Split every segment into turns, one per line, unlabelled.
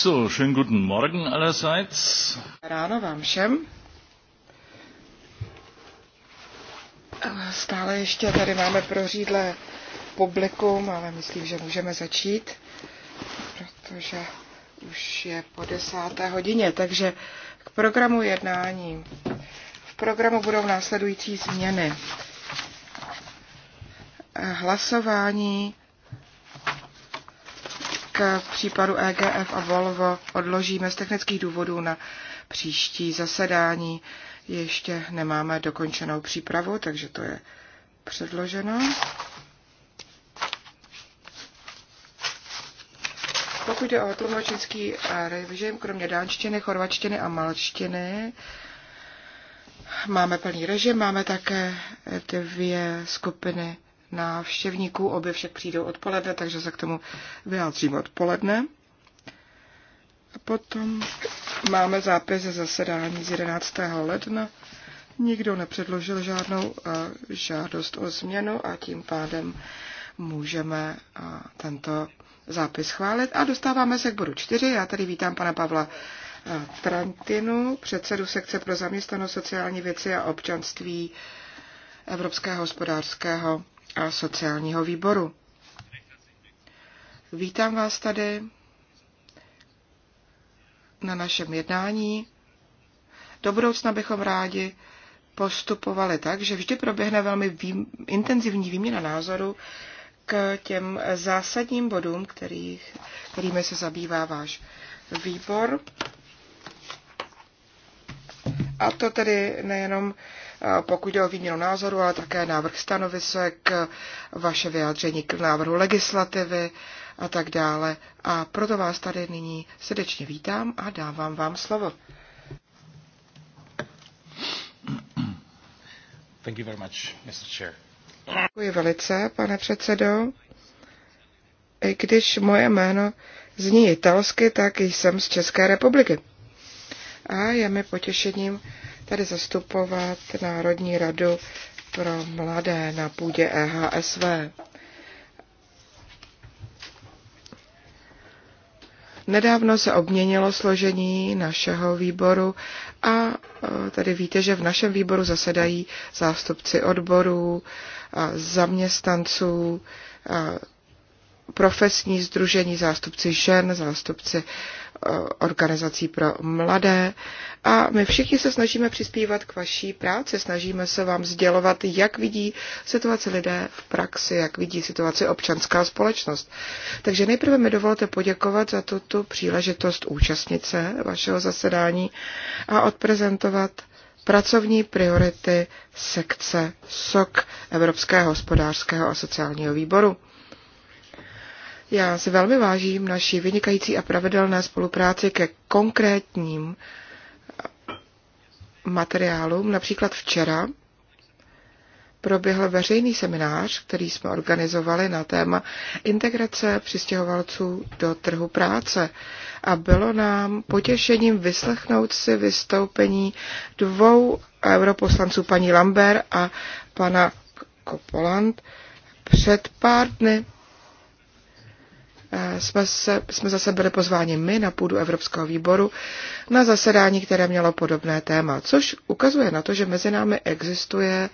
So, schönen guten Morgen allerseits. Ráno vám všem. Stále ještě tady máme prořídlé publikum, ale myslím, že můžeme začít, protože už je po desáté hodině, takže k programu jednání. V programu budou následující změny. Hlasování v případu EGF a Volvo odložíme z technických důvodů na příští zasedání. Ještě nemáme dokončenou přípravu, takže to je předloženo. Pokud jde o tlumočnický eh, režim, kromě dánštiny, chorvačtiny a malčtiny, máme plný režim, máme také dvě skupiny návštěvníků. Obě však přijdou odpoledne, takže se k tomu vyjádřím odpoledne. A potom máme zápis ze zasedání z 11. ledna. Nikdo nepředložil žádnou eh, žádost o změnu a tím pádem můžeme eh, tento zápis schválit. A dostáváme se k bodu 4. Já tady vítám pana Pavla eh, Trantinu, předsedu sekce pro zaměstnanost, sociální věci a občanství Evropského hospodářského a sociálního výboru. Vítám vás tady na našem jednání. Do budoucna bychom rádi postupovali tak, že vždy proběhne velmi vý, intenzivní výměna názoru k těm zásadním bodům, který, kterými se zabývá váš výbor. A to tedy nejenom pokud jde o výměnu názoru, ale také návrh stanovisek, vaše vyjádření k návrhu legislativy a tak dále. A proto vás tady nyní srdečně vítám a dávám vám slovo. Thank you very much, Mr. Chair. Děkuji velice, pane předsedo. I když moje jméno zní italsky, tak jsem z České republiky. A je mi potěšením tady zastupovat Národní radu pro mladé na půdě EHSV. Nedávno se obměnilo složení našeho výboru a e, tady víte, že v našem výboru zasedají zástupci odborů, zaměstnanců, profesní združení, zástupci žen, zástupci Eh, organizací pro mladé a my všichni se snažíme přispívat k vaší práci, snažíme se vám sdělovat, jak vidí situaci lidé v praxi, jak vidí situaci občanská společnost. Takže nejprve mi dovolte poděkovat za tuto příležitost účastnit se vašeho zasedání a odprezentovat pracovní priority sekce SOK Evropského hospodářského a sociálního výboru. Já si velmi vážím naší vynikající a pravidelné spolupráci ke konkrétním materiálům. Například včera proběhl veřejný seminář, který jsme organizovali na téma integrace přistěhovalců do trhu práce. A bylo nám potěšením vyslechnout si vystoupení dvou europoslanců, paní Lambert a pana Kopoland, před pár dny Eh, jsme, se, jsme zase byli pozváni my na půdu Evropského výboru na zasedání, které mělo podobné téma, což ukazuje na to, že mezi námi existuje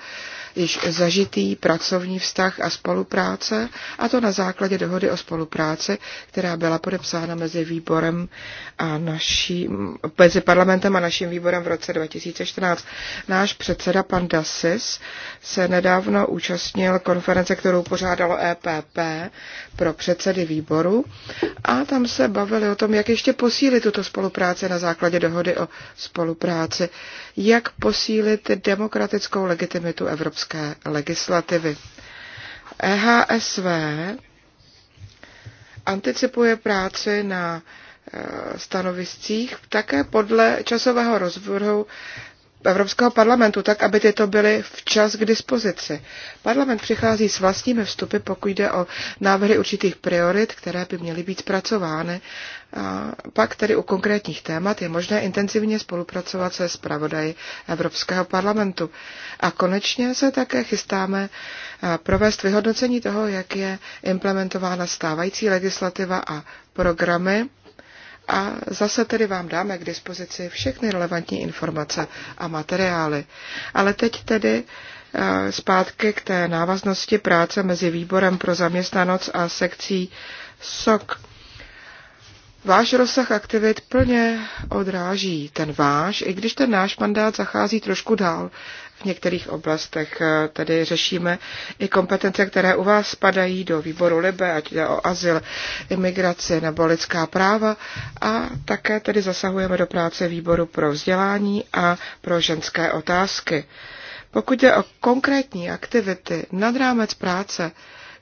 již zažitý pracovní vztah a spolupráce, a to na základě dohody o spolupráci, která byla podepsána mezi výborem a naším, mezi parlamentem a naším výborem v roce 2014. Náš předseda pan Dasis se nedávno účastnil konference, kterou pořádalo EPP pro předsedy výboru a tam se bavili o tom, jak ještě posílit tuto spolupráci na základě dohody o spolupráci, jak posílit demokratickou legitimitu Evropské evropské legislativy. EHSV anticipuje práci na e, stanoviscích také podle časového rozvrhu Evropského parlamentu, tak aby tyto byly včas k dispozici. Parlament přichází s vlastními vstupy, pokud jde o návrhy určitých priorit, které by měly být zpracovány. A pak tedy u konkrétních témat je možné intenzivně spolupracovat se zpravodaji Evropského parlamentu. A konečně se také chystáme provést vyhodnocení toho, jak je implementována stávající legislativa a programy a zase tedy vám dáme k dispozici všechny relevantní informace a materiály. Ale teď tedy eh, zpátky k té návaznosti práce mezi výborem pro zaměstnanost a sekcí SOK váš rozsah aktivit plně odráží ten váš, i když ten náš mandát zachází trošku dál v některých oblastech. Eh, tedy řešíme i kompetence, které u vás spadají do výboru Libe, ať jde o azyl, imigraci nebo lidská práva a také tedy zasahujeme do práce výboru pro vzdělání a pro ženské otázky. Pokud jde o konkrétní aktivity nad rámec práce,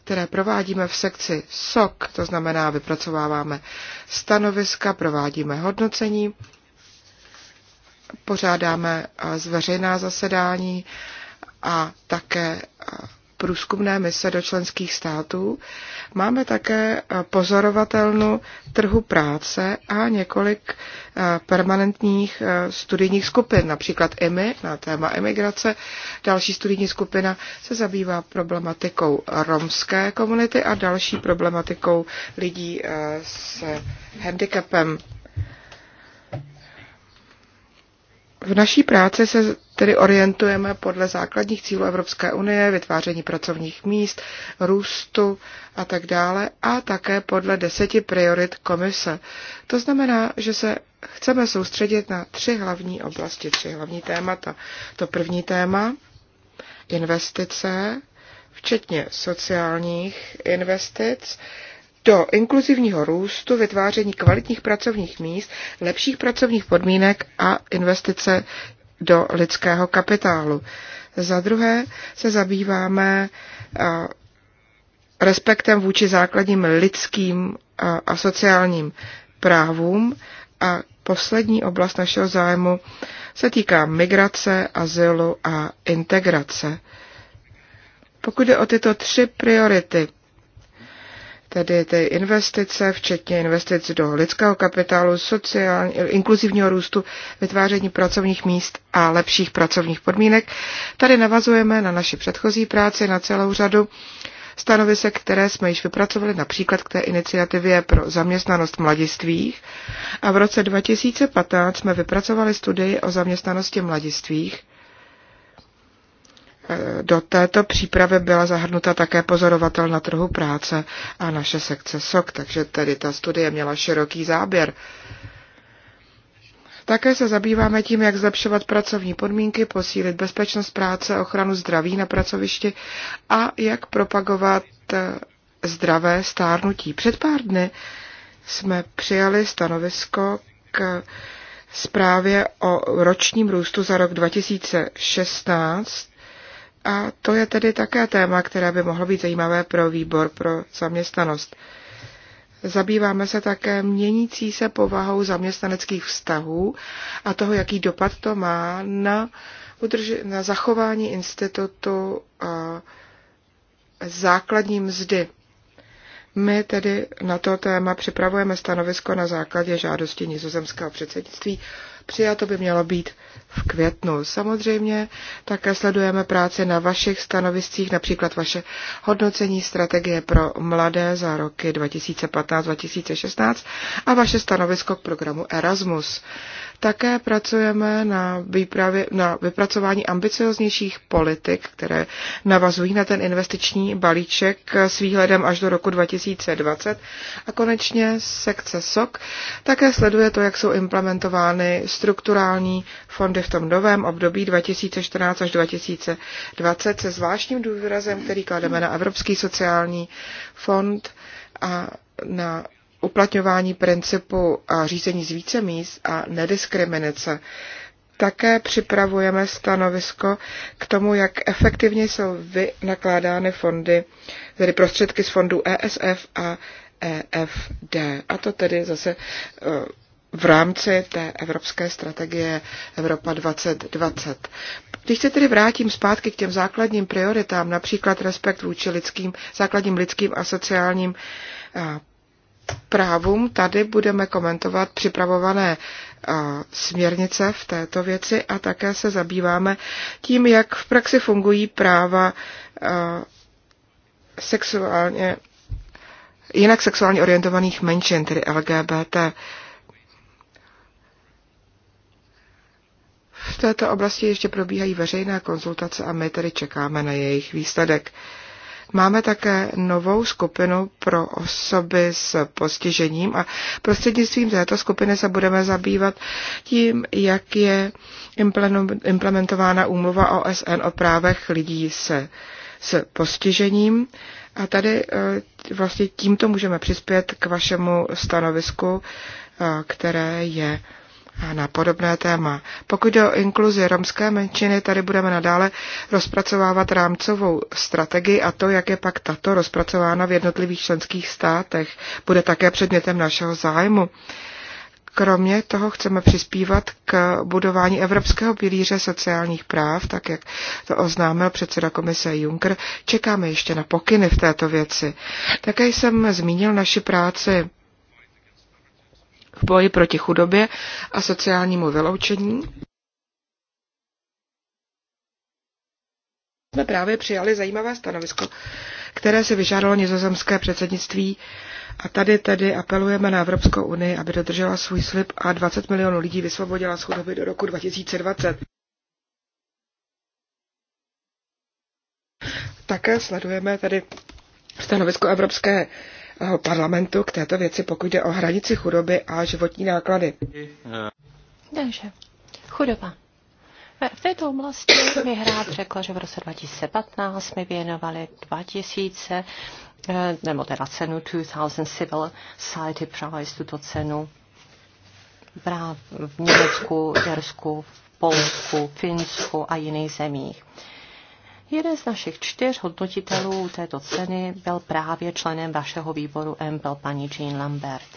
které provádíme v sekci SOK, to znamená vypracováváme stanoviska, provádíme hodnocení, pořádáme eh, zveřejná zasedání a také eh, průzkumné mise do členských států. Máme také eh, pozorovatelnu trhu práce a několik eh, permanentních eh, studijních skupin, například IMI na téma emigrace. Další studijní skupina se zabývá problematikou romské komunity a další problematikou lidí s handicapem. V naší práci se tedy orientujeme podle základních cílů Evropské unie, vytváření pracovních míst, růstu a tak dále, a také podle deseti priorit komise. To znamená, že se chceme soustředit na tři hlavní oblasti, tři hlavní témata. To první téma, investice, včetně sociálních investic, do inkluzivního růstu, vytváření kvalitních pracovních míst, lepších pracovních podmínek a investice do lidského kapitálu. Za druhé se zabýváme respektem vůči základním lidským a sociálním právům a poslední oblast našeho zájmu se týká migrace, azylu a integrace. Pokud jde o tyto tři priority, tedy ty investice, včetně investic do lidského kapitálu, sociální, inkluzivního růstu, vytváření pracovních míst a lepších pracovních podmínek. Tady navazujeme na naši předchozí práci, na celou řadu stanovisek, které jsme již vypracovali například k té iniciativě pro zaměstnanost mladistvých. A v roce 2015 jsme vypracovali studii o zaměstnanosti mladistvých, do této přípravy byla zahrnuta také pozorovatel na trhu práce a naše sekce SOK, takže tedy ta studie měla široký záběr. Také se zabýváme tím, jak zlepšovat pracovní podmínky, posílit bezpečnost práce, ochranu zdraví na pracovišti a jak propagovat eh, zdravé stárnutí. Před pár dny jsme přijali stanovisko k zprávě o ročním růstu za rok 2016 a to je tedy také téma, které by mohlo být zajímavé pro výbor pro zaměstnanost. Zabýváme se také měnící se povahou zaměstnaneckých vztahů a toho, jaký dopad to má na, na zachování institutu základní mzdy. My tedy na to téma připravujeme stanovisko na základě žádosti nizozemského předsednictví Přijato by mělo být v květnu. Samozřejmě také sledujeme práci na vašich stanoviscích, například vaše hodnocení strategie pro mladé za roky 2015-2016 a vaše stanovisko k programu Erasmus. Také pracujeme na, výpravě, na vypracování ambicioznějších politik, které navazují na ten investiční balíček s výhledem až do roku 2020. A konečně sekce SOK také sleduje to, jak jsou implementovány strukturální fondy v tom novém období 2014 až 2020 se zvláštním důrazem, který klademe na Evropský sociální fond a na uplatňování principu řízení z více míst a nediskriminace. Také připravujeme stanovisko k tomu, jak efektivně jsou vynakládány fondy, tedy prostředky z fondů ESF a EFD. A to tedy zase e, v rámci té evropské strategie Evropa 2020. Když se tedy vrátím zpátky k těm základním prioritám, například respekt vůči lidským, základním lidským a sociálním právům tady budeme komentovat připravované eh, směrnice v této věci a také se zabýváme tím, jak v praxi fungují práva eh, sexuálně, jinak sexuálně orientovaných menšin, tedy LGBT. V této oblasti ještě probíhají veřejné konzultace a my tedy čekáme na jejich výsledek. Máme také novou skupinu pro osoby s postižením a prostřednictvím této skupiny se budeme zabývat tím, jak je implementována úmluva OSN o právech lidí s, s postižením. A tady eh, vlastně tímto můžeme přispět k vašemu stanovisku, eh, které je na podobné téma. Pokud jde o inkluzi romské menšiny, tady budeme nadále rozpracovávat rámcovou strategii a to, jak je pak tato rozpracována v jednotlivých členských státech, bude také předmětem našeho zájmu. Kromě toho chceme přispívat k budování Evropského pilíře sociálních práv, tak jak to oznámil předseda komise Juncker. Čekáme ještě na pokyny v této věci. Také jsem zmínil naši práci v boji proti chudobě a sociálnímu vyloučení. Jsme právě přijali zajímavé stanovisko, které se vyžádalo nizozemské předsednictví a tady tedy apelujeme na Evropskou unii, aby dodržela svůj slib a 20 milionů lidí vysvobodila z chudoby do roku 2020. Také sledujeme tedy stanovisko Evropské Eh, parlamentu k této věci, pokud jde o hranici chudoby a životní náklady.
Takže, chudoba. Eh, v této oblasti mi hrát řekla, že v roce 2015 jsme věnovali 2000, eh, nebo teda cenu 2000 Civil Society Prize, tuto cenu v Německu, Jersku, Polsku, Finsku a jiných zemích. Jeden z našich čtyř hodnotitelů této ceny byl právě členem vašeho výboru MPL paní Jean Lambert.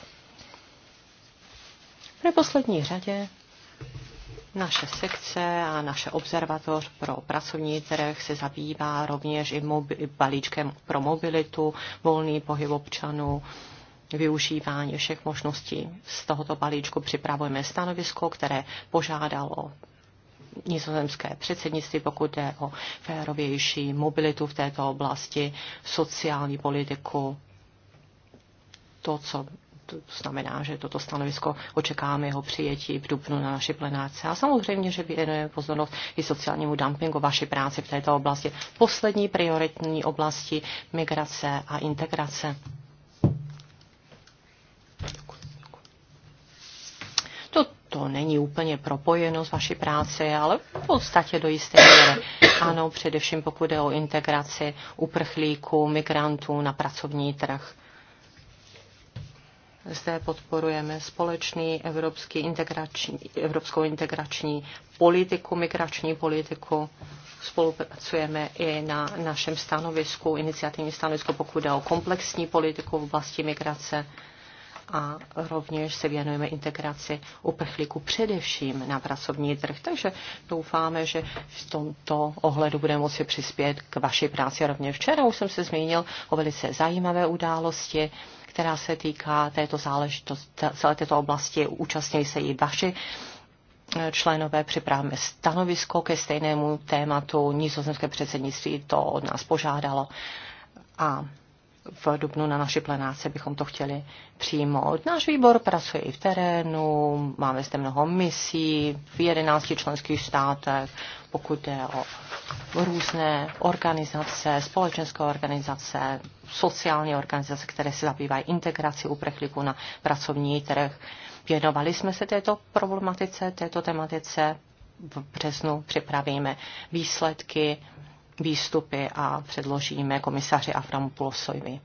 V neposlední řadě naše sekce a naše observatoř pro pracovní trh se zabývá rovněž i mobi- balíčkem pro mobilitu, volný pohyb občanů, využívání všech možností. Z tohoto balíčku připravujeme stanovisko, které požádalo nizozemské předsednictví, pokud jde o férovější mobilitu v této oblasti, sociální politiku, to, co to znamená, že toto stanovisko očekáváme jeho přijetí v dubnu na naší plenáce. A samozřejmě, že věnujeme pozornost i sociálnímu dumpingu vaší práci v této oblasti. Poslední prioritní oblasti migrace a integrace. to není úplně propojeno s vaší práci, ale v podstatě do jisté míry. Ano, především pokud je o integraci uprchlíků, migrantů na pracovní trh. Zde podporujeme společný evropský integrační, evropskou integrační politiku, migrační politiku. Spolupracujeme i na našem stanovisku, iniciativní stanovisku, pokud jde o komplexní politiku v oblasti migrace a rovněž se věnujeme integraci uprchlíků především na pracovní trh. Takže doufáme, že v tomto ohledu budeme moci přispět k vaší práci rovněž. Včera už jsem se zmínil o velice zajímavé události, která se týká této záležitosti, celé této oblasti. Účastnili se i vaši eh, členové připravíme stanovisko ke stejnému tématu. Nizozemské předsednictví to od nás požádalo. A v Dubnu na naší plenáce bychom to chtěli přijmout. Náš výbor pracuje i v terénu, máme zde mnoho misí v 11 členských státech, pokud jde o různé organizace, společenské organizace, sociální organizace, které se zabývají integrací uprchlíků na pracovní trh. Věnovali jsme se této problematice, této tematice. V březnu připravíme výsledky výstupy a předložíme komisaři Avramopulosovi.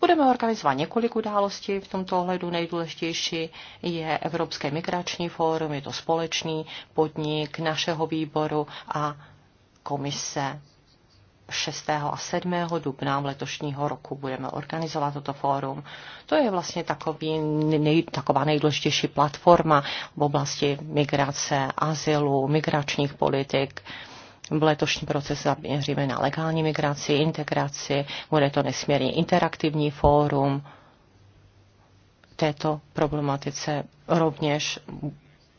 Budeme organizovat několik událostí v tomto ohledu. Nejdůležitější je Evropské migrační fórum, je to společný podnik našeho výboru a komise 6. a 7. dubna letošního roku budeme organizovat toto fórum. To je vlastně takový, nej, taková nejdůležitější platforma v oblasti migrace, azylu, migračních politik. Uh, v letošním procesu zaměříme na legální migraci, integraci, bude to nesmírně interaktivní fórum. Této problematice rovněž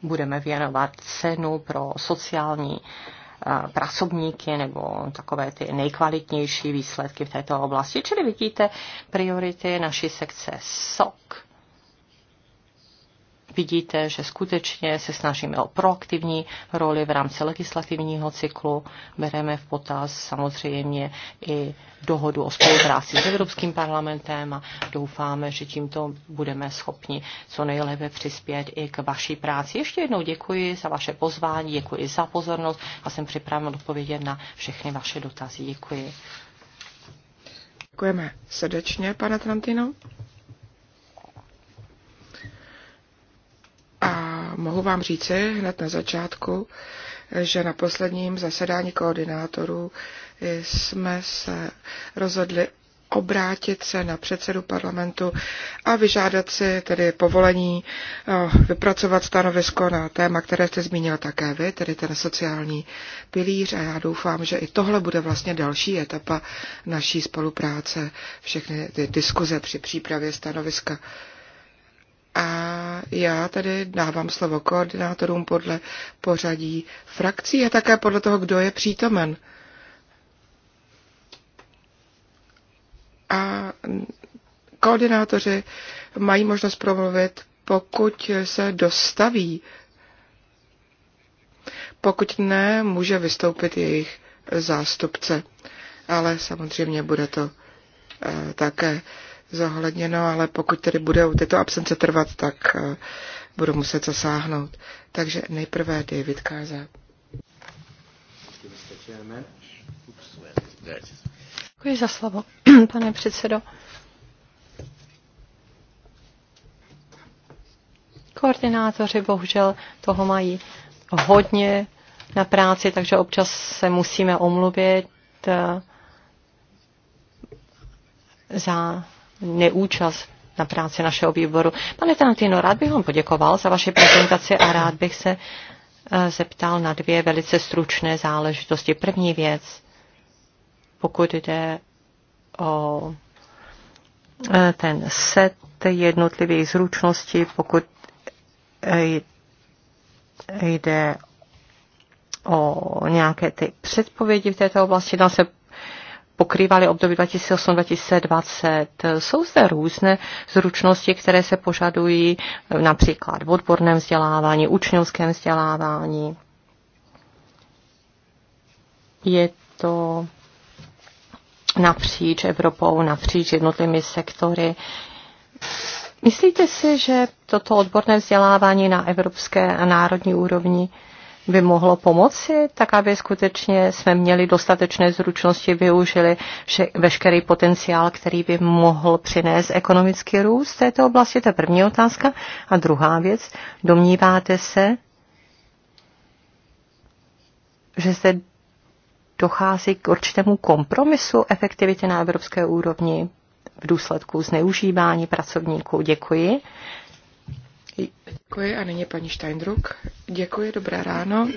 budeme věnovat cenu pro sociální eh, pracovníky nebo takové ty nejkvalitnější výsledky v této oblasti. Čili vidíte priority naší sekce SOK vidíte, že skutečně se snažíme o proaktivní roli v rámci legislativního cyklu. Bereme v potaz samozřejmě i dohodu o spolupráci s Evropským parlamentem a doufáme, že tímto budeme schopni co nejlépe přispět i k vaší práci. Ještě jednou děkuji za vaše pozvání, děkuji za pozornost a jsem připraven odpovědět na všechny vaše dotazy. Děkuji.
Děkujeme srdečně, pane Trantino. mohu vám říci hned na začátku, že na posledním zasedání koordinátorů jsme se rozhodli obrátit se na předsedu parlamentu a vyžádat si tedy povolení eh, vypracovat stanovisko na téma, které jste zmínil také vy, tedy ten sociální pilíř a já doufám, že i tohle bude vlastně další etapa naší spolupráce, všechny ty diskuze při přípravě stanoviska. A já tady dávám slovo koordinátorům podle pořadí frakcí a také podle toho, kdo je přítomen. A koordinátoři mají možnost promluvit, pokud se dostaví. Pokud ne, může vystoupit jejich zástupce. Ale samozřejmě bude to eh, také zohledněno, ale pokud tedy budou tyto absence trvat, tak eh, budu muset zasáhnout. Takže nejprve David Káza.
Děkuji za slovo, pane předsedo. Koordinátoři bohužel toho mají hodně na práci, takže občas se musíme omluvit eh, za neúčast na práci našeho výboru. Pane Trantino, rád bych vám poděkoval za vaši prezentaci a rád bych se eh, zeptal na dvě velice stručné záležitosti. První věc, pokud jde o eh, ten set jednotlivých zručností, pokud eh, jde o nějaké ty předpovědi v této oblasti. Dá se pokrývaly období 2008-2020. Jsou zde různé zručnosti, které se požadují například v odborném vzdělávání, učňovském vzdělávání. Je to napříč Evropou, napříč jednotlivými sektory. Myslíte si, že toto odborné vzdělávání na evropské a národní úrovni by mohlo pomoci, tak aby skutečně jsme měli dostatečné zručnosti, využili veškerý potenciál, který by mohl přinést ekonomický růst v této oblasti? To je první otázka. A druhá věc, domníváte se, že zde dochází k určitému kompromisu efektivity na evropské úrovni v důsledku zneužívání pracovníků. Děkuji.
Děkuji a nyní paní Steindruck. Děkuji, dobré ráno.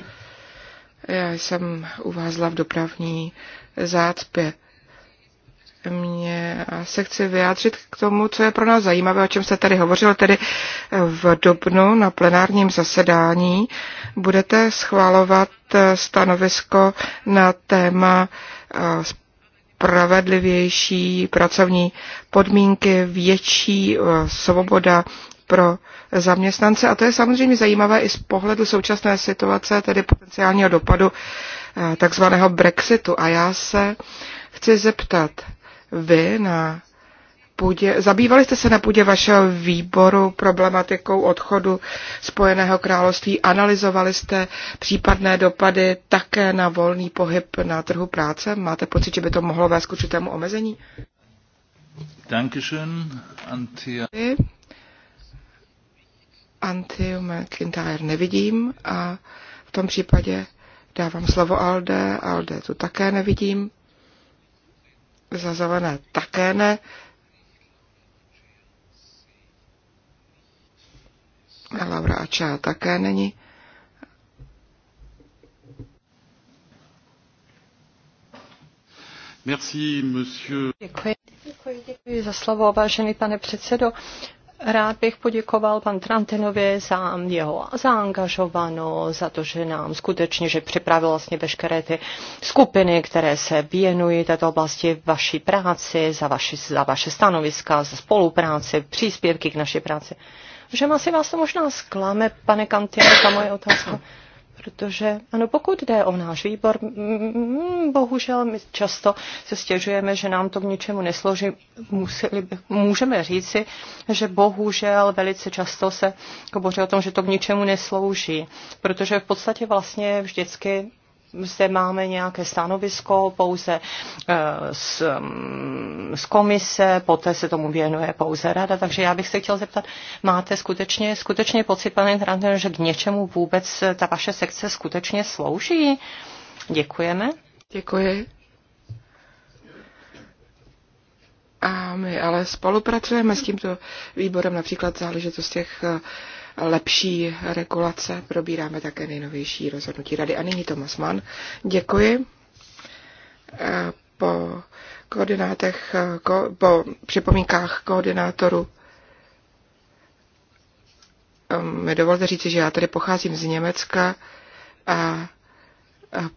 Já jsem uvázla v dopravní zácpě. Mě se chci vyjádřit k tomu, co je pro nás zajímavé, o čem jste tady hovořil, tedy v Dobnu na plenárním zasedání budete schvalovat stanovisko na téma eh, spravedlivější pracovní podmínky, větší eh, svoboda pro zaměstnance. A to je samozřejmě zajímavé i z pohledu současné situace, tedy potenciálního dopadu eh, takzvaného Brexitu. A já se chci zeptat, vy na půdě, zabývali jste se na půdě vašeho výboru problematikou odchodu Spojeného království, analyzovali jste případné dopady také na volný pohyb na trhu práce? Máte pocit, že by to mohlo vést k určitému omezení? Dankeschön, Antia. Antiu McIntyre nevidím a v tom případě dávám slovo Alde. Alde tu také nevidím. Za zelené také ne. A Laura Ačá také není. Merci,
monsieur.
Děkuji. Děkuji, děkuji za slovo, vážený pane předsedo. Rád bych poděkoval pan Trantenovi za jeho zaangažovanost, za to, že nám skutečně, že připravil vlastně veškeré ty skupiny, které se věnují této oblasti vaší práci, za, vaši, za vaše stanoviska, za spolupráci, příspěvky k naší práci. Že asi vás to možná zklame, pane Kantine, ta moje otázka protože ano, pokud jde o náš výbor, bohužel my často se stěžujeme, že nám to k ničemu nesloží. Museli můžeme říci, že bohužel velice často se hovoří o tom, že to k ničemu neslouží, protože v podstatě vlastně vždycky zde máme nějaké stanovisko pouze z, eh, mm, z komise, poté se tomu věnuje pouze rada, takže já bych se chtěl zeptat, máte skutečně, skutečně pocit, pane Trantner, že k něčemu vůbec ta vaše sekce
skutečně slouží? Děkujeme. Děkuji. A my ale spolupracujeme s tímto výborem například záležitost těch uh, lepší regulace. Probíráme také nejnovější rozhodnutí rady. A nyní Tomas Mann. Děkuji. E, po, koordinátech, e, po připomínkách koordinátoru e, mi dovolte říci, že já tady pocházím z Německa a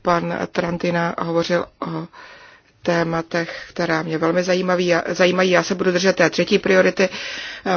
pan Trantina hovořil o tématech, která mě velmi zajímaví, zajímají. Já se budu držet té třetí priority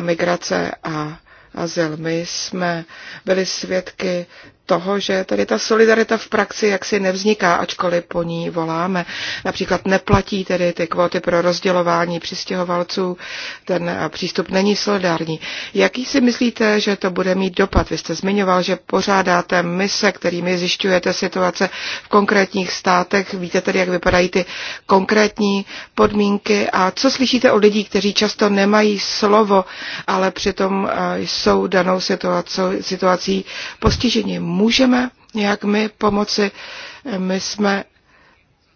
migrace a azyl. My jsme byli svědky toho, že tady ta solidarita v praxi jaksi nevzniká, ačkoliv po ní voláme. Například neplatí tedy ty kvóty pro rozdělování přistěhovalců, ten přístup není solidární. Jaký si myslíte, že to bude mít dopad? Vy jste zmiňoval, že pořádáte mise, kterými zjišťujete situace v konkrétních státech, víte tedy, jak vypadají ty konkrétní podmínky a co slyšíte od lidí, kteří často nemají slovo, ale přitom eh, jsou danou situací, postiženi můžeme nějak my pomoci. My jsme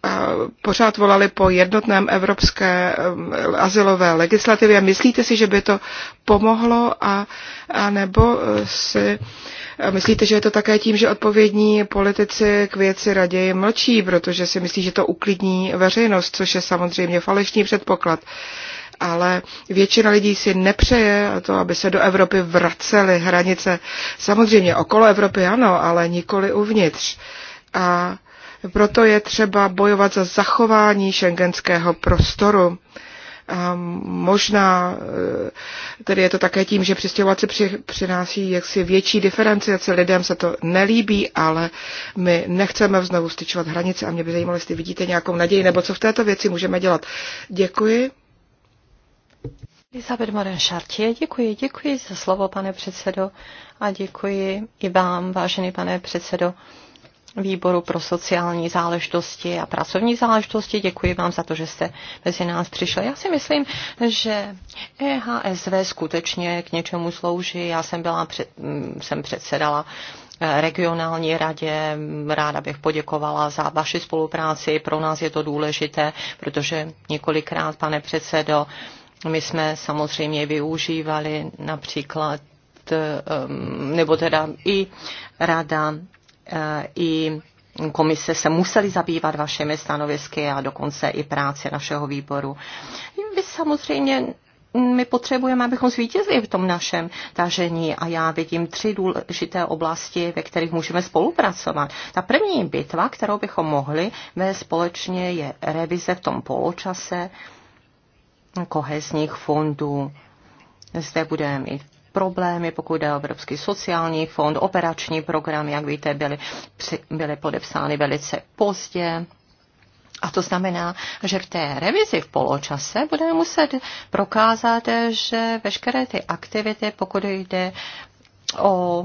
eh, pořád volali po jednotném evropské eh, asilové legislativě. Myslíte si, že by to pomohlo a, a nebo eh, si myslíte, že je to také tím, že odpovědní politici k věci raději mlčí, protože si myslí, že to uklidní veřejnost, což je samozřejmě falešný předpoklad ale většina lidí si nepřeje to, aby se do Evropy vracely hranice. Samozřejmě okolo Evropy ano, ale nikoli uvnitř. A proto je třeba bojovat za zachování šengenského prostoru. A možná e, tedy je to také tím, že přistěhovalci při, přináší jaksi větší diferenciaci. Lidem se to nelíbí, ale my nechceme znovu styčovat hranice a mě by zajímalo, jestli vidíte nějakou naději nebo co v této věci můžeme dělat. Děkuji. Elizabeth Moren Šartě, děkuji, děkuji
za slovo, pane předsedo, a děkuji i vám, vážený pane předsedo výboru pro sociální záležitosti a pracovní záležitosti. Děkuji vám za to, že jste mezi nás přišli. Já si myslím, že EHSV skutečně k něčemu slouží. Já jsem, byla před, jsem předsedala regionální radě. Ráda bych poděkovala za vaši spolupráci. Pro nás je to důležité, protože několikrát, pane předsedo, my jsme samozřejmě využívali například, ehm, nebo teda i rada, eh, i komise se museli zabývat vašimi stanovisky a dokonce i práce našeho výboru. Vy samozřejmě my potřebujeme, abychom zvítězili v tom našem tažení a já vidím tři důležité oblasti, ve kterých můžeme spolupracovat. Ta první bitva, kterou bychom mohli vést společně, je revize v tom poločase, kohezních fondů. Zde budeme mít problémy, pokud jde o Evropský sociální fond, operační programy, jak víte, byly, byly podepsány velice pozdě. A to znamená, že v té revizi v poločase budeme muset prokázat, že veškeré ty aktivity, pokud jde o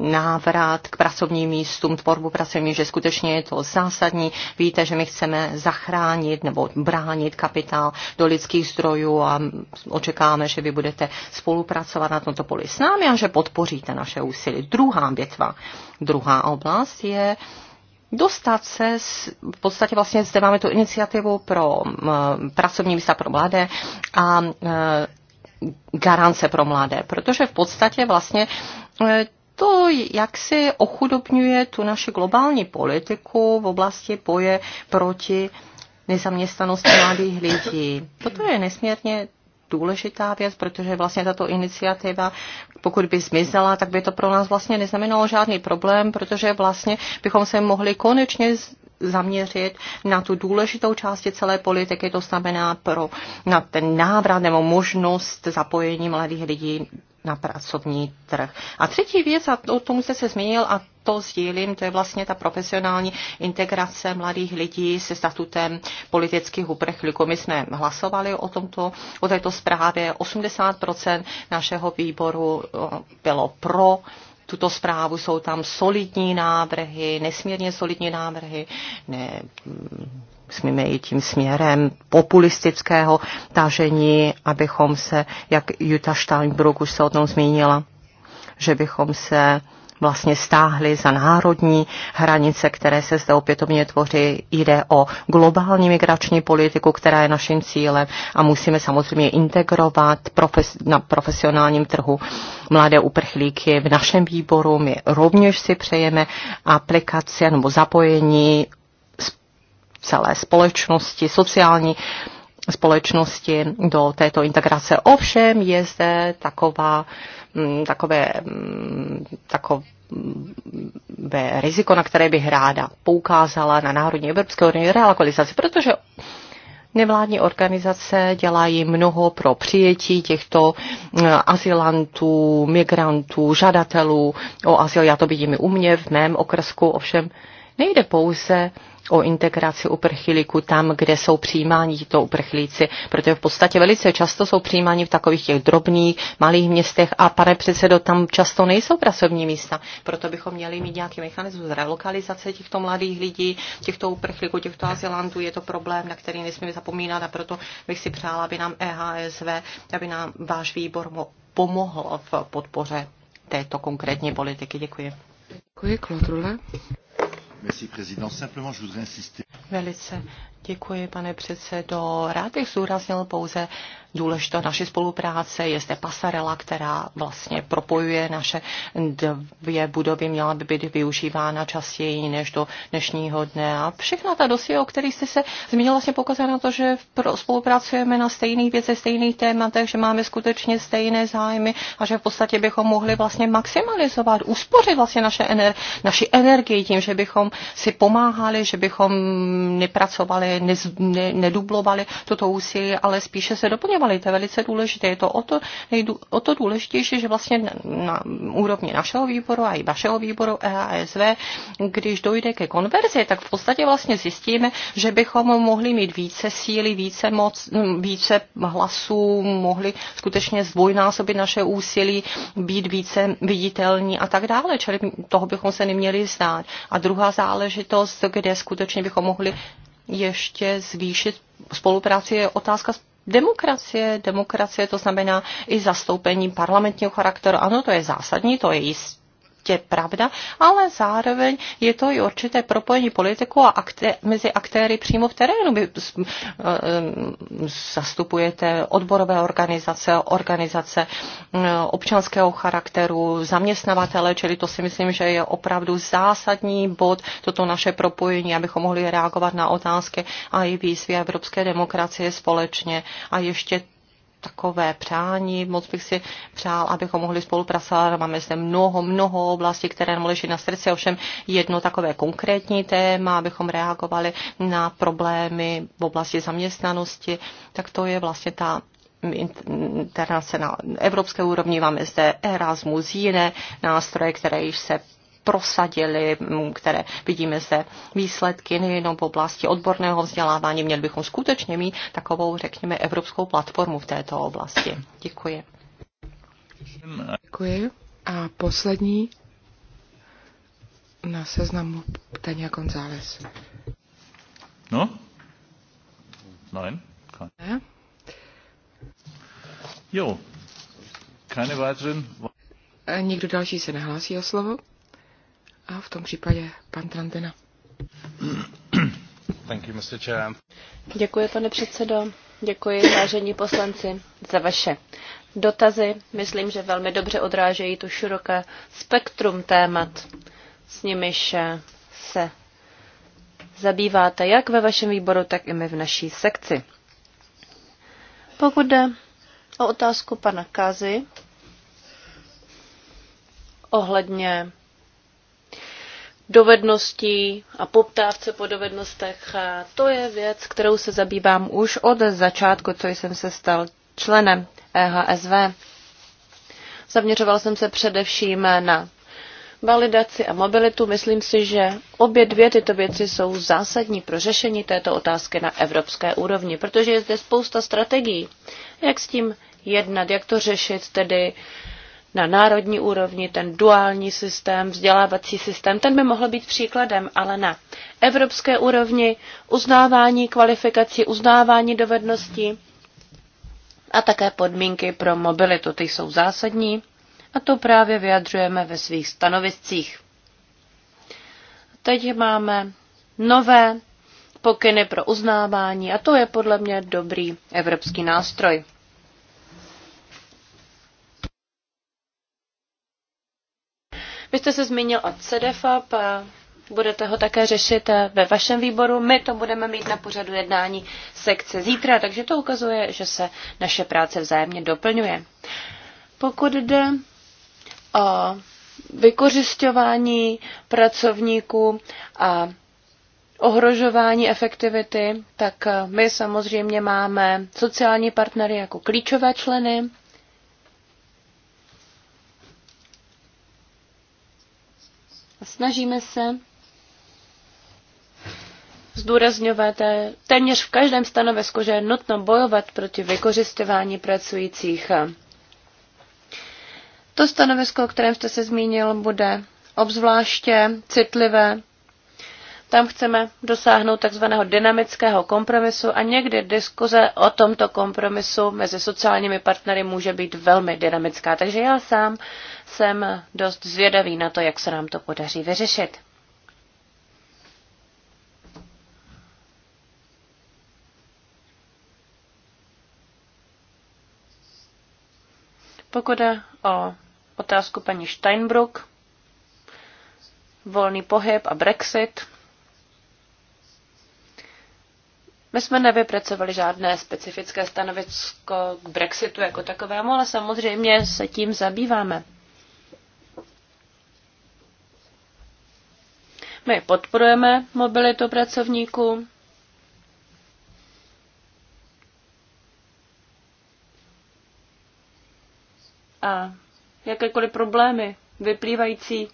návrat k pracovním místům, tvorbu pracovních, že skutečně je to zásadní. Víte, že my chceme zachránit nebo bránit kapitál do lidských zdrojů a očekáváme, že vy budete spolupracovat na tomto poli s námi a že podpoříte naše úsilí. Druhá větva, druhá oblast je dostat se, s, v podstatě vlastně zde máme tu iniciativu pro m, pracovní místa pro mladé a m, e, garance pro mladé, protože v podstatě vlastně Eh, to jak se ochudobňuje tu naši globální politiku v oblasti boje proti nezaměstnanosti mladých lidí. Toto je nesmírně důležitá věc, protože vlastně tato iniciativa, pokud by zmizela, tak by to pro nás vlastně neznamenalo žádný problém, protože vlastně bychom se mohli konečně zaměřit na tu důležitou části celé politiky, to znamená pro, na ten návrat nebo možnost zapojení mladých lidí na pracovní trh. A třetí věc, a o tom jste se zmínil, a to sdílím, to je vlastně ta profesionální integrace mladých lidí se statutem politických uprchlíků. My jsme hlasovali o tomto, o této zprávě. 80% našeho výboru bylo pro tuto zprávu, jsou tam solidní návrhy, nesmírně solidní návrhy, ne, smíme jít tím směrem populistického tažení, abychom se, jak Jutta Steinbrück už se o tom zmínila, že bychom se vlastně stáhli za národní hranice, které se zde opětovně tvoří. Jde o globální migrační politiku, která je naším cílem a musíme samozřejmě integrovat profes, na profesionálním trhu mladé uprchlíky. V našem výboru my rovněž si přejeme aplikace nebo zapojení celé společnosti, sociální společnosti do této integrace. Ovšem je zde taková, mm, takové, mm, takové riziko, na které bych ráda poukázala na Národní Evropské unii relokalizaci, protože Nevládní organizace dělají mnoho pro přijetí těchto mm, azylantů, migrantů, žadatelů o azyl. Já to vidím i u mě v mém okrsku, ovšem nejde pouze o integraci uprchlíků tam, kde jsou přijímáni tito uprchlíci, protože v podstatě velice často jsou přijímáni v takových těch drobných, malých městech a pane předsedo, tam často nejsou pracovní místa. Proto bychom měli mít nějaký mechanismus relokalizace těchto mladých lidí, těchto uprchlíků, těchto azylantů. Je to problém, na který nesmíme zapomínat a proto bych si přála, aby nám EHSV, aby nám váš výbor pomohl v podpoře této konkrétní politiky. Děkuji.
Děkuji, Klotrule.
Velice
Děkuji, pane předsedo. Rád bych zúraznil pouze důležitost naší spolupráce. Je zde pasarela, která vlastně propojuje naše dvě budovy, měla by být využívána častěji než do dnešního dne. A všechna ta dosie, o kterých jste se zmínil, vlastně pokazuje na to, že spolupracujeme na stejných věcech, stejných tématech, že máme skutečně stejné zájmy a že v podstatě bychom mohli vlastně maximalizovat, uspořit vlastně naše ener- naši energii tím, že bychom si pomáhali, že bychom nepracovali nedublovali, ne, ne, nedublovali toto úsilí, ale spíše se doplňovali. To je velice důležité. Je to o to, nejdu, o to důležitější, že vlastně na, na úrovni našeho výboru a i vašeho výboru EASV, když dojde ke konverzi, tak v podstatě vlastně zjistíme, že bychom mohli mít více síly, více moc, více hlasů, mohli skutečně zdvojnásobit naše úsilí, být více viditelní a tak dále. Čili toho bychom se neměli zdát. A druhá záležitost, kde skutečně bychom mohli ještě zvýšit spolupráci, je otázka demokracie. Demokracie to znamená i zastoupení parlamentního charakteru. Ano, to je zásadní, to je jist, jistě pravda, ale zároveň je to i určité propojení politiku a akté- mezi aktéry přímo v terénu. Vy zastupujete odborové organizace, organizace občanského charakteru, zaměstnavatele, čili to si myslím, že je opravdu zásadní bod, toto naše propojení, abychom mohli reagovat na otázky a i výzvy evropské demokracie společně. A ještě takové přání, moc bych si přál, abychom mohli spolupracovat. Máme zde mnoho, mnoho oblastí, které nám leží na srdci, ovšem jedno takové konkrétní téma, abychom reagovali na problémy v oblasti zaměstnanosti, tak to je vlastně ta internace na evropské úrovni, máme zde Erasmus, jiné nástroje, které již se prosadili, mm, které vidíme zde výsledky nejenom v oblasti odborného vzdělávání. Měli bychom skutečně mít takovou, řekněme, evropskou platformu v této oblasti. Děkuji.
Děkuji. A poslední na seznamu Tania González.
No? Nein? Ne? Jo. Keine weiteren...
Nikdo další se nehlásí o slovo? A v tom případě pan Trantena. Thank you, Mr. Chair. Děkuji, pane
předsedo. Děkuji, vážení poslanci, za vaše dotazy. Myslím, že velmi dobře odrážejí tu široké spektrum témat, s nimiž se zabýváte jak ve vašem výboru, tak i my v naší sekci. Pokud jde o otázku pana Kazy ohledně dovedností a poptávce po dovednostech. To je věc, kterou se zabývám už od začátku, co jsem se stal členem EHSV. Zaměřoval jsem se především na validaci a mobilitu. Myslím si, že obě dvě tyto věci jsou zásadní pro řešení této otázky na evropské úrovni, protože je zde spousta strategií, jak s tím jednat, jak to řešit, tedy uh, na národní úrovni, ten duální systém, vzdělávací systém, ten by mohl být příkladem, ale na evropské úrovni uznávání kvalifikací, uznávání dovedností a také podmínky pro mobilitu, ty jsou zásadní a to právě vyjadřujeme ve svých stanoviscích. Teď máme nové pokyny pro uznávání a to je podle mě dobrý evropský nástroj. Vy jste se zmínil o CDFAP, budete ho také řešit e, ve vašem výboru. My to budeme mít na pořadu jednání sekce zítra, takže to ukazuje, že se naše práce vzájemně doplňuje. Pokud jde o vykořišťování pracovníků a ohrožování efektivity, tak e, my samozřejmě máme sociální partnery jako klíčové členy Snažíme se zdůrazňovat eh, téměř v každém stanovisku, že je nutno bojovat proti vykořistování pracujících. To stanovisko, o kterém jste se zmínil, bude obzvláště citlivé tam chceme dosáhnout takzvaného dynamického kompromisu a někdy diskuze o tomto kompromisu mezi sociálními partnery může být velmi dynamická. Takže já sám jsem dost zvědavý na to, jak se nám to podaří vyřešit. Pokud je o otázku paní Steinbrück, volný pohyb a Brexit, My jsme nevypracovali žádné specifické stanovisko k Brexitu jako takovému, ale samozřejmě se tím zabýváme. My podporujeme mobilitu pracovníků. A jakékoliv problémy vyplývající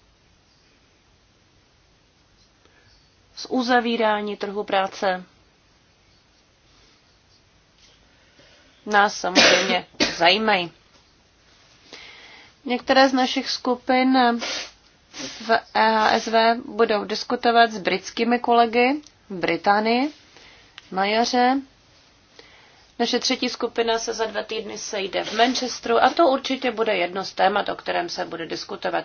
z uzavírání trhu práce nás samozřejmě zajímají. Některé z našich skupin v EHSV budou diskutovat s britskými kolegy v Británii na jaře. Naše třetí skupina se za dva týdny sejde v Manchesteru a to určitě bude jedno z témat, o kterém se bude diskutovat.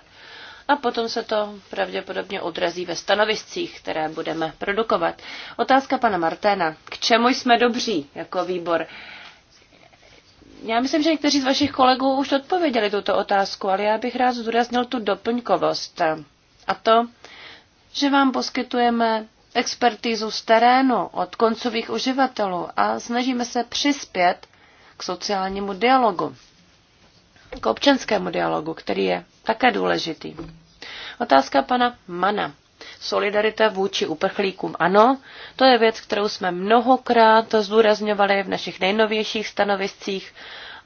A potom se to pravděpodobně odrazí ve stanoviscích, které budeme produkovat. Otázka pana Marténa. K čemu jsme dobří jako výbor? Já myslím, že někteří z vašich kolegů už odpověděli tuto otázku, ale já bych rád zdůraznil tu doplňkovost. A to, že vám poskytujeme expertízu z terénu od koncových uživatelů a snažíme se přispět k sociálnímu dialogu, k občanskému dialogu, který je také důležitý. Otázka pana Mana solidarita vůči uprchlíkům. Ano, to je věc, kterou jsme mnohokrát zdůrazňovali v našich nejnovějších stanoviscích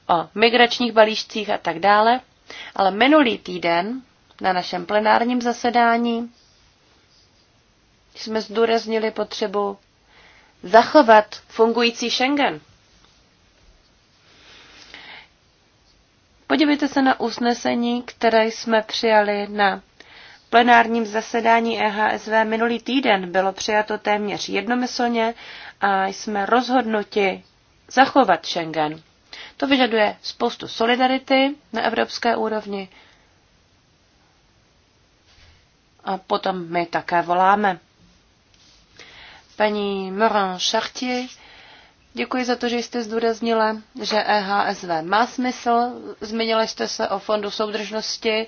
o migračních balíčcích a tak dále. Ale minulý týden na našem plenárním zasedání jsme zdůraznili potřebu zachovat fungující Schengen. Podívejte se na usnesení, které jsme přijali na plenárním zasedání EHSV minulý týden bylo přijato téměř jednomyslně a jsme rozhodnuti zachovat Schengen. To vyžaduje spoustu solidarity na evropské úrovni. A potom my také voláme. Paní Morin Chartier Děkuji za to, že jste zdůraznila, že EHSV má smysl. Zmínila jste se o Fondu soudržnosti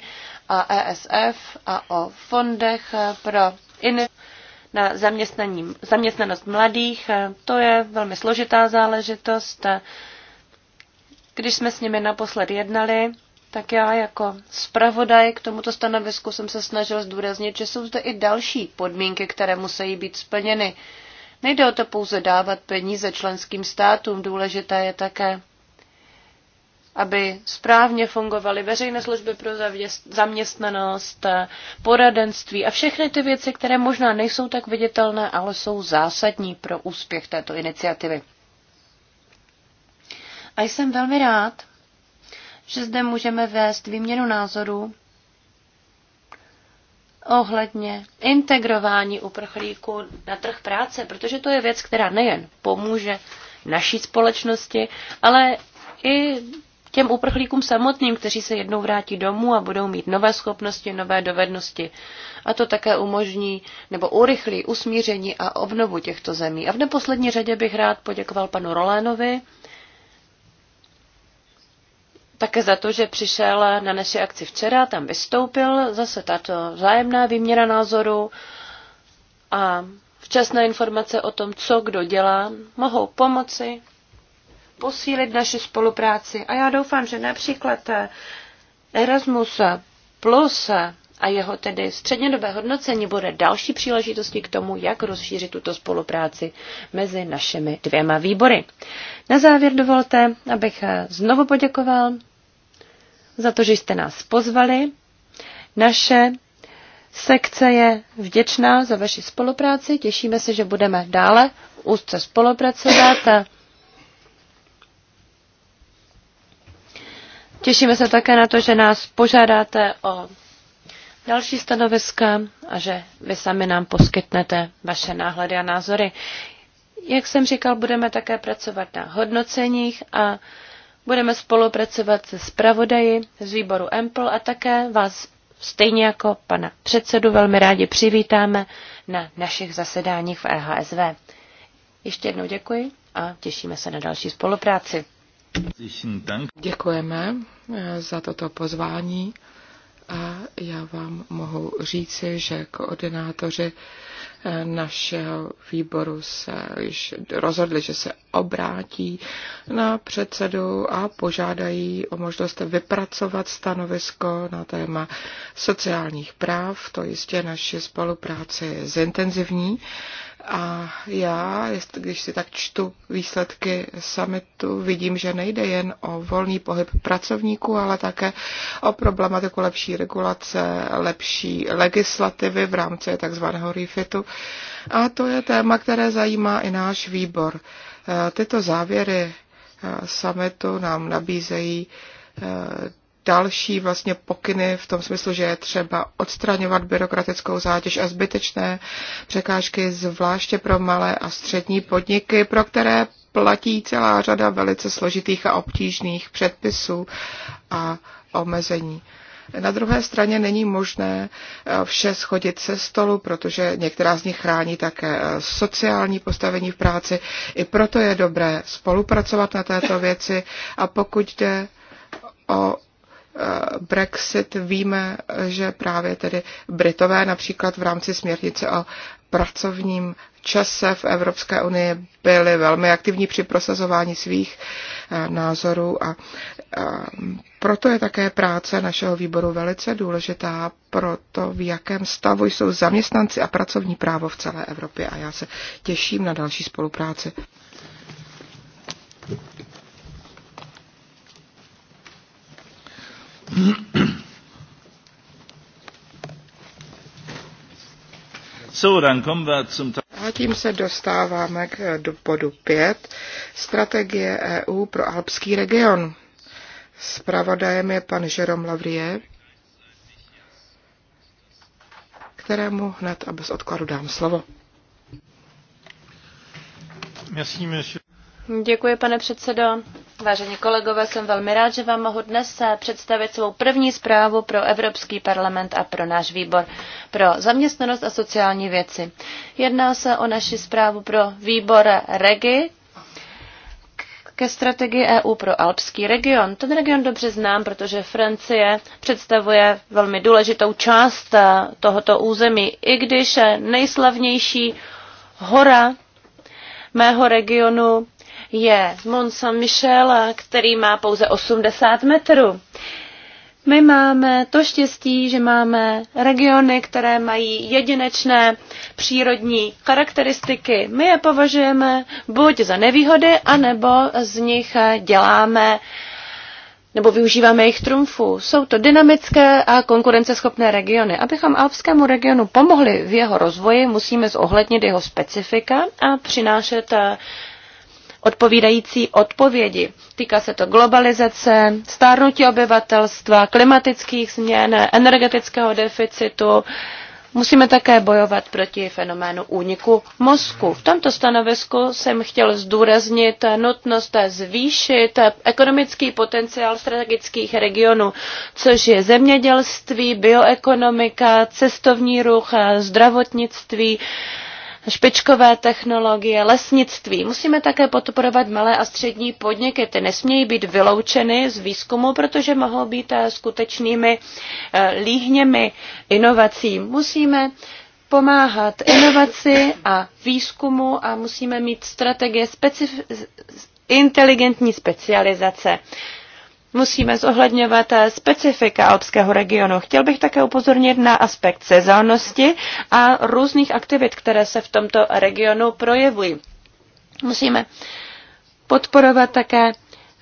a ESF a o fondech pro in na zaměstnanost mladých. To je velmi složitá záležitost. Když jsme s nimi naposled jednali, tak já jako zpravodaj k tomuto stanovisku jsem se snažil zdůraznit, že jsou zde i další podmínky, které musí být splněny Nejde o to pouze dávat peníze členským státům, důležité je také, aby správně fungovaly veřejné služby pro zaměstnanost, poradenství a všechny ty věci, které možná nejsou tak viditelné, ale jsou zásadní pro úspěch této iniciativy. A jsem velmi rád, že zde můžeme vést výměnu názorů ohledně integrování uprchlíků na trh práce, protože to je věc, která nejen pomůže naší společnosti, ale i těm uprchlíkům samotným, kteří se jednou vrátí domů a budou mít nové schopnosti, nové dovednosti. A to také umožní nebo urychlí usmíření a obnovu těchto zemí. A v neposlední řadě bych rád poděkoval panu Rolénovi také za to, že přišel na naši akci včera, tam vystoupil, zase tato vzájemná výměna názoru a včasné informace o tom, co kdo dělá, mohou pomoci posílit naši spolupráci. A já doufám, že například Erasmus Plus a jeho tedy střednědobé hodnocení bude další příležitostí k tomu, jak rozšířit tuto spolupráci mezi našimi dvěma výbory. Na závěr dovolte, abych eh, znovu poděkoval za to, že jste nás pozvali. Naše sekce je vděčná za vaši spolupráci. Těšíme se, že budeme dále úzce spolupracovat. A těšíme se také na to, že nás požádáte o další stanoviska a že vy sami nám poskytnete vaše náhledy a názory. Jak jsem říkal, budeme také pracovat na hodnoceních a budeme spolupracovat se zpravodaji z výboru EMPL a také vás stejně jako pana předsedu velmi rádi přivítáme na našich zasedáních v EHSV. Ještě jednou děkuji a těšíme
se na další spolupráci. Děkujeme eh, za toto pozvání a já vám mohu říci, že koordinátoři eh, našeho výboru se již rozhodli, že se obrátí na předsedu a požádají o možnost vypracovat stanovisko na téma sociálních práv. To jistě naši spolupráce je zintenzivní a já, když si tak čtu výsledky summitu, vidím, že nejde jen o volný pohyb pracovníků, ale také o problematiku lepší regulace, lepší legislativy v rámci takzvaného refitu. A to je téma, které zajímá i náš výbor. E, tyto závěry e, summitu nám nabízejí e, další vlastně pokyny v tom smyslu, že je třeba odstraňovat byrokratickou zátěž a zbytečné překážky, zvláště pro malé a střední podniky, pro které platí celá řada velice složitých a obtížných předpisů a omezení. Na druhé straně není možné eh, vše schodit se stolu, protože některá z nich chrání také eh, sociální postavení v práci. I proto je dobré spolupracovat na této věci a pokud jde o Eh, Brexit víme, že právě tedy Britové například v rámci směrnice o pracovním čase v Evropské unii byli velmi aktivní při prosazování svých eh, názorů a eh, proto je také práce našeho výboru velice důležitá pro to, v jakém stavu jsou zaměstnanci a pracovní právo v celé Evropě a já se těším na další spolupráci. A tím se dostáváme k eh, bodu 5. Strategie EU pro alpský region. Spravodajem je pan Jerome Lavrie, kterému hned a bez odkladu dám slovo.
Děkuji, pane předsedo. Vážení kolegové, jsem velmi rád, že vám mohu dnes eh, představit svou první zprávu pro Evropský parlament a pro náš výbor pro zaměstnanost a sociální věci. Jedná se o naši zprávu pro výbor REGI ke strategii EU pro alpský region. Ten region dobře znám, protože Francie představuje velmi důležitou část eh, tohoto území, i když eh, nejslavnější hora mého regionu je Mont Saint-Michel, který má pouze 80 metrů. My máme to štěstí, že máme regiony, které mají jedinečné přírodní charakteristiky. My je považujeme buď za nevýhody, anebo z nich děláme nebo využíváme jejich trumfů. Jsou to dynamické a konkurenceschopné regiony. Abychom alpskému regionu pomohli v jeho rozvoji, musíme zohlednit jeho specifika a přinášet odpovídající odpovědi. Týká se to globalizace, stárnutí obyvatelstva, klimatických změn, energetického deficitu. Musíme také bojovat proti fenoménu úniku mozku. V tomto stanovisku jsem chtěl zdůraznit nutnost zvýšit ekonomický potenciál strategických regionů, což je zemědělství, bioekonomika, cestovní ruch, zdravotnictví, špičkové technologie, lesnictví. Musíme také podporovat malé a střední podniky. Ty nesmějí být vyloučeny z výzkumu, protože mohou být eh, skutečnými eh, líhněmi inovací. Musíme pomáhat inovaci a výzkumu a musíme mít strategie specif- inteligentní specializace musíme zohledňovat eh, specifika alpského regionu. Chtěl bych také upozornit na aspekt sezónnosti a různých aktivit, které se v tomto regionu projevují. Musíme podporovat také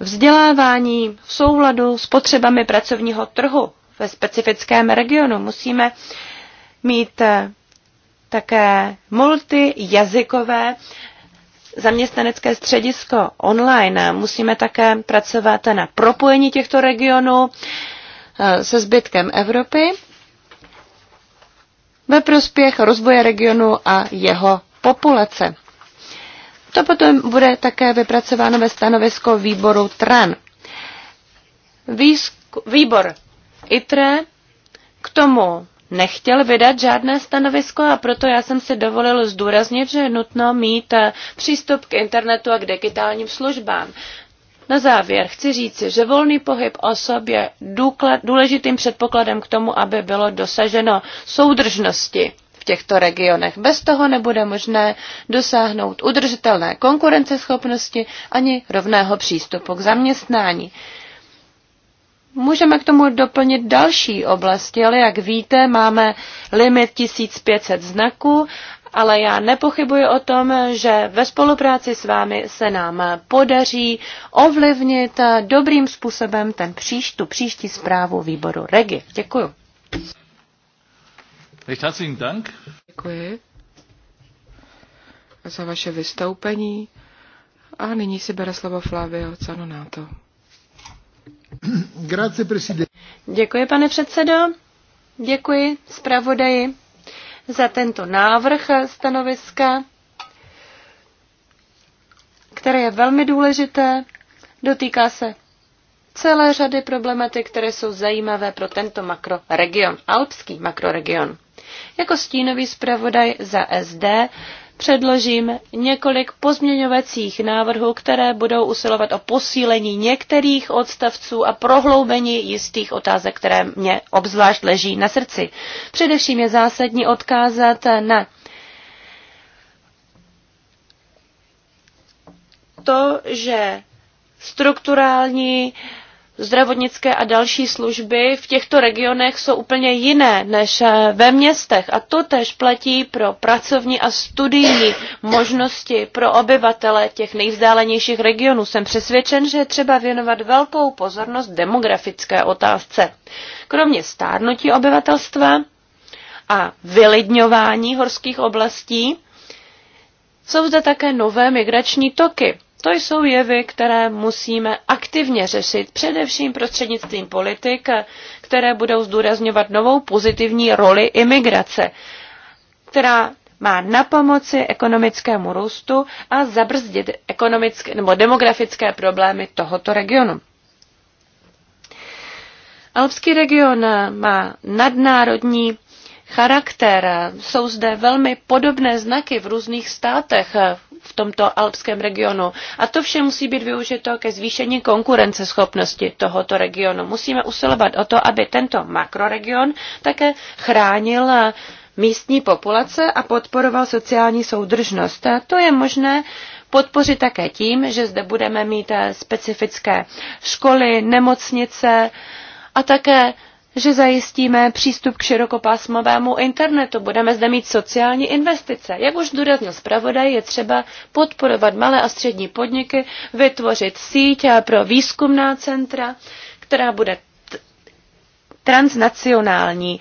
vzdělávání v souladu s potřebami pracovního trhu ve specifickém regionu. Musíme mít eh, také multijazykové zaměstnanecké středisko online. Musíme také pracovat na propojení těchto regionů eh, se zbytkem Evropy ve prospěch rozvoje regionu a jeho populace. To potom bude také vypracováno ve stanovisko výboru TRAN. výbor ITRE k tomu nechtěl vydat žádné stanovisko a proto já jsem si dovolil zdůraznit, že je nutno mít eh, přístup k internetu a k digitálním službám. Na závěr chci říci, že volný pohyb osob je důležitým předpokladem k tomu, aby bylo dosaženo soudržnosti v těchto regionech. Bez toho nebude možné dosáhnout udržitelné konkurenceschopnosti ani rovného přístupu k zaměstnání. Můžeme k tomu doplnit další oblasti, ale jak víte, máme limit 1500 znaků, ale já nepochybuji o tom, že ve spolupráci s vámi se nám podaří ovlivnit dobrým způsobem ten příš, tu příští zprávu výboru
REGI. Děkuji. Děkuji za vaše vystoupení. A nyní si bere slovo Flavio Canonato. Děkuji, pane
předsedo. Děkuji zpravodaji za tento návrh stanoviska, které je velmi důležité. Dotýká se celé řady problematik, které jsou zajímavé pro tento makroregion, alpský makroregion. Jako stínový zpravodaj za SD předložím několik pozměňovacích návrhů, které budou usilovat o posílení některých odstavců a prohloubení jistých otázek, které mě obzvlášť leží na srdci. Především je zásadní odkázat na to, že strukturální uh, zdravotnické a další služby v těchto regionech jsou úplně jiné než eh, ve městech. A to tež platí pro pracovní a studijní možnosti pro obyvatele těch nejvzdálenějších regionů. Jsem přesvědčen, že je třeba věnovat velkou pozornost demografické otázce. Kromě stárnutí obyvatelstva a vylidňování horských oblastí jsou zde také nové migrační toky to jsou jevy, které musíme aktivně řešit, především prostřednictvím politik, které budou zdůrazňovat novou pozitivní roli imigrace, která má na pomoci ekonomickému růstu a zabrzdit ekonomické nebo demografické problémy tohoto regionu. Alpský region má nadnárodní charakter. Jsou zde velmi podobné znaky v různých státech v tomto alpském regionu. A to vše musí být využito ke zvýšení konkurenceschopnosti tohoto regionu. Musíme usilovat o to, aby tento makroregion také chránil místní populace a podporoval sociální soudržnost. A to je možné podpořit také tím, že zde budeme mít specifické školy, nemocnice a také že zajistíme přístup k širokopásmovému internetu, budeme zde mít sociální investice. Jak už zdůraznil zpravodaj, je třeba podporovat malé a střední podniky, vytvořit síť pro výzkumná centra, která bude transnacionální.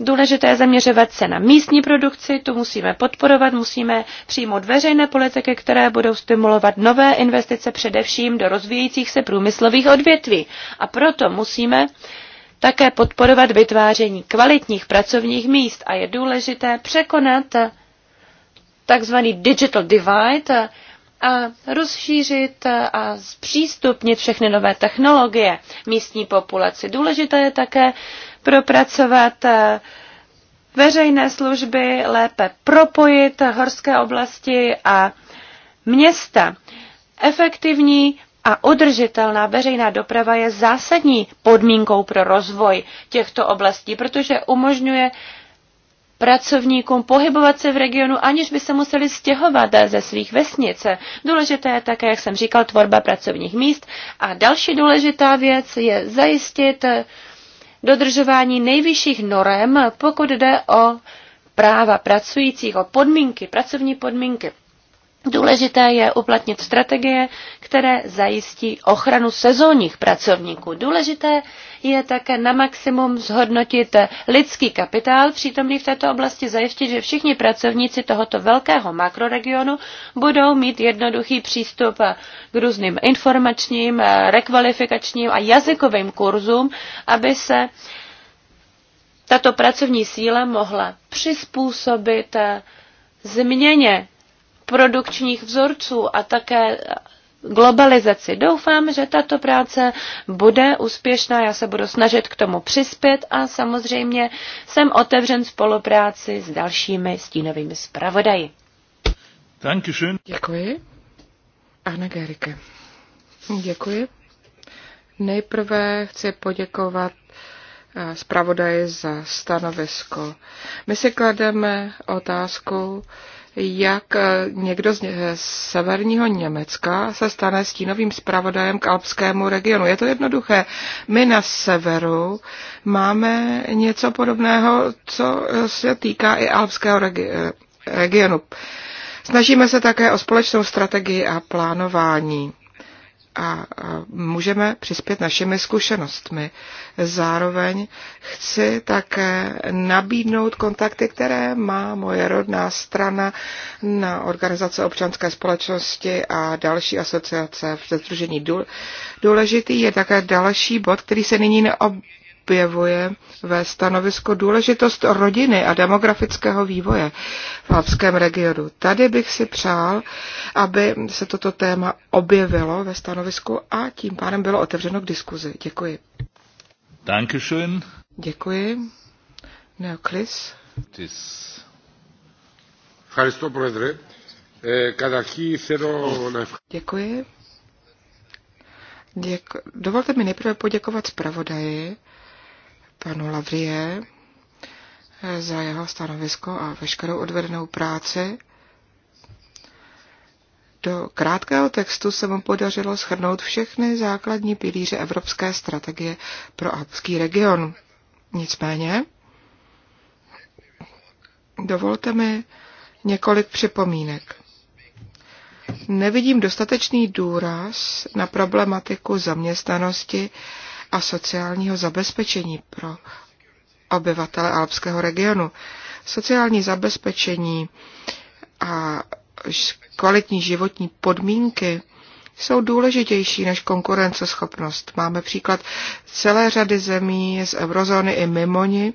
Důležité je zaměřovat se na místní produkci, tu musíme podporovat, musíme přijmout veřejné politiky, které budou stimulovat nové investice především do rozvíjejících se průmyslových odvětví. A proto musíme uh, také podporovat vytváření kvalitních pracovních míst a je důležité překonat takzvaný digital divide a rozšířit a zpřístupnit všechny nové technologie místní populaci. Důležité je také propracovat veřejné služby, lépe propojit horské oblasti a města. Efektivní a udržitelná veřejná doprava je zásadní podmínkou pro rozvoj těchto oblastí, protože umožňuje pracovníkům pohybovat se v regionu, aniž by se museli stěhovat ze svých vesnic. Důležité je také, jak jsem říkal, tvorba pracovních míst. A další důležitá věc je zajistit dodržování nejvyšších norem, pokud jde o práva pracujících, o podmínky, pracovní podmínky. Důležité je uplatnit strategie, které zajistí ochranu sezónních pracovníků. Důležité je také na maximum zhodnotit lidský kapitál přítomný v této oblasti, zajistit, že všichni pracovníci tohoto velkého makroregionu budou mít jednoduchý přístup k různým informačním, rekvalifikačním a jazykovým kurzům, aby se tato pracovní síla mohla přizpůsobit změně produkčních vzorců a také globalizaci. Doufám, že tato práce bude úspěšná, já se budu snažit k tomu přispět a samozřejmě jsem otevřen spolupráci s dalšími stínovými
zpravodaji. Děkuji. Anna Gerike. Děkuji. Nejprve chci poděkovat eh, zpravodaji za stanovisko. My si klademe otázku, jak eh, někdo eh, z severního Německa se stane stínovým zpravodajem k alpskému regionu. Je to jednoduché. My na severu máme něco podobného, co eh, se týká i alpského regi- regionu. Snažíme se také o společnou strategii a plánování a můžeme přispět našimi zkušenostmi. Zároveň chci také nabídnout kontakty, které má moje rodná strana na organizace občanské společnosti a další asociace v Združení. Důležitý je také další bod, který se nyní neob objevuje ve stanovisku důležitost rodiny a demografického vývoje v alpském regionu. Tady bych si přál, aby se toto téma objevilo ve stanovisku a tím pádem bylo otevřeno k diskuzi. Děkuji.
Dankeschön.
Děkuji. Neoklis.
Tis.
Děkuji. Děku... Dovolte mi nejprve poděkovat zpravodaji panu Lavrie za jeho stanovisko a veškerou odvedenou práci. Do krátkého textu se mu podařilo shrnout všechny základní pilíře Evropské strategie pro alpský region. Nicméně, dovolte mi několik připomínek. Nevidím dostatečný důraz na problematiku zaměstnanosti a sociálního zabezpečení pro obyvatele alpského regionu. Sociální zabezpečení a kvalitní životní podmínky jsou důležitější než konkurenceschopnost. Máme příklad celé řady zemí z eurozóny i mimo ní, eh,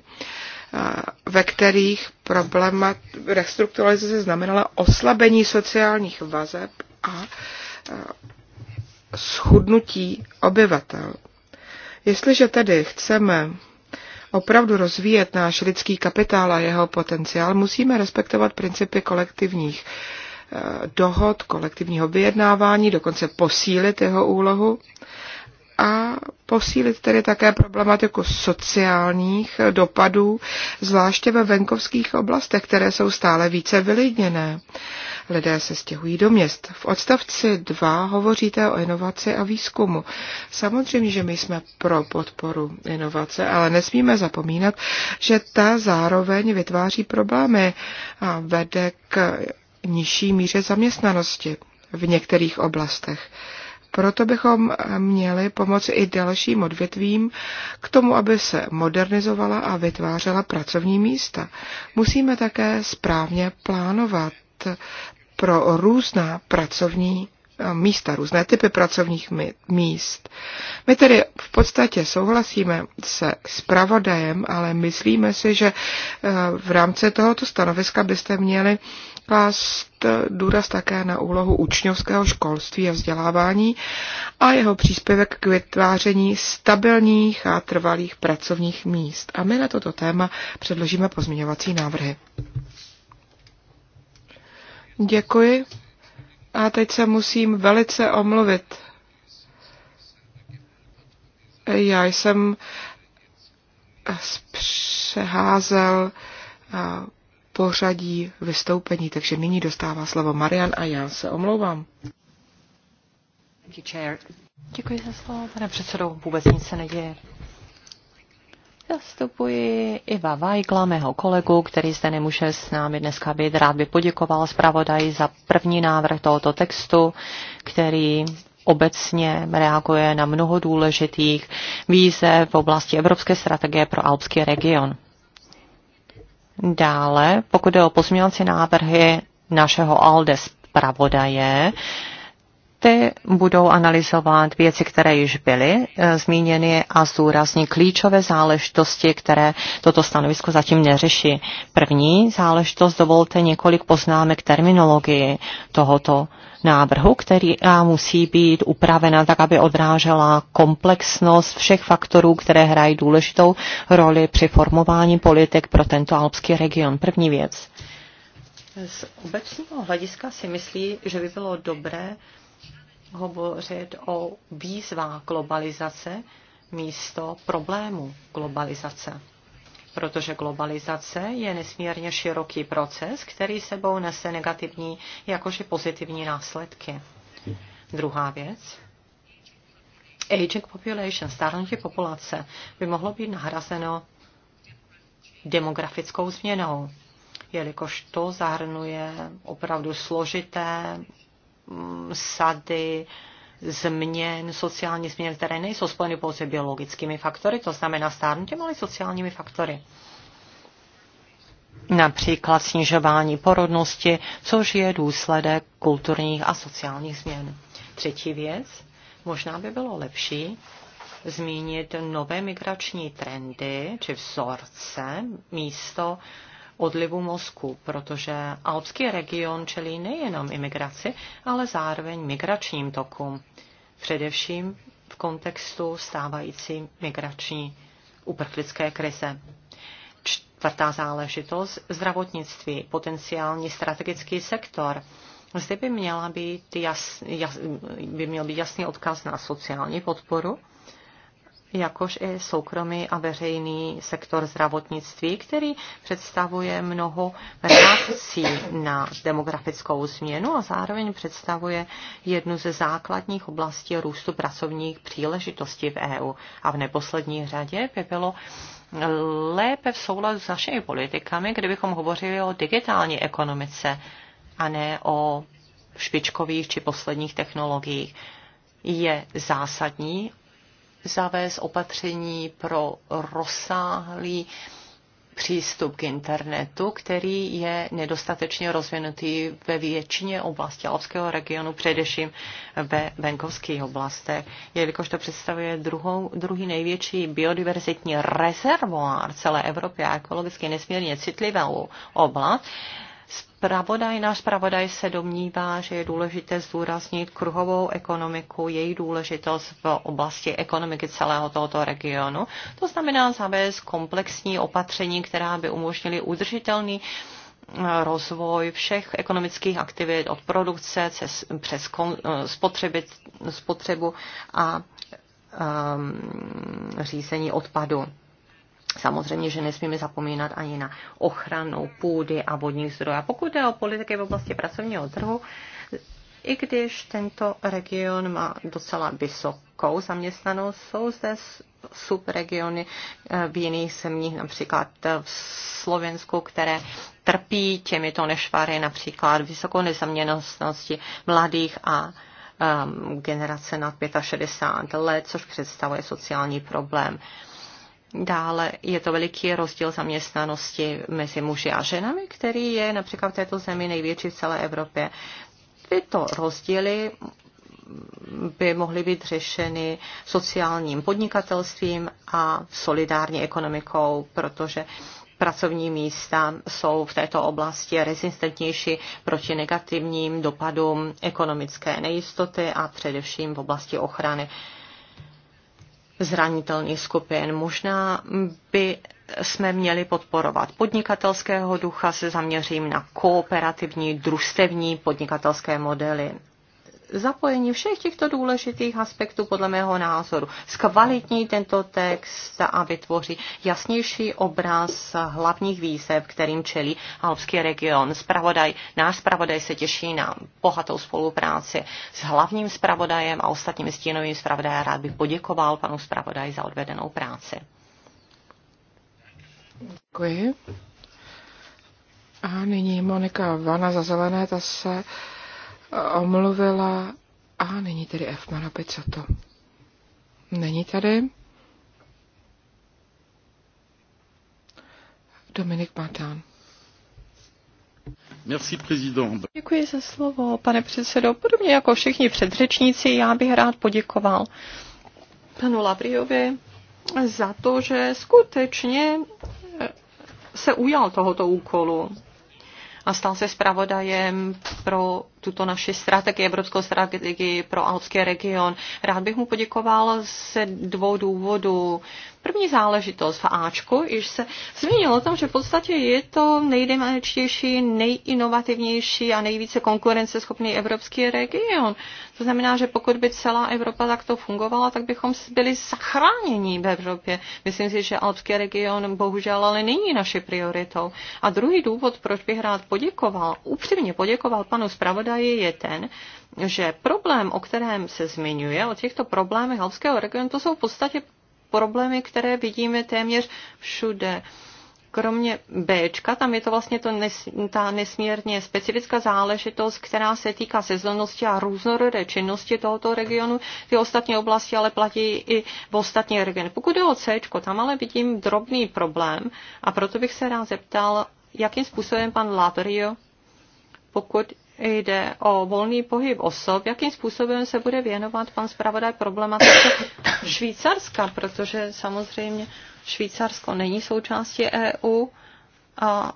ve kterých problém restrukturalizace znamenala oslabení sociálních vazeb a eh, schudnutí obyvatel. Jestliže tedy chceme opravdu rozvíjet náš lidský kapitál a jeho potenciál, musíme respektovat principy kolektivních eh, dohod, kolektivního vyjednávání, dokonce posílit jeho úlohu a posílit tedy také problematiku sociálních dopadů, zvláště ve venkovských oblastech, které jsou stále více vylidněné. Lidé se stěhují do měst. V odstavci 2 hovoříte o inovaci a výzkumu. Samozřejmě, že my jsme pro podporu inovace, ale nesmíme zapomínat, že ta zároveň vytváří problémy a vede k nižší míře zaměstnanosti v některých oblastech. Proto bychom eh, měli pomoci i dalším odvětvím k tomu, aby se modernizovala a vytvářela pracovní místa. Musíme také správně plánovat pro různá pracovní eh, místa, různé typy pracovních míst. My tedy v podstatě souhlasíme se spravodajem, ale myslíme si, že eh, v rámci tohoto stanoviska byste měli klást důraz také na úlohu učňovského školství a vzdělávání a jeho příspěvek k vytváření stabilních a trvalých pracovních míst. A my na toto téma předložíme pozměňovací návrhy. Děkuji. A teď se musím velice omluvit. Já jsem přeházel pořadí vystoupení, takže nyní dostává slovo Marian a já se omlouvám.
Děkuji za slovo,
pane předsedo. Vůbec nic se neděje.
Zastupuji Iva Vajgla, mého kolegu, který zde nemůže s námi dneska být. Rád by poděkoval zpravodaji za první návrh tohoto textu, který obecně reaguje na mnoho důležitých výzev v oblasti Evropské strategie pro alpský region. Dále, pokud jde o pozměňovací návrhy našeho ALDE zpravodaje, ty budou analyzovat věci, které již byly e, zmíněny a zdůrazní klíčové záležitosti, které toto stanovisko zatím neřeší. První záležitost, dovolte několik poznámek terminologii tohoto návrhu, který musí být upravena tak, aby odrážela komplexnost všech faktorů, které hrají důležitou roli při formování politik pro tento alpský region. První věc. Z obecného hlediska si myslí, že by bylo dobré hovořit o výzvách globalizace místo problému globalizace. Protože globalizace je nesmírně široký proces, který sebou nese negativní jakože i pozitivní následky. Druhá věc. Aging population, stárnutí populace, by mohlo být nahrazeno demografickou změnou, jelikož to zahrnuje opravdu složité Mm, sady změn, sociální změn, které nejsou spojeny pouze biologickými faktory, to znamená stárnutím, ale sociálními faktory. Například snižování porodnosti, což je důsledek kulturních a sociálních změn. Třetí věc, možná by bylo lepší zmínit nové migrační trendy či vzorce místo odlivu mozku, protože alpský region čelí nejenom imigraci, ale zároveň migračním tokům, především v kontextu stávající migrační uprchlické krize. Čtvrtá záležitost zdravotnictví, potenciální strategický sektor. Zde by, měla být jas, jas, by měl být jasný odkaz na sociální podporu, jakož i soukromý a veřejný sektor zdravotnictví, který představuje mnoho reakcí na demografickou změnu a zároveň představuje jednu ze základních oblastí růstu pracovních příležitostí v EU. A v neposlední řadě by bylo lépe v souladu s našimi politikami, kdybychom hovořili o digitální ekonomice a ne o špičkových či posledních technologiích. Je zásadní, zavést opatření pro rozsáhlý přístup k internetu, který je nedostatečně rozvinutý ve většině oblastí alpského regionu, především ve venkovských oblastech, jelikož to představuje druhou, druhý největší biodiverzitní rezervoár celé Evropy a ekologicky nesmírně citlivou oblast. Spravodaj, náš spravodaj se domnívá, že je důležité zdůraznit kruhovou ekonomiku, její důležitost v oblasti ekonomiky celého tohoto regionu. To znamená zavést komplexní opatření, která by umožnili udržitelný eh, rozvoj všech ekonomických aktivit od produkce cez, přes kon, eh, spotřeby, spotřebu a um, řízení odpadu. Samozřejmě, že nesmíme zapomínat ani na ochranu půdy a vodních zdrojů. A pokud jde o politiky v oblasti pracovního trhu, i když tento region má docela vysokou zaměstnanost, jsou zde subregiony eh, v jiných zemích, například v Slovensku, které trpí těmito nešvary, například vysokou nezaměstnaností mladých a um, generace nad 65 let, což představuje sociální problém. Um, Dále je to veliký rozdíl zaměstnanosti mezi muži a ženami, který je například v této zemi největší v celé Evropě. Tyto rozdíly by mohly být řešeny sociálním podnikatelstvím a solidární ekonomikou, protože pracovní místa jsou v této oblasti rezistentnější proti negativním dopadům ekonomické nejistoty a především v oblasti ochrany zranitelných skupin. Možná by jsme měli podporovat podnikatelského ducha, se zaměřím na kooperativní, družstevní podnikatelské modely zapojení všech těchto důležitých aspektů podle mého názoru zkvalitní tento text a vytvoří jasnější obraz hlavních výzev, kterým čelí alpský region. Spravodaj, náš spravodaj se těší na bohatou spolupráci s hlavním spravodajem a ostatními stínovými spravodaji. Rád bych poděkoval panu spravodaj za odvedenou práci.
Děkuji. A nyní Monika Vana za zelené, ta se omluvila a není tady. F. Maraby, co to? Není tady. Dominik Matán.
Merci,
président. Děkuji za slovo, pane předsedo. Podobně jako všichni předřečníci, já bych rád poděkoval panu Lavriovi za to, že skutečně eh, se ujal tohoto úkolu a stal se zpravodajem pro tuto naši strategii, evropskou strategii pro alpský region. Rád bych mu poděkoval ze dvou důvodů. První záležitost v Ačku, již se zmínilo o tom, že v podstatě je to nejdynamičtější, nejinovativnější a nejvíce konkurenceschopný evropský region. To znamená, že pokud by celá Evropa takto fungovala, tak bychom byli zachráněni v Evropě. Myslím si, že alpský region bohužel ale není naší prioritou. A druhý důvod, proč bych rád poděkoval, upřímně poděkoval panu zpravodaji, údaji je ten, že problém, o kterém se zmiňuje, o těchto problémech Alpského regionu, to jsou v podstatě problémy, které vidíme téměř všude kromě B, tam je to vlastně to nes, ta nesmírně specifická záležitost, která se týká sezónnosti a různorodé činnosti tohoto regionu. Ty ostatní oblasti ale platí i v ostatní regiony. Pokud je o C, tam ale vidím drobný problém a proto bych se rád zeptal, jakým způsobem pan Laverio, pokud jde o volný pohyb osob, jakým způsobem se bude věnovat pan zpravodaj problematice Švýcarska, protože samozřejmě Švýcarsko není součástí EU a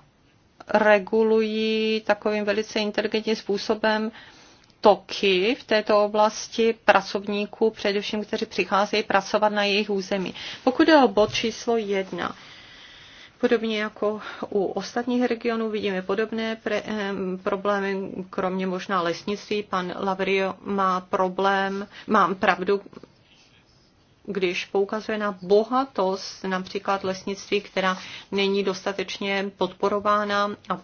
regulují takovým velice inteligentním způsobem toky v této oblasti pracovníků, především kteří přicházejí pracovat na jejich území. Pokud je o bod číslo jedna, Podobně jako u ostatních regionů vidíme podobné pre, problémy, kromě možná lesnictví. Pan Lavrio má problém, mám pravdu, když poukazuje na bohatost například lesnictví, která není dostatečně podporována a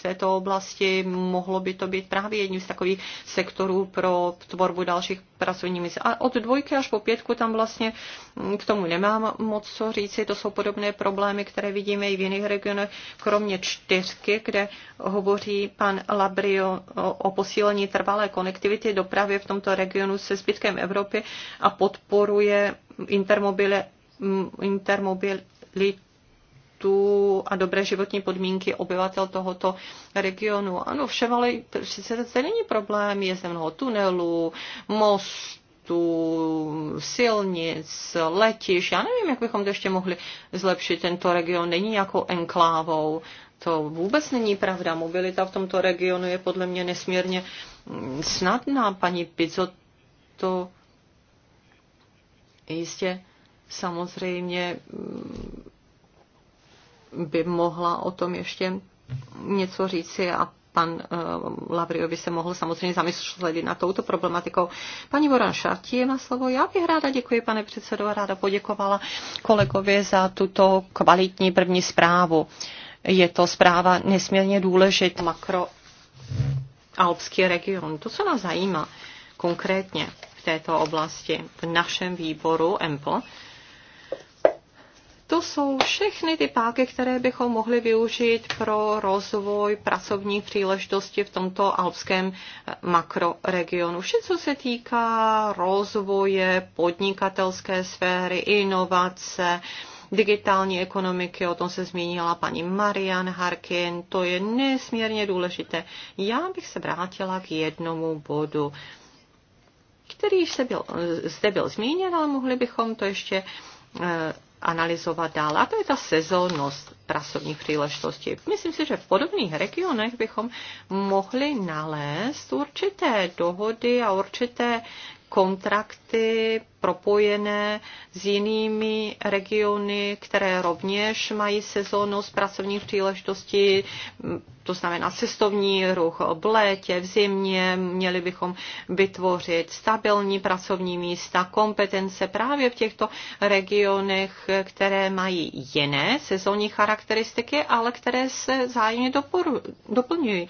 v této oblasti. Mohlo by to být právě jedním z takových sektorů pro tvorbu dalších pracovních míst. A od dvojky až po pětku tam vlastně mm, k tomu nemám moc co říci. To jsou podobné problémy, které vidíme i v jiných regionech, kromě čtyřky, kde hovoří pan Labrio o posílení trvalé konektivity dopravy v tomto regionu se zbytkem Evropy a podporuje intermobile intermobilitu tu a dobré životní podmínky obyvatel tohoto regionu. Ano, všem, ale přece to není problém. Je ze mnoho tunelů, most, silnic, letiš. Já nevím, jak bychom to ještě mohli zlepšit. Tento region není jako enklávou. To vůbec není pravda. Mobilita v tomto regionu je podle mě nesmírně mm, snadná. Paní Pizzo to jistě samozřejmě mm, by mohla o tom ještě něco říci a pan uh, eh, Lavrio by se mohl samozřejmě zamyslet na touto problematikou. Paní Moran Šartí má slovo. Já bych ráda děkuji, pane předsedo, a ráda poděkovala kolegovi za tuto kvalitní první zprávu. Je to zpráva nesmírně důležitá makro alpský region. To, co nás zajímá konkrétně v této oblasti, v našem výboru EMPL, to jsou všechny ty páky, které bychom mohli využít pro rozvoj pracovní příležitosti v tomto alpském eh, makroregionu. Vše, co se týká rozvoje podnikatelské sféry, inovace, digitální ekonomiky, o tom se zmínila paní Marian Harkin, to je nesmírně důležité. Já bych se vrátila k jednomu bodu, který se byl, eh, zde byl zmíněn, ale mohli bychom to ještě eh, analyzovat dál. A to je ta sezónnost pracovních příležitostí. Myslím si, že v podobných regionech bychom mohli nalézt určité dohody a určité kontrakty propojené s jinými regiony, které rovněž mají sezónnost pracovních příležitostí, to znamená cestovní ruch v létě, v zimě. Měli bychom vytvořit stabilní pracovní místa, kompetence právě v těchto regionech, které mají jiné sezónní charakteristiky, ale které se zájemně doplňují.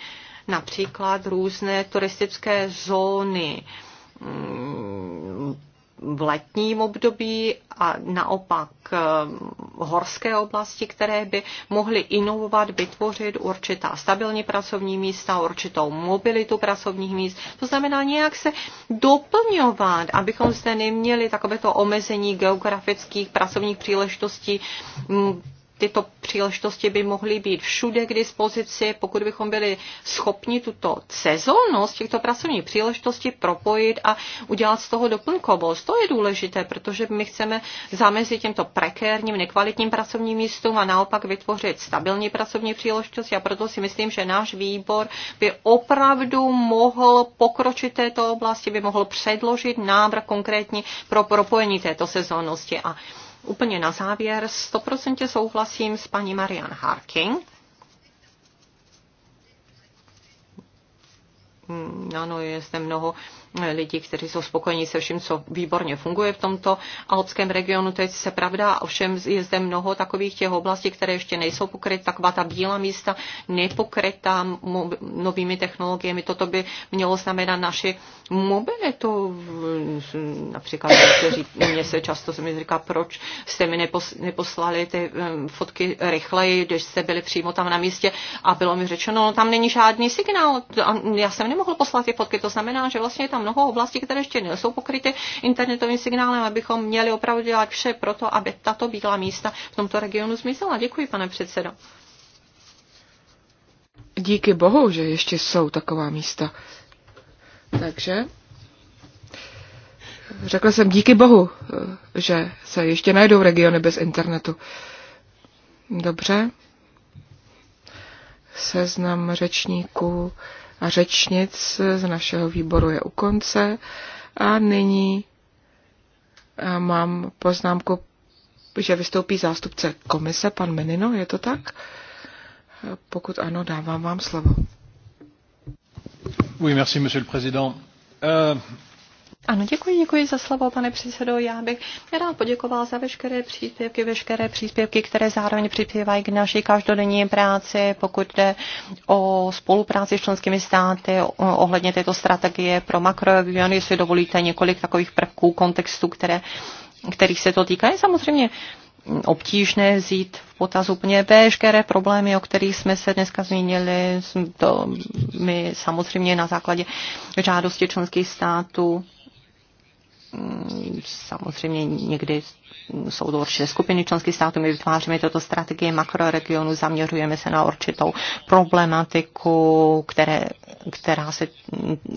Například různé turistické zóny Mm, v letním období a naopak mm, horské oblasti, které by mohly inovovat, vytvořit určitá stabilní pracovní místa, určitou mobilitu pracovních míst. To znamená nějak se doplňovat, abychom zde neměli takovéto omezení geografických pracovních příležitostí mm, tyto příležitosti by mohly být všude k dispozici, pokud bychom byli schopni tuto sezónnost těchto pracovních příležitostí propojit a udělat z toho doplnkovost. To je důležité, protože my chceme zamezit těmto prekérním, nekvalitním pracovním místům a naopak vytvořit stabilní pracovní příležitosti a proto si myslím, že náš výbor by opravdu mohl pokročit této oblasti, by mohl předložit návrh konkrétní pro propojení této sezónnosti. A úplně na závěr 100% souhlasím s paní Marian Harking. Hmm, ano, je zde mnoho lidi, kteří jsou spokojeni se vším, co výborně funguje v tomto alpském regionu. To je se pravda, ovšem je zde mnoho takových těch oblastí, které ještě nejsou pokryty, taková ta bílá místa, nepokrytá novými technologiemi. Toto by mělo znamenat naši mobilitu. Například, kteří, se často se mi říká, proč jste mi neposlali ty fotky rychleji, když jste byli přímo tam na místě a bylo mi řečeno, no tam není žádný signál, já jsem nemohl poslat ty fotky, to znamená, že vlastně tam mnoho oblastí, které ještě nejsou pokryty internetovým signálem, abychom měli opravdu dělat vše pro to, aby tato bílá místa v tomto regionu zmizela. Děkuji, pane předsedo.
Díky bohu, že ještě jsou taková místa. Takže řekl jsem díky bohu, že se ještě najdou regiony bez internetu. Dobře. Seznam řečníků a řečnic z našeho výboru je u konce a nyní mám poznámku, že vystoupí zástupce komise, pan Menino, je to tak? Pokud ano, dávám vám slovo. Oui, merci, monsieur le président. Euh... Ano, děkuji,
děkuji za slovo, pane předsedo. Já bych rád poděkoval za veškeré příspěvky, veškeré příspěvky, které zároveň přispívají k naší každodenní práci, pokud jde o spolupráci s členskými státy ohledně této strategie pro makroregiony, jestli dovolíte několik takových prvků kontextů, které, kterých se to týká. Je samozřejmě obtížné vzít v potaz úplně veškeré problémy, o kterých jsme se dneska zmínili. To my samozřejmě na základě žádosti členských států samozřejmě někdy jsou to určité skupiny členských států, my vytváříme toto strategie makroregionu, zaměřujeme se na určitou problematiku, které, která, se,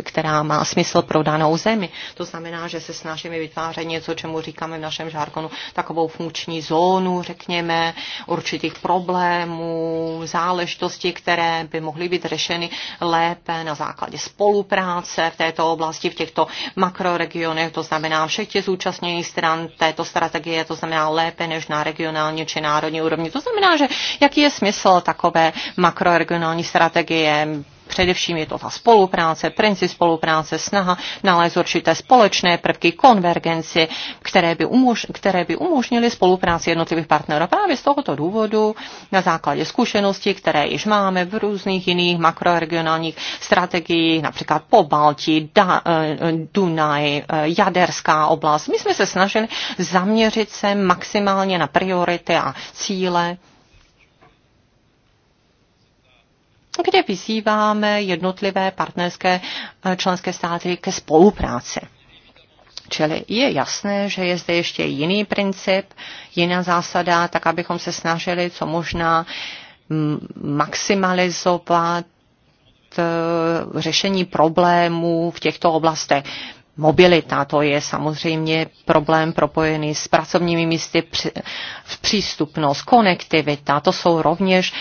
která má smysl pro danou zemi. To znamená, že se snažíme vytvářet něco, čemu říkáme v našem žárkonu, takovou funkční zónu, řekněme, určitých problémů, záležitostí, které by mohly být řešeny lépe na základě spolupráce v této oblasti, v těchto makroregionech, to znamená znamená všech těch zúčastněných stran této strategie, to znamená lépe než na regionální či národní úrovni. To znamená, že jaký je smysl takové makroregionální strategie? Především je to ta spolupráce, princip spolupráce, snaha nalézt určité společné prvky, konvergenci, které by, umož, které by umožnily spolupráci jednotlivých partnerů. Právě z tohoto důvodu, na základě zkušeností, které již máme v různých jiných makroregionálních strategiích, například po da, eh, Dunaj, eh, Jaderská oblast, my jsme se snažili zaměřit se maximálně na priority a cíle kde vyzýváme jednotlivé partnerské eh, členské státy ke spolupráci. Čili je jasné, že je zde ještě jiný princip, jiná zásada, tak abychom se snažili co možná mm, maximalizovat eh, řešení problémů v těchto oblastech. Mobilita, to je samozřejmě problém propojený s pracovními místy, přístupnost, konektivita, to jsou rovněž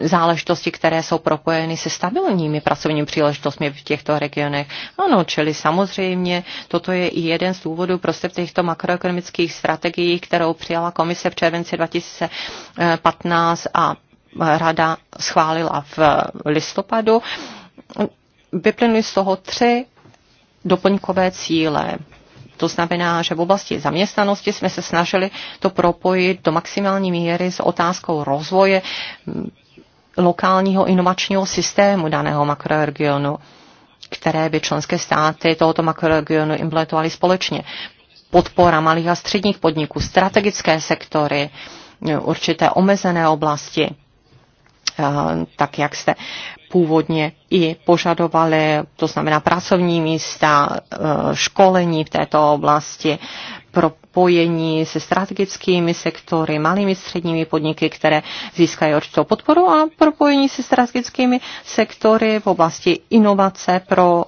záležitosti, které jsou propojeny se stabilními pracovními příležitostmi v těchto regionech. Ano, čili samozřejmě toto je i jeden z důvodů prostě v těchto makroekonomických strategií, kterou přijala komise v červenci 2015 a rada schválila v listopadu. Vyplynuly z toho tři doplňkové cíle. To znamená, že v oblasti zaměstnanosti jsme se snažili to propojit do maximální míry s otázkou rozvoje lokálního inovačního systému daného makroregionu, které by členské státy tohoto makroregionu implementovaly společně. Podpora malých a středních podniků, strategické sektory, určité omezené oblasti, eh, tak jak jste původně i požadovali, to znamená pracovní místa, eh, školení v této oblasti, pro propojení se strategickými sektory, malými středními podniky, které získají určitou podporu a propojení se strategickými sektory v oblasti inovace pro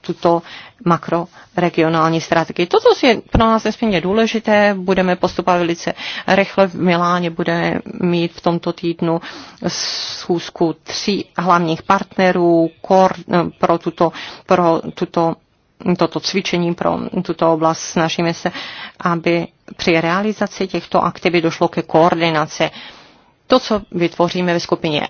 tuto makroregionální strategii. Toto je pro nás nesmírně důležité, budeme postupovat velice rychle. V Miláně bude mít v tomto týdnu schůzku tří hlavních partnerů kor, pro tuto, pro tuto toto cvičení pro tuto oblast. Snažíme se, aby při realizaci těchto aktivit došlo ke koordinaci. To, co vytvoříme ve skupině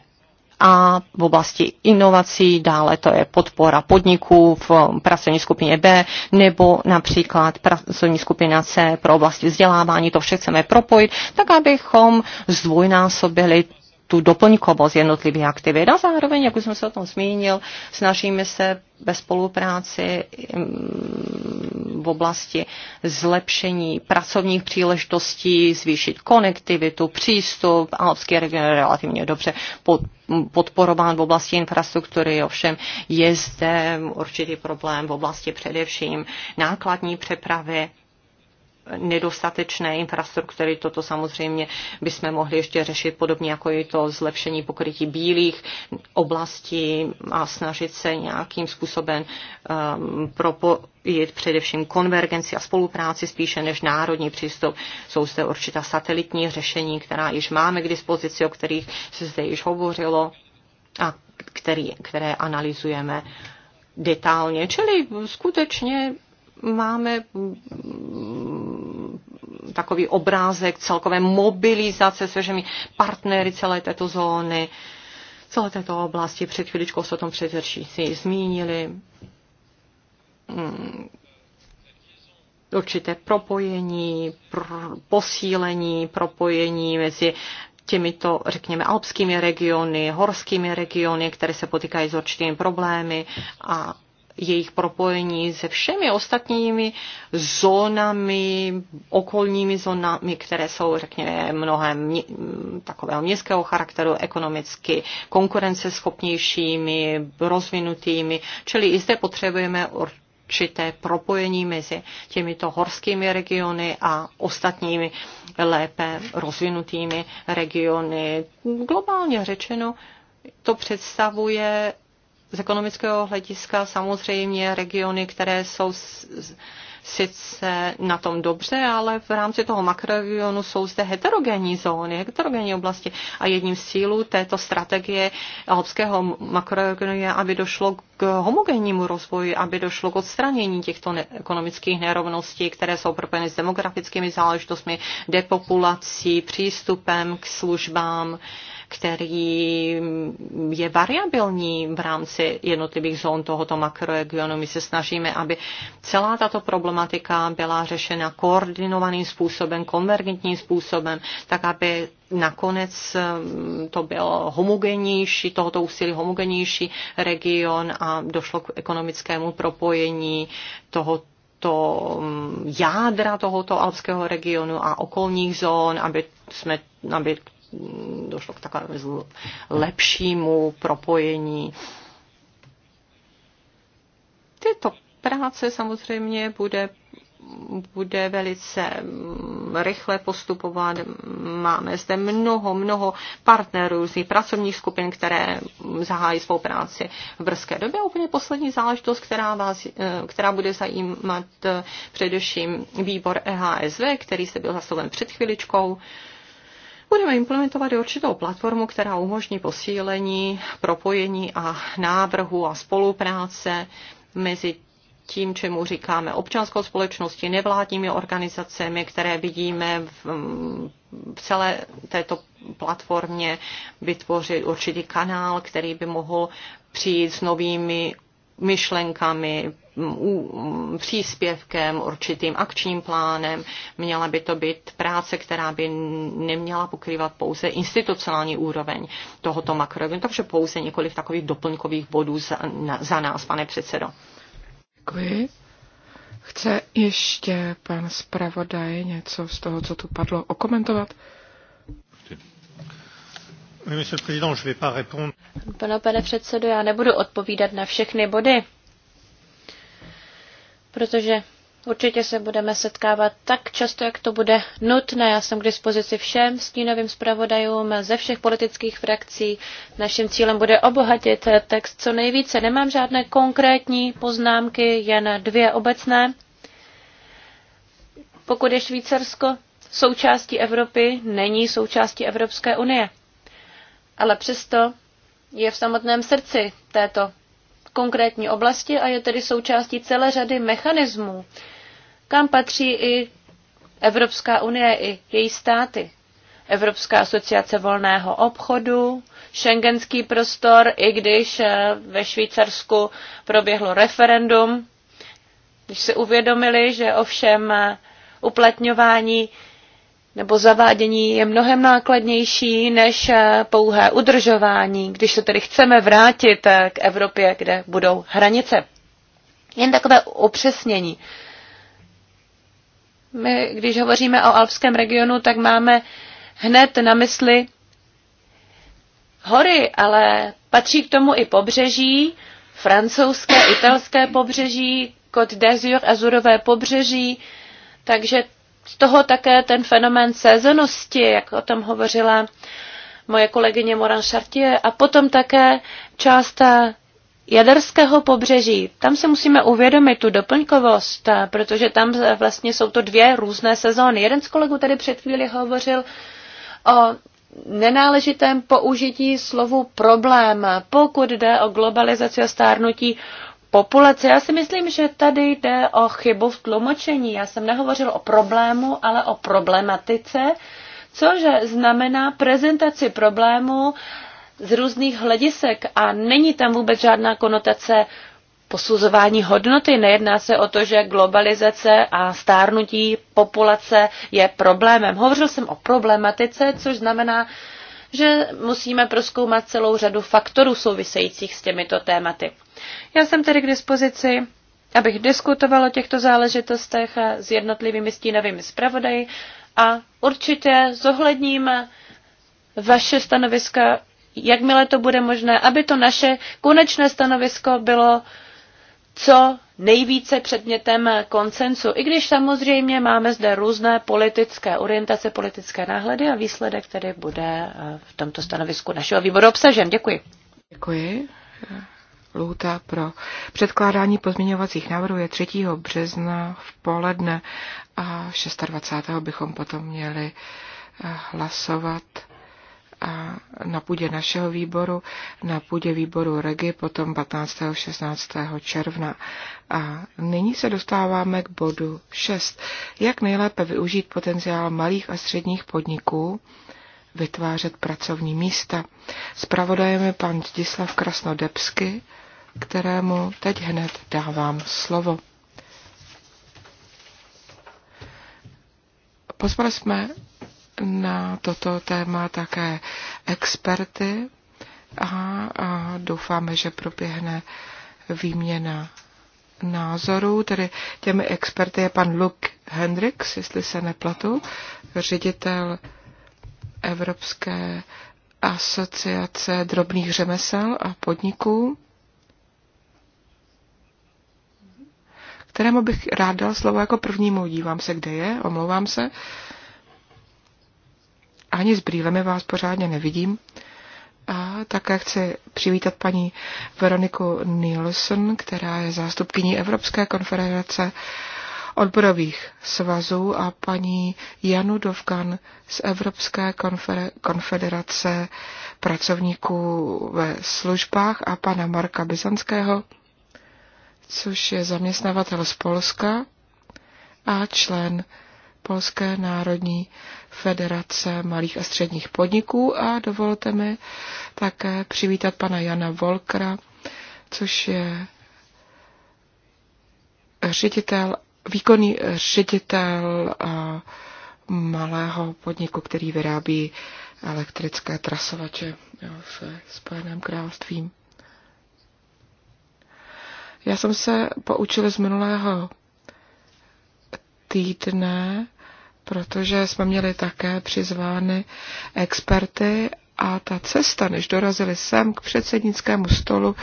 a v oblasti inovací, dále to je podpora podniků v pracovní skupině B nebo například pracovní skupina C pro oblasti vzdělávání, to vše chceme propojit, tak abychom zdvojnásobili tu doplňkovost jednotlivých aktivit. No a zároveň, jak už jsem se o tom zmínil, snažíme se ve spolupráci mm, v oblasti zlepšení pracovních příležitostí, zvýšit konektivitu, přístup. Alpský region je relativně dobře podporován v oblasti infrastruktury, ovšem je zde určitý problém v oblasti především nákladní přepravy nedostatečné infrastruktury. Toto samozřejmě bychom mohli ještě řešit podobně jako je to zlepšení pokrytí bílých oblastí a snažit se nějakým způsobem um, propojit především konvergenci a spolupráci spíše než národní přístup. Jsou zde určitá satelitní řešení, která již máme k dispozici, o kterých se zde již hovořilo a který, které analyzujeme detailně. Čili skutečně máme takový obrázek celkové mobilizace se všemi partnery celé této zóny, celé této oblasti. Před chvíličkou se o tom předřečníci zmínili. Hmm. Určité propojení, pr- posílení, propojení mezi těmito, řekněme, alpskými regiony, horskými regiony, které se potýkají s určitými problémy a jejich propojení se všemi ostatními zónami, okolními zónami, které jsou, řekněme, mnohem takového městského charakteru, ekonomicky konkurenceschopnějšími, rozvinutými. Čili i zde potřebujeme určité propojení mezi těmito horskými regiony a ostatními lépe rozvinutými regiony. Globálně řečeno, to představuje z ekonomického hlediska samozřejmě regiony, které jsou sice na tom dobře, ale v rámci toho makroregionu jsou zde heterogenní zóny, heterogenní oblasti. A jedním z cílů této strategie alpského makroregionu je, aby došlo k homogennímu rozvoji, aby došlo k odstranění těchto ne- ekonomických nerovností, které jsou propojeny s demografickými záležitostmi, depopulací, přístupem k službám. Uh, který je variabilní v rámci jednotlivých zón tohoto makroregionu. My se snažíme, aby celá tato problematika byla řešena koordinovaným způsobem, konvergentním způsobem, tak aby nakonec mm, to byl homogenější, tohoto úsilí homogenější region a došlo k ekonomickému propojení toho to mm, jádra tohoto alpského regionu a okolních zón, aby, jsme, aby došlo k takovému lepšímu propojení. Tyto práce samozřejmě bude bude velice mm, rychle postupovat. Máme zde mnoho, mnoho partnerů, různých pracovních skupin, které zahájí svou práci v brzké době. A úplně poslední záležitost, která, vás, eh, která bude zajímat eh, především výbor EHSV, který se byl zastoupen před chviličkou. Budeme implementovat i určitou platformu, která umožní posílení, propojení a návrhu a spolupráce mezi tím, čemu říkáme občanskou společností, nevládními organizacemi, které vidíme v, v celé této platformě vytvořit určitý kanál, který by mohl přijít s novými myšlenkami, příspěvkem, určitým akčním plánem. Měla by to být práce, která by neměla pokrývat pouze institucionální úroveň tohoto makroregionu, takže pouze několik takových doplňkových bodů za, na, za nás, pane předsedo.
Děkuji. Chce ještě pan zpravodaj něco z toho, co tu padlo, okomentovat? Pane, pane předsedo, já nebudu
odpovídat na všechny body, protože určitě se budeme setkávat tak často, jak to bude nutné. Já jsem k dispozici všem stínovým zpravodajům ze všech politických frakcí. Naším cílem bude obohatit text co nejvíce. Nemám žádné konkrétní poznámky, jen dvě obecné. Pokud je Švýcarsko součástí Evropy, není součástí Evropské unie ale přesto je v samotném srdci této konkrétní oblasti a je tedy součástí celé řady mechanismů, kam patří i Evropská unie, i její státy. Evropská asociace volného obchodu, šengenský prostor, i když eh, ve Švýcarsku proběhlo referendum, když se uvědomili, že ovšem eh, uplatňování nebo zavádění je mnohem nákladnější než eh, pouhé udržování, když se tedy chceme vrátit eh, k Evropě, kde budou hranice. Jen takové upřesnění. My, když hovoříme o alpském regionu, tak máme hned na mysli hory, ale patří k tomu i pobřeží, francouzské, italské pobřeží, Côte d'Azur, Azurové pobřeží, takže z toho také ten fenomén sézenosti, jak o tom hovořila moje kolegyně Moran Chartier, a potom také část jaderského pobřeží. Tam si musíme uvědomit tu doplňkovost, protože tam vlastně jsou to dvě různé sezóny. Jeden z kolegů tady před chvíli hovořil o nenáležitém použití slovu problém, pokud jde o globalizaci a stárnutí populace. Já si myslím, že tady jde o chybu v tlumočení. Já jsem nehovořil o problému, ale o problematice, což znamená prezentaci problému z různých hledisek a není tam vůbec žádná konotace posuzování hodnoty. Nejedná se o to, že globalizace a stárnutí populace je problémem. Hovořil jsem o problematice, což znamená, že musíme proskoumat celou řadu faktorů souvisejících s těmito tématy. Já jsem tedy k dispozici, abych diskutoval o těchto záležitostech s jednotlivými stínovými zpravodaji a určitě zohledním vaše stanoviska, jakmile to bude možné, aby to naše konečné stanovisko bylo co nejvíce předmětem koncensu, i když samozřejmě máme zde různé politické orientace, politické náhledy a výsledek tedy
bude v tomto stanovisku našeho výboru obsažen. Děkuji. Děkuji. Lhuta pro předkládání pozměňovacích návrhů je 3. března v poledne a 26. bychom potom měli eh, hlasovat a eh, na půdě našeho výboru, na půdě výboru REGI, potom 15. a 16. června. A nyní se dostáváme k bodu 6. Jak nejlépe využít potenciál malých a středních podniků, vytvářet pracovní místa. Spravodajem je pan Zdislav Krasnodebsky, kterému teď hned dávám slovo. Pozvali jsme na toto téma také experty a, a doufáme, že proběhne výměna názorů. Tedy těmi experty je pan Luke Hendricks, jestli se neplatu, ředitel Evropské asociace drobných řemesel a podniků, kterému bych rád dal slovo jako prvnímu. Dívám se, kde je, omlouvám se. Ani s brýlemi vás pořádně nevidím. A také chci přivítat paní Veroniku Nielsen, která je zástupkyní Evropské konfederace odborových svazů a paní Janu Dovkan z Evropské konfederace pracovníků ve službách a pana Marka Byzantského, což je zaměstnavatel z Polska a člen Polské národní federace malých a středních podniků a dovolte mi také přivítat pana Jana Volkra, což je ředitel výkonný ředitel eh, malého podniku, který vyrábí elektrické trasovače v Spojeném království. Já jsem se poučil z minulého týdne, protože jsme měli také přizvány experty a ta cesta, než dorazili sem k předsednickému stolu,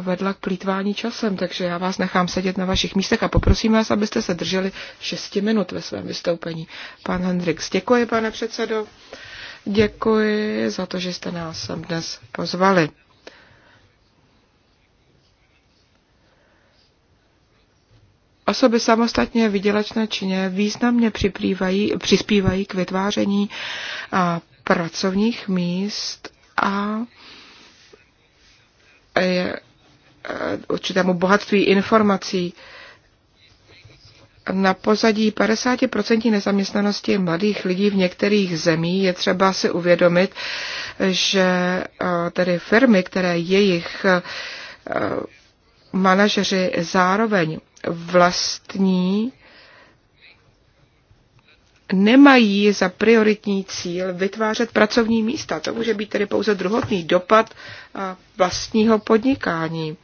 vedla k plítvání časem, takže já vás nechám sedět na vašich místech a poprosím vás, abyste se drželi 6 minut ve svém vystoupení. Pan Hendrix, děkuji, pane předsedo. Děkuji za to, že jste nás sem dnes pozvali. Osoby samostatně vydělečné čině významně přispívají k vytváření pracovních míst a je Eh, určitému bohatství informací. Na pozadí 50% nezaměstnanosti mladých lidí v některých zemích je třeba si uvědomit, že eh, tedy firmy, které jejich eh, manažeři zároveň vlastní, nemají za prioritní cíl vytvářet pracovní místa. To může být tedy pouze druhotný dopad vlastního podnikání.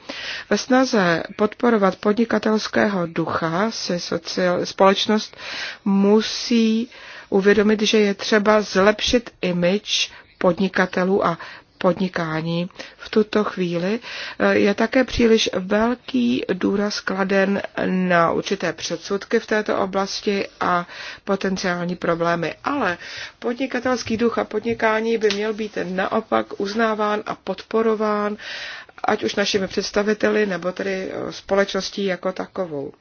Ve snaze podporovat podnikatelského ducha se sociál, společnost musí uvědomit, že je třeba zlepšit image podnikatelů a podnikání v tuto chvíli eh, je také příliš velký důraz kladen na určité předsudky v této oblasti a potenciální problémy. Ale podnikatelský duch a podnikání by měl být naopak uznáván a podporován ať už našimi představiteli nebo tedy eh, společností jako takovou.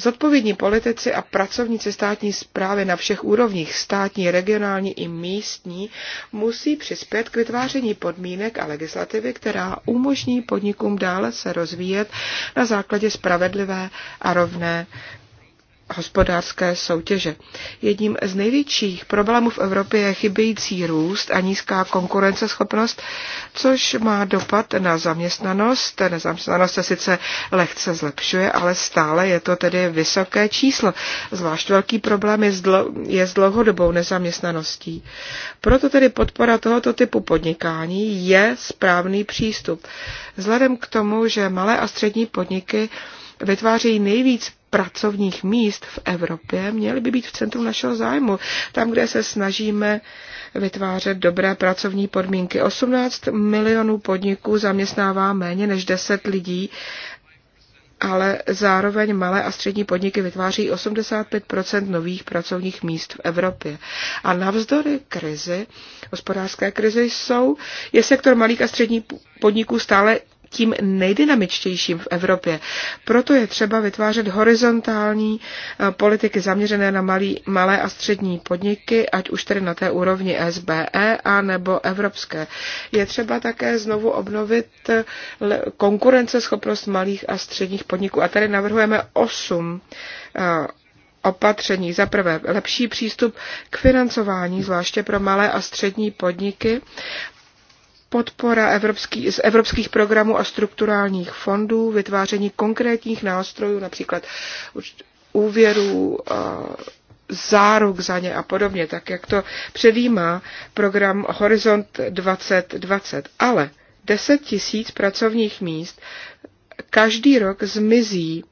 Zodpovědní politici a pracovníci státní zprávy na všech úrovních, státní, regionální i místní, musí přispět k vytváření podmínek a legislativy, která umožní podnikům dále se rozvíjet na základě spravedlivé a rovné hospodářské soutěže. Jedním z největších problémů v Evropě je chybějící růst a nízká konkurenceschopnost, což má dopad na zaměstnanost. Nezaměstnanost se sice lehce zlepšuje, ale stále je to tedy vysoké číslo. Zvlášť velký problém je, dlo- je s dlouhodobou nezaměstnaností. Proto tedy podpora tohoto typu podnikání je správný přístup. Vzhledem k tomu, že malé a střední podniky vytvářejí nejvíc pracovních míst v Evropě, měly by být v centru našeho zájmu, tam, kde se snažíme vytvářet dobré pracovní podmínky. 18 milionů podniků zaměstnává méně než 10 lidí, ale zároveň malé a střední podniky vytváří 85 nových pracovních míst v Evropě. A navzdory krizi, hospodářské krizi, jsou, je sektor malých a středních podniků stále tím nejdynamičtějším v Evropě. Proto je třeba vytvářet horizontální eh, politiky zaměřené na malý, malé a střední podniky, ať už tedy na té úrovni SBE a nebo evropské. Je třeba také znovu obnovit eh, konkurenceschopnost malých a středních podniků. A tady navrhujeme osm eh, opatření. Za prvé, lepší přístup k financování, zvláště pro malé a střední podniky podpora evropský, z evropských programů a strukturálních fondů, vytváření konkrétních nástrojů, například úvěrů, záruk za ně a podobně, tak jak to předjímá program Horizont 2020. Ale 10 tisíc pracovních míst každý rok zmizí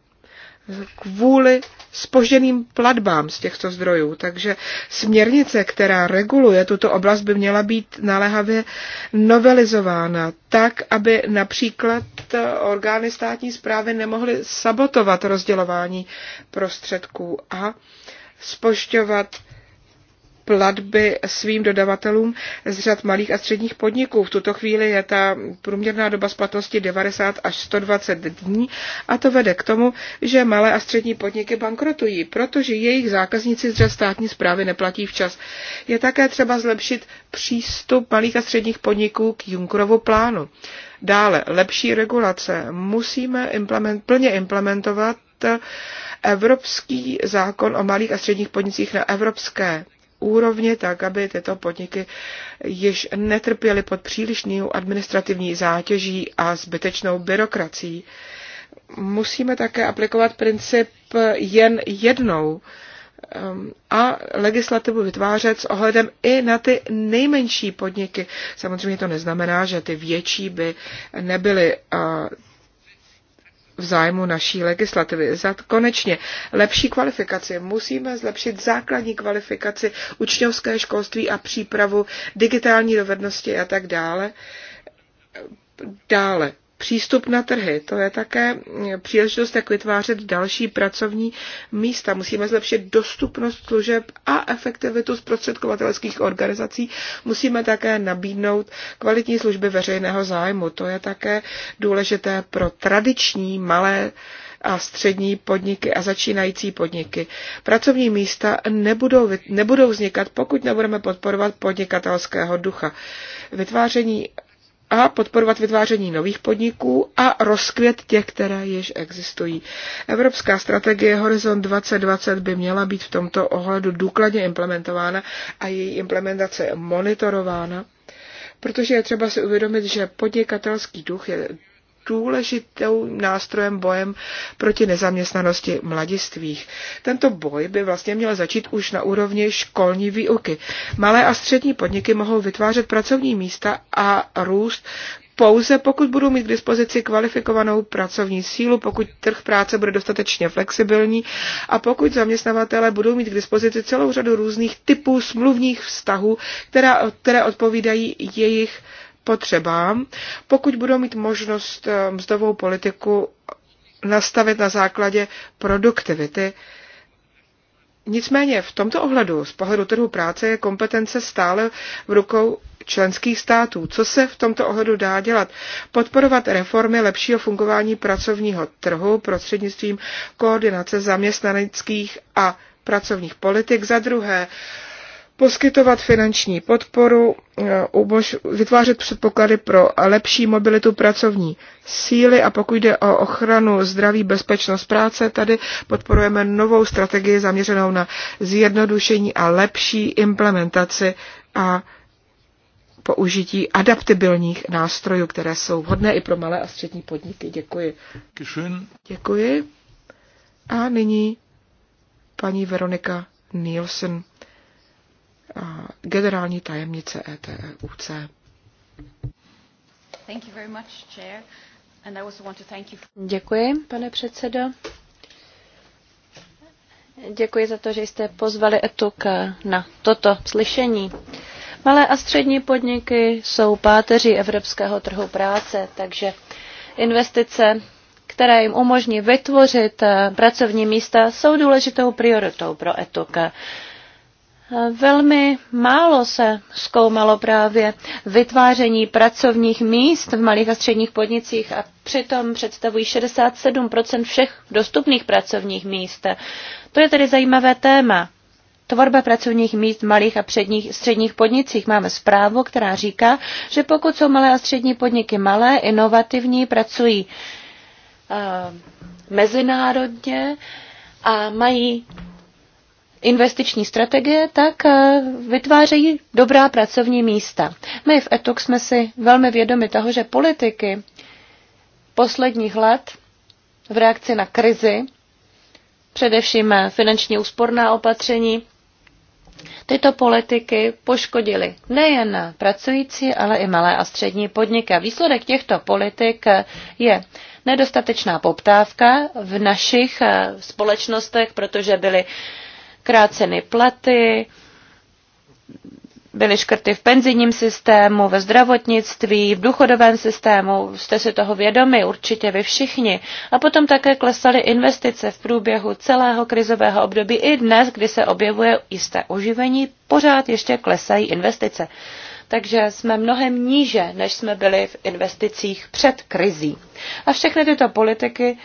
kvůli spožděným platbám z těchto zdrojů. Takže směrnice, která reguluje tuto oblast, by měla být naléhavě novelizována tak, aby například eh, orgány státní zprávy nemohly sabotovat rozdělování prostředků a spošťovat platby svým dodavatelům z řad malých a středních podniků. V tuto chvíli je ta průměrná doba splatnosti 90 až 120 dní a to vede k tomu, že malé a střední podniky bankrotují, protože jejich zákazníci z řad státní zprávy neplatí včas. Je také třeba zlepšit přístup malých a středních podniků k Junkrovu plánu. Dále, lepší regulace. Musíme implement, plně implementovat evropský zákon o malých a středních podnicích na evropské úrovni, tak aby tyto podniky již netrpěly pod přílišnou administrativní zátěží a zbytečnou byrokracií. Musíme také aplikovat princip jen jednou um, a legislativu vytvářet s ohledem i na ty nejmenší podniky. Samozřejmě to neznamená, že ty větší by nebyly uh, v zájmu naší legislativy. Za konečně lepší kvalifikaci. Musíme zlepšit základní kvalifikaci učňovské školství a přípravu digitální dovednosti a tak dále. Dále přístup na trhy. To je také příležitost, jak vytvářet další pracovní místa. Musíme zlepšit dostupnost služeb a efektivitu zprostředkovatelských organizací. Musíme také nabídnout kvalitní služby veřejného zájmu. To je také důležité pro tradiční malé a střední podniky a začínající podniky. Pracovní místa nebudou, nebudou vznikat, pokud nebudeme podporovat podnikatelského ducha. Vytváření a podporovat vytváření nových podniků a rozkvět těch, které již existují. Evropská strategie Horizon 2020 by měla být v tomto ohledu důkladně implementována a její implementace monitorována, protože je třeba si uvědomit, že podnikatelský duch je důležitým nástrojem bojem proti nezaměstnanosti mladistvých. Tento boj by vlastně měl začít už na úrovni školní výuky. Malé a střední podniky mohou vytvářet pracovní místa a růst pouze pokud budou mít k dispozici kvalifikovanou pracovní sílu, pokud trh práce bude dostatečně flexibilní a pokud zaměstnavatele budou mít k dispozici celou řadu různých typů smluvních vztahů, která, které odpovídají jejich potřebám, pokud budou mít možnost eh, mzdovou politiku nastavit na základě produktivity. Nicméně v tomto ohledu, z pohledu trhu práce, je kompetence stále v rukou členských států. Co se v tomto ohledu dá dělat? Podporovat reformy lepšího fungování pracovního trhu prostřednictvím koordinace zaměstnaneckých a pracovních politik. Za druhé, poskytovat finanční podporu, eh, vytvářet předpoklady pro lepší mobilitu pracovní síly a pokud jde o ochranu zdraví, bezpečnost práce, tady podporujeme novou strategii zaměřenou na zjednodušení a lepší implementaci a použití adaptibilních nástrojů, které jsou vhodné i pro malé a střední podniky. Děkuji. Děkuji. A nyní paní Veronika Nielsen generální tajemnice ETUC. Děkuji, pane předsedo.
Děkuji za to, že jste pozvali ETUK na toto slyšení. Malé a střední podniky jsou páteří evropského trhu práce, takže investice, které jim umožní vytvořit eh, pracovní místa, jsou důležitou prioritou pro ETUK. Velmi málo se zkoumalo právě vytváření pracovních míst v malých a středních podnicích a přitom představují 67 všech dostupných pracovních míst. To je tedy zajímavé téma. Tvorba pracovních míst v malých a předních, středních podnicích. Máme zprávu, která říká, že pokud jsou malé a střední podniky malé, inovativní, pracují uh, mezinárodně a mají investiční strategie, tak eh, vytvářejí dobrá pracovní místa. My v ETUK jsme si velmi vědomi toho, že politiky posledních let v reakci na krizi, především eh, finančně úsporná opatření, Tyto politiky poškodily nejen pracující, ale i malé a střední podniky. A výsledek těchto politik eh, je nedostatečná poptávka v našich společnostech, protože byly kráceny platy, byly škrty v penzijním systému, ve zdravotnictví, v důchodovém systému, jste si toho vědomi, určitě vy všichni. A potom také klesaly investice v průběhu celého krizového období. I dnes, kdy se objevuje jisté oživení, pořád ještě klesají investice. Takže jsme mnohem níže, než jsme byli v investicích před krizí. A všechny tyto politiky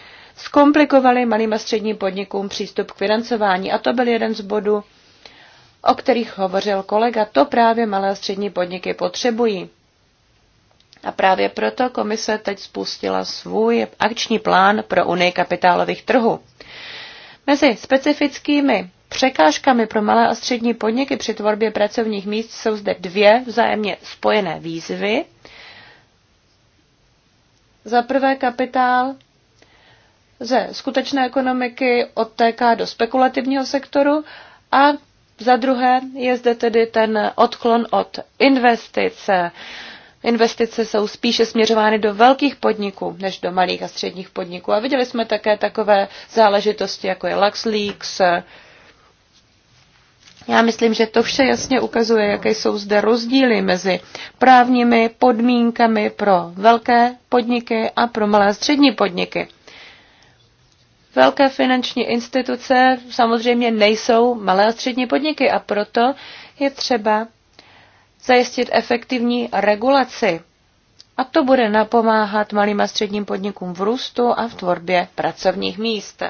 zkomplikovaly malým a středním podnikům přístup k financování. A to byl jeden z bodů, o kterých hovořil kolega. To právě malé a střední podniky potřebují. A právě proto komise teď spustila svůj akční plán pro Unii kapitálových trhů. Mezi specifickými překážkami pro malé a střední podniky při tvorbě pracovních míst jsou zde dvě vzájemně spojené výzvy. Za prvé kapitál ze skutečné ekonomiky odtéká do spekulativního sektoru a za druhé je zde tedy ten odklon od investice. Investice jsou spíše směřovány do velkých podniků než do malých a středních podniků. A viděli jsme také takové záležitosti, jako je LuxLeaks. Já myslím, že to vše jasně ukazuje, jaké jsou zde rozdíly mezi právními podmínkami pro velké podniky a pro malé a střední podniky. Velké finanční instituce samozřejmě nejsou malé a střední podniky a proto je třeba zajistit efektivní regulaci. A to bude napomáhat malým a středním podnikům v růstu a v tvorbě pracovních míst.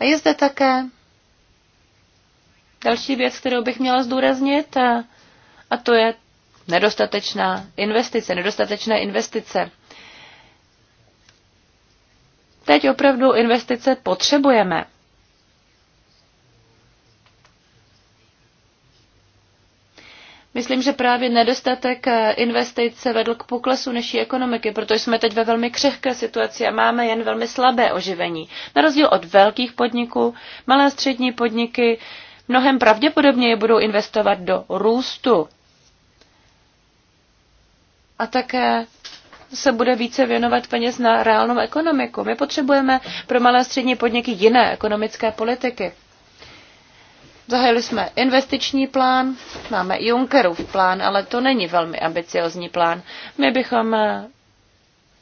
A je zde také další věc, kterou bych měla zdůraznit, a to je nedostatečná investice, nedostatečné investice. Teď opravdu investice potřebujeme. Myslím, že právě nedostatek eh, investic vedl k poklesu naší ekonomiky, protože jsme teď ve velmi křehké situaci a máme jen velmi slabé oživení. Na rozdíl od velkých podniků, malé a střední podniky mnohem pravděpodobněji budou investovat do růstu a také se bude více věnovat peněz na reálnou ekonomiku. My potřebujeme pro malé a střední podniky jiné ekonomické politiky. Zahájili jsme investiční plán, máme Junckerův plán, ale to není velmi ambiciozní plán. My bychom eh,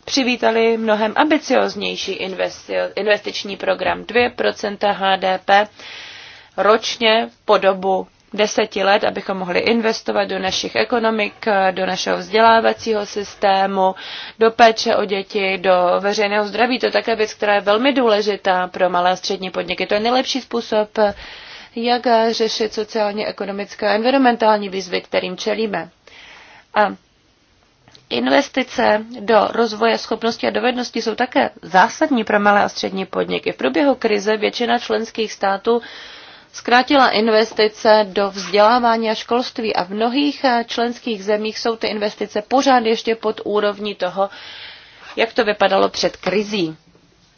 přivítali mnohem ambicioznější investiční program 2% HDP ročně po dobu deseti let, abychom mohli investovat do našich ekonomik, do našeho vzdělávacího systému, do péče o děti, do veřejného zdraví. To je také věc, která je velmi důležitá pro malé a střední podniky. To je nejlepší způsob, jak řešit sociálně, ekonomické a environmentální výzvy, kterým čelíme. A Investice do rozvoje schopností a dovedností jsou také zásadní pro malé a střední podniky. V průběhu krize většina členských států zkrátila investice do vzdělávání a školství a v mnohých eh, členských zemích jsou ty investice pořád ještě pod úrovní toho, jak to vypadalo před krizí.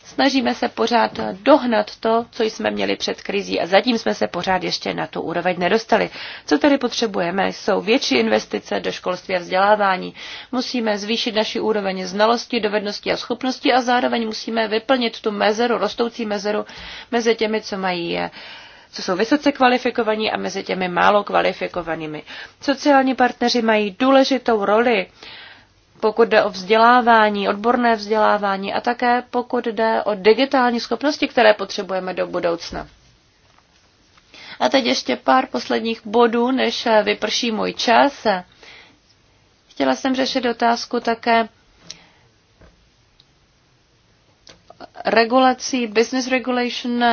Snažíme se pořád eh, dohnat to, co jsme měli před krizí a zatím jsme se pořád ještě na tu úroveň nedostali. Co tedy potřebujeme? Jsou větší investice do školství a vzdělávání. Musíme zvýšit naši úroveň znalostí, dovedností a schopností a zároveň musíme vyplnit tu mezeru, rostoucí mezeru mezi těmi, co mají eh, co jsou vysoce kvalifikovaní a mezi těmi málo kvalifikovanými. Sociální partneři mají důležitou roli, pokud jde o vzdělávání, odborné vzdělávání a také pokud jde o digitální schopnosti, které potřebujeme do budoucna. A teď ještě pár posledních bodů, než vyprší můj čas. Chtěla jsem řešit otázku také regulací, business regulation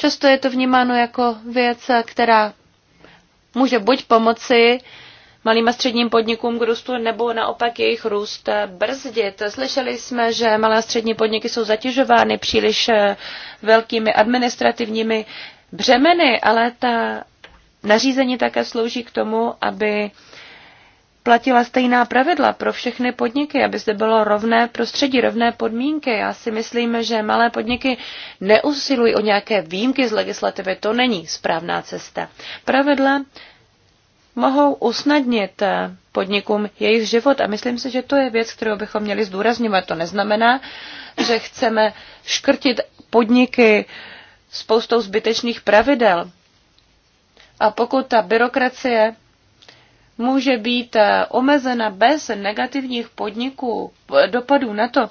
Často je to vnímáno jako věc, která může buď pomoci malým a středním podnikům k růstu nebo naopak jejich růst brzdit. Slyšeli jsme, že malé a střední podniky jsou zatěžovány příliš velkými administrativními břemeny, ale ta nařízení také slouží k tomu, aby platila stejná pravidla pro všechny podniky, aby zde bylo rovné prostředí, rovné podmínky. Já si myslím, že malé podniky neusilují o nějaké výjimky z legislativy. To není správná cesta. Pravidla mohou usnadnit eh, podnikům jejich život a myslím si, že to je věc, kterou bychom měli zdůrazňovat. To neznamená, že chceme škrtit podniky spoustou zbytečných pravidel. A pokud ta byrokracie může být eh, omezena bez negativních podniků, eh, dopadů na to,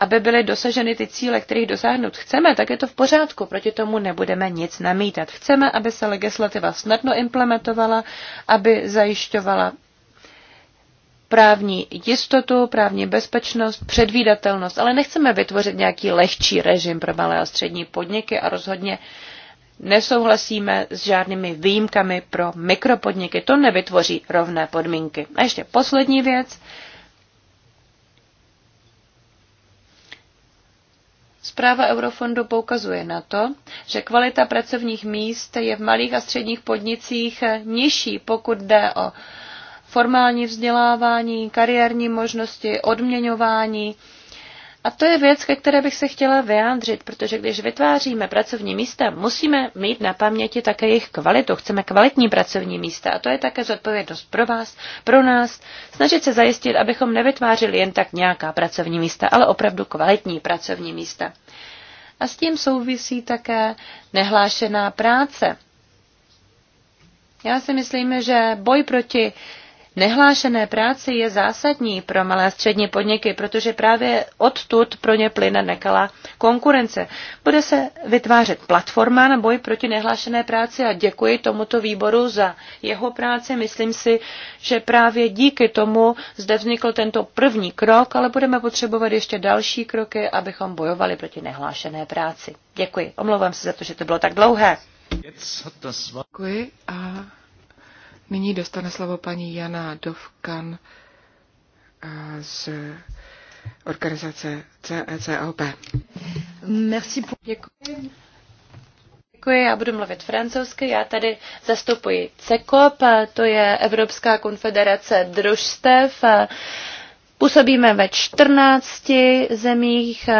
aby byly dosaženy ty cíle, kterých dosáhnout chceme, tak je to v pořádku. Proti tomu nebudeme nic namítat. Chceme, aby se legislativa snadno implementovala, aby zajišťovala právní jistotu, právní bezpečnost, předvídatelnost, ale nechceme vytvořit nějaký lehčí režim pro malé a střední podniky a rozhodně nesouhlasíme s žádnými výjimkami pro mikropodniky. To nevytvoří rovné podmínky. A ještě poslední věc. Zpráva Eurofondu poukazuje na to, že kvalita pracovních míst je v malých a středních podnicích nižší, pokud jde o formální vzdělávání, kariérní možnosti, odměňování a to je věc, ke které bych se chtěla vyjádřit, protože když vytváříme pracovní místa, musíme mít na paměti také jejich kvalitu. Chceme kvalitní pracovní místa a to je také zodpovědnost pro vás, pro nás. Snažit se zajistit, abychom nevytvářeli jen tak nějaká pracovní místa, ale opravdu kvalitní pracovní místa. A s tím souvisí také nehlášená práce. Já si myslím, že boj proti nehlášené práci je zásadní pro malé a střední podniky, protože právě odtud pro ně plyne nekalá konkurence. Bude se vytvářet platforma na boj proti nehlášené práci a děkuji tomuto výboru za jeho práci. Myslím si, že právě díky tomu zde vznikl tento první krok, ale budeme potřebovat ještě další kroky, abychom bojovali proti nehlášené
práci. Děkuji. Omlouvám se
za to, že to bylo tak dlouhé. Děkuji
a Nyní dostane slovo paní Jana Dovkan eh, z organizace CECOP. Merci. Děkuji.
Děkuji, já budu mluvit francouzsky. Já tady zastupuji CECOP, to je Evropská konfederace družstev. Působíme ve 14 zemích,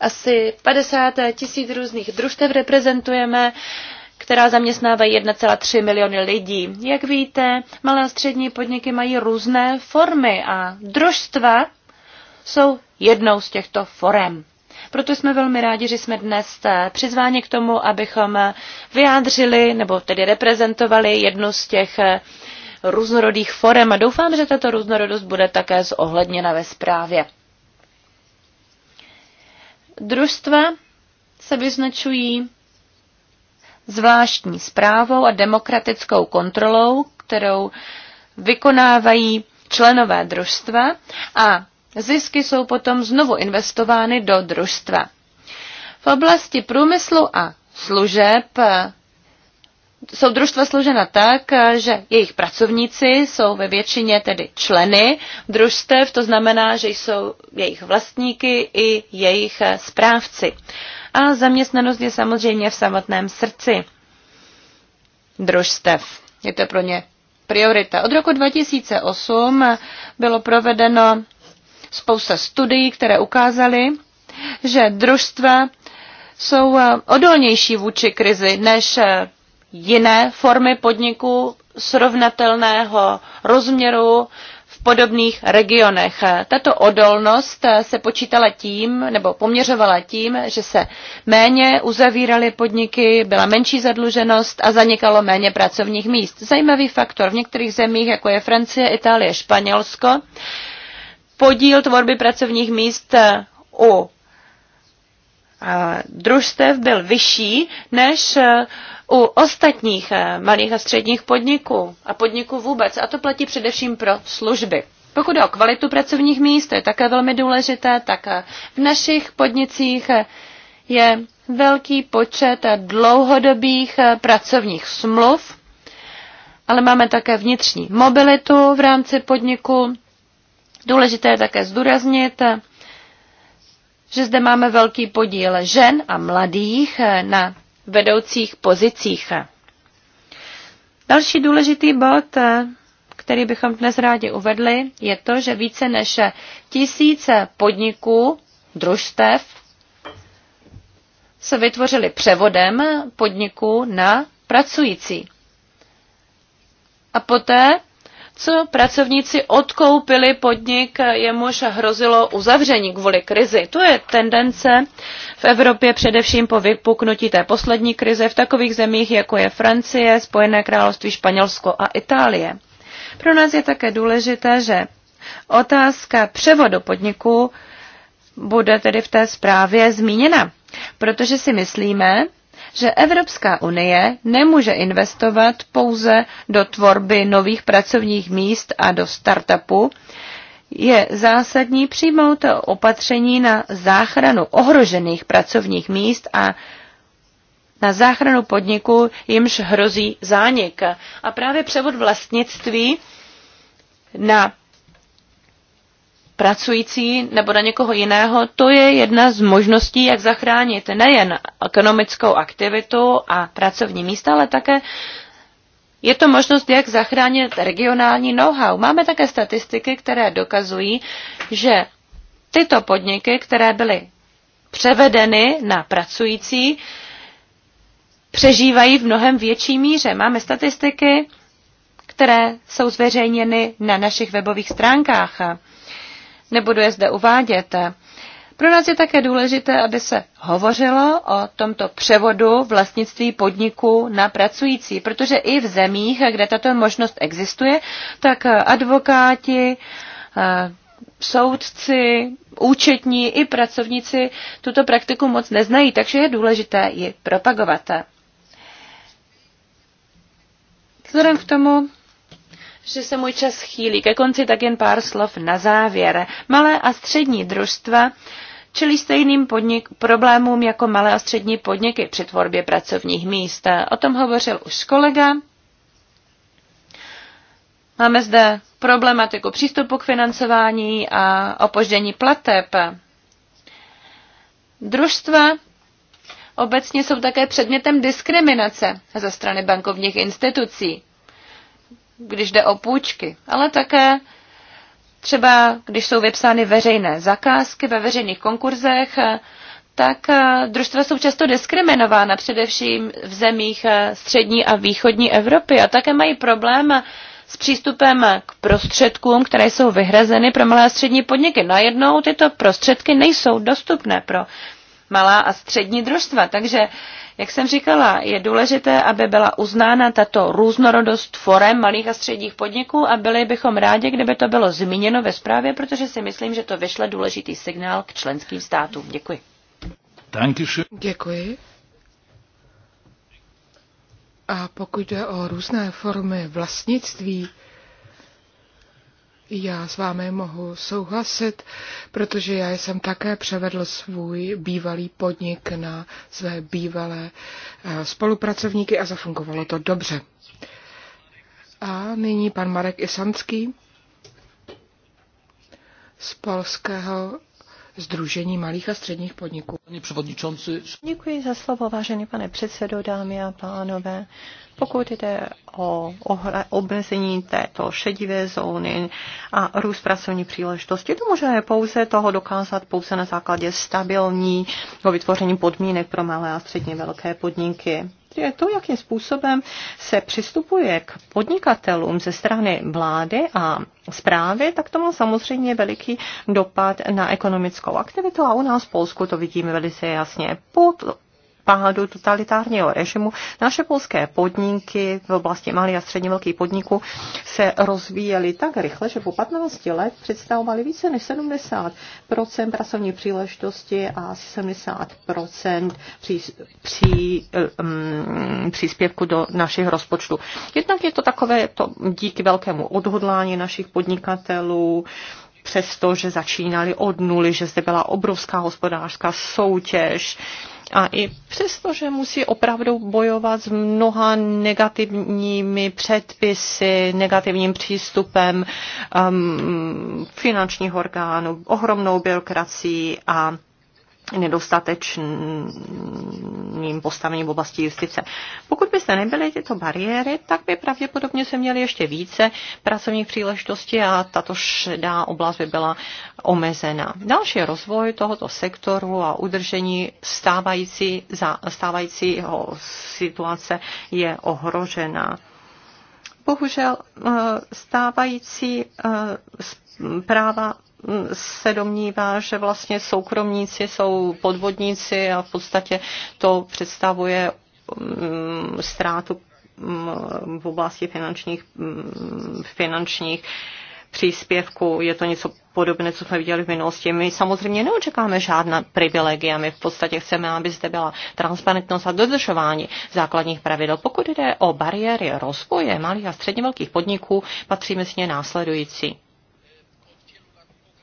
asi 50 tisíc různých družstev reprezentujeme která zaměstnávají 1,3 miliony lidí. Jak víte, malé a střední podniky mají různé formy a družstva jsou jednou z těchto forem. Proto jsme velmi rádi, že jsme dnes eh, přizváni k tomu, abychom eh, vyjádřili nebo tedy reprezentovali jednu z těch eh, různorodých forem a doufám, že tato různorodost bude také zohledněna ve zprávě. Družstva se vyznačují zvláštní zprávou a demokratickou kontrolou, kterou vykonávají členové družstva a zisky jsou potom znovu investovány do družstva. V oblasti průmyslu a služeb Soudružstva družstva složena tak, že jejich pracovníci jsou ve většině tedy členy družstev, to znamená, že jsou jejich vlastníky i jejich správci. A zaměstnanost je samozřejmě v samotném srdci družstev. Je to pro ně priorita. Od roku 2008 bylo provedeno spousta studií, které ukázaly, že družstva jsou odolnější vůči krizi než jiné formy podniků srovnatelného rozměru v podobných regionech. Tato odolnost se počítala tím, nebo poměřovala tím, že se méně uzavíraly podniky, byla menší zadluženost a zanikalo méně pracovních míst. Zajímavý faktor v některých zemích, jako je Francie, Itálie, Španělsko, podíl tvorby pracovních míst u družstev byl vyšší než u ostatních eh, malých a středních podniků a podniků vůbec. A to platí především pro služby. Pokud o kvalitu pracovních míst, to je také velmi důležité, tak eh, v našich podnicích eh, je velký počet dlouhodobých pracovních smluv, ale máme také vnitřní mobilitu v rámci podniku. Důležité je také zdůraznit, že zde máme velký podíl žen a mladých na vedoucích pozicích. Další důležitý bod, eh, který bychom dnes rádi uvedli, je to, že více než tisíce podniků, družstev, se vytvořily převodem podniků na pracující. A poté co pracovníci odkoupili podnik, jemuž hrozilo uzavření kvůli krizi. To je tendence v Evropě především po vypuknutí té poslední krize v takových zemích, jako je Francie, Spojené království, Španělsko a Itálie. Pro nás je také důležité, že otázka převodu podniku bude tedy v té zprávě zmíněna, protože si myslíme, že Evropská unie nemůže investovat pouze do tvorby nových pracovních míst a do startupu, je zásadní přijmout opatření na záchranu ohrožených pracovních míst a na záchranu podniku, jimž hrozí zánik. A právě převod vlastnictví na pracující nebo na někoho jiného, to je jedna z možností, jak zachránit nejen ekonomickou aktivitu a pracovní místa, ale také je to možnost, jak zachránit regionální know-how. Máme také statistiky, které dokazují, že tyto podniky, které byly převedeny na pracující, přežívají v mnohem větší míře. Máme statistiky, které jsou zveřejněny na našich webových stránkách nebudu je zde uvádět. Pro nás je také důležité, aby se hovořilo o tomto převodu vlastnictví podniku na pracující, protože i v zemích, kde tato možnost existuje, tak advokáti, eh, soudci, účetní i pracovníci tuto praktiku moc neznají, takže je důležité ji propagovat. Vzhledem k tomu, že se můj čas chýlí ke konci, tak jen pár slov na závěr. Malé a střední družstva čelí stejným podnik, problémům jako malé a střední podniky při tvorbě pracovních míst. O tom hovořil už kolega. Máme zde problematiku přístupu k financování a opoždění plateb. Družstva obecně jsou také předmětem diskriminace ze strany bankovních institucí když jde o půjčky, ale také třeba, když jsou vypsány veřejné zakázky ve veřejných konkurzech, tak družstva jsou často diskriminována především v zemích střední a východní Evropy a také mají problém s přístupem k prostředkům, které jsou vyhrazeny pro malé a střední podniky. Najednou tyto prostředky nejsou dostupné pro malá a střední družstva. Takže, jak jsem říkala, je důležité, aby byla uznána tato různorodost forem malých a středních podniků a byli bychom rádi, kdyby to bylo zmíněno ve zprávě, protože si myslím, že to vyšle důležitý signál k členským státům.
Děkuji. Děkuji. A pokud jde o různé formy vlastnictví, já s vámi mohu souhlasit, protože já jsem také převedl svůj bývalý podnik na své bývalé eh, spolupracovníky a zafungovalo to dobře. A nyní pan Marek Isanský z Polského Združení malých a středních podniků.
Děkuji za slovo, vážený pane předsedo, dámy a pánové. Pokud jde o obmezení této šedivé zóny a růst pracovní příležitosti, to můžeme pouze toho dokázat pouze na základě stabilního vytvoření podmínek pro malé a středně velké podniky je to, jakým způsobem se přistupuje k podnikatelům ze strany vlády a zprávy, tak to má samozřejmě veliký dopad na ekonomickou aktivitu a u nás v Polsku to vidíme velice jasně. Po pádu totalitárního režimu naše polské podniky v oblasti malých a středně velkých podniků se rozvíjely tak rychle, že po 15 let představovaly více než 70 pracovní příležitosti a asi 70 při, při, um, příspěvku do našich rozpočtů. Jednak je to takové to díky velkému odhodlání našich podnikatelů, přestože začínali od nuly, že zde byla obrovská hospodářská soutěž, a i přesto, že musí opravdu bojovat s mnoha negativními předpisy, negativním přístupem um, finančních orgánů, ohromnou byrokracií a nedostatečným postavením v oblasti justice. Pokud by se nebyly tyto bariéry, tak by pravděpodobně se měly ještě více pracovních příležitostí a tato šedá oblast by byla omezena. Další rozvoj tohoto sektoru a udržení stávající, za, stávajícího situace je ohrožena. Bohužel eh, stávající eh, práva se domnívá, že vlastně soukromníci jsou podvodníci a v podstatě to představuje mm, ztrátu mm, v oblasti finančních, mm, finančních příspěvků. Je to něco podobné, co jsme viděli v minulosti. My samozřejmě neočekáme žádná privilegia. My v podstatě chceme, aby zde byla transparentnost a dodržování základních pravidel. Pokud jde o bariéry rozvoje malých a středně velkých podniků, patří mezi ně následující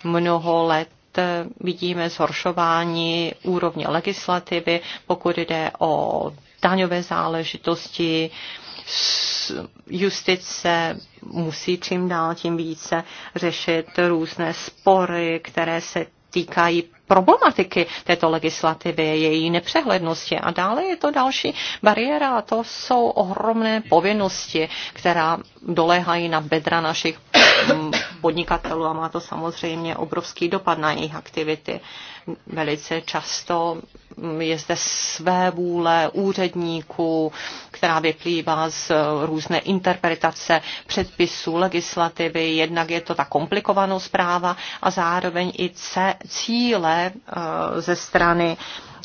mnoho let eh, vidíme zhoršování úrovně legislativy, pokud jde o daňové záležitosti, justice musí čím dál tím více řešit různé spory, které se týkají problematiky této legislativy, její nepřehlednosti a dále je to další bariéra a to jsou ohromné povinnosti, která dolehají na bedra našich podnikatelů a má to samozřejmě obrovský dopad na jejich aktivity. Velice často je zde své vůle úředníků, která vyplývá z různé interpretace předpisů, legislativy. Jednak je to ta komplikovanou zpráva a zároveň i cíle eh, ze strany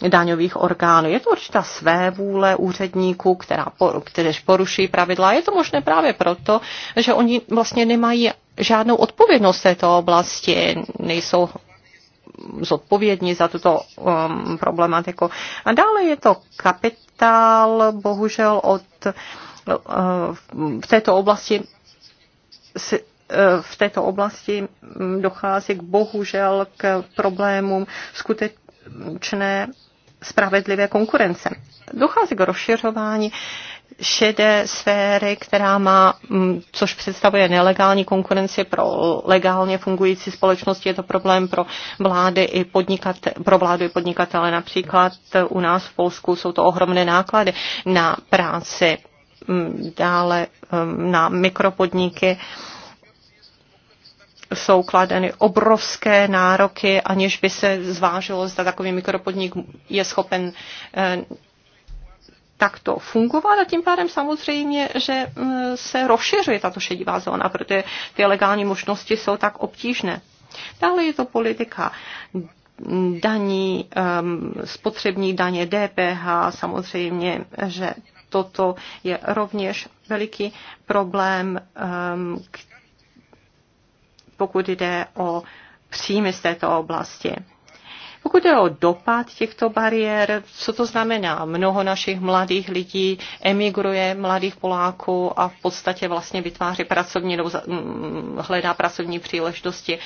daňových orgánů. Je to určitá své vůle úředníků, která, kteréž poruší pravidla. Je to možné právě proto, že oni vlastně nemají žádnou odpovědnost v této oblasti, nejsou zodpovědní za tuto um, problematiku. A dále je to kapitál, bohužel od uh, v této oblasti uh, v této oblasti dochází k bohužel k problémům skutečné spravedlivé konkurence. Dochází k rozšiřování šedé sféry, která má, mm, což představuje nelegální konkurenci pro legálně fungující společnosti, je to problém pro vlády i podnikat, pro vládu i podnikatele. Například u nás v Polsku jsou to ohromné náklady na práci, mm, dále mm, na mikropodniky jsou kladeny obrovské nároky, aniž by se zvážilo, zda takový mikropodnik je schopen eh, takto fungovat a tím pádem samozřejmě, že mm, se rozšiřuje tato šedivá zóna, protože ty legální možnosti jsou tak obtížné. Dále je to politika daní, ehm, spotřební daně, DPH, samozřejmě, že toto je rovněž veliký problém, ehm, pokud jde o příjmy z této oblasti. Pokud je o dopad těchto bariér, co to znamená? Mnoho našich mladých lidí emigruje, mladých Poláků a v podstatě vlastně vytváří pracovní, hledá pracovní příležitosti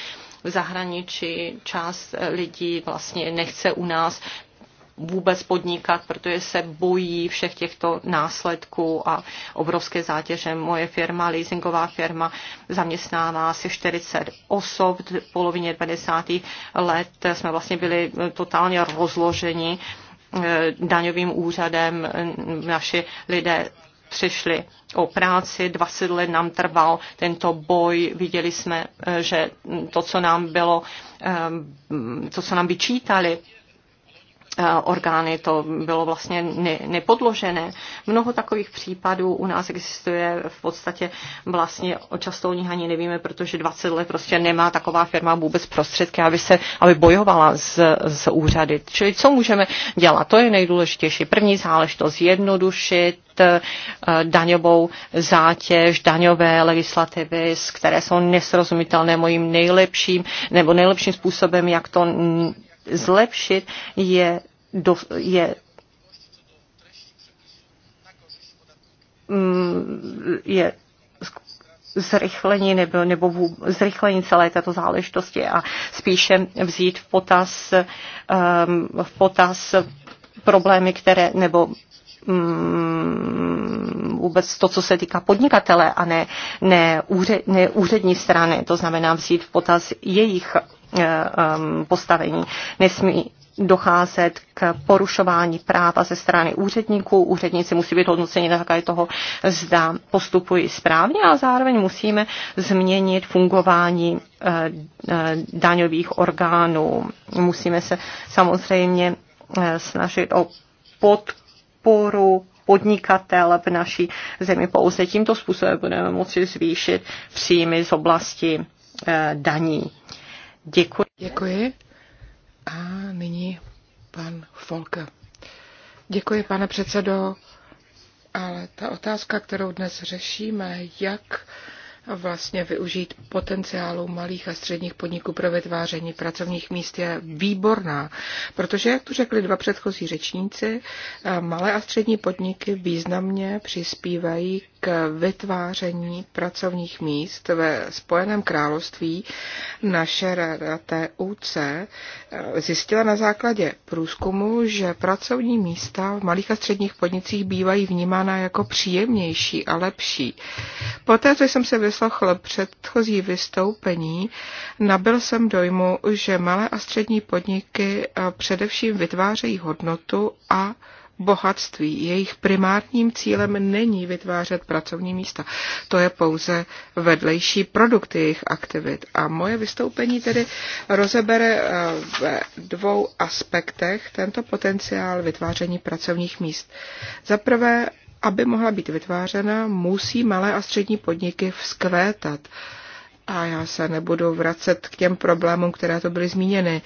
v zahraničí. Část lidí vlastně nechce u nás vůbec podnikat, protože se bojí všech těchto následků a obrovské zátěže. Moje firma, leasingová firma, zaměstnává asi 40 osob. V polovině 50. let jsme vlastně byli totálně rozloženi eh, daňovým úřadem. Naši lidé přišli o práci, 20 let nám trval tento boj, viděli jsme, eh, že to, co nám bylo, eh, to, co nám vyčítali, Eh, orgány, to bylo vlastně ne, nepodložené. Mnoho takových případů u nás existuje v podstatě vlastně často o nich ani nevíme, protože 20 let prostě nemá taková firma vůbec prostředky, aby se, aby bojovala s, s úřady. Čili co můžeme dělat? To je nejdůležitější. První záležitost zjednodušit eh, daňovou zátěž, daňové legislativy, které jsou nesrozumitelné mojím nejlepším nebo nejlepším způsobem, jak to zlepšit, je, do, je mm, je zrychlení nebo, nebo zrychlení celé této záležitosti a spíše vzít v potaz, um, v potaz problémy, které, nebo um, vůbec to, co se týká podnikatele a ne, ne, úře, ne úřední strany, to znamená vzít v potaz jejich Eh, postavení. Nesmí docházet k porušování práva ze strany úředníků. Úředníci musí být hodnoceni na základě toho, zda postupují správně a zároveň musíme změnit fungování eh, eh, daňových orgánů. Musíme se samozřejmě snažit o podporu podnikatel v naší zemi. Pouze tímto způsobem budeme moci zvýšit příjmy z oblasti
daní. Děkuji. Děkuji. A nyní pan Folke. Děkuji, pane předsedo. Ale ta otázka, kterou dnes řešíme, jak vlastně využít potenciálu malých a středních podniků pro vytváření pracovních míst je výborná, protože, jak tu řekli dva předchozí řečníci, eh, malé a střední podniky významně přispívají vytváření pracovních míst ve Spojeném království naše rada TUC eh, zjistila na základě průzkumu, že pracovní místa v malých a středních podnicích bývají vnímána jako příjemnější a lepší. Poté, co jsem se vyslechl předchozí vystoupení, nabil jsem dojmu, že malé a střední podniky eh, především vytvářejí hodnotu a bohatství. Jejich primárním cílem není vytvářet pracovní místa. To je pouze vedlejší produkt jejich aktivit. A moje vystoupení tedy rozebere eh, ve dvou aspektech tento potenciál vytváření pracovních míst. Za prvé, aby mohla být vytvářena, musí malé a střední podniky vzkvétat. A já se nebudu vracet k těm problémům, které to byly zmíněny.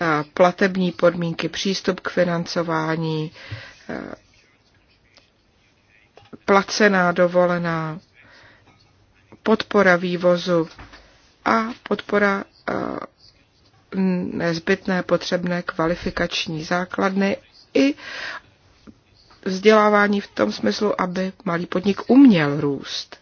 Eh, platební podmínky, přístup k financování, Eh, placená dovolená, podpora vývozu a podpora eh, nezbytné potřebné kvalifikační základny i vzdělávání v tom smyslu, aby malý podnik uměl růst.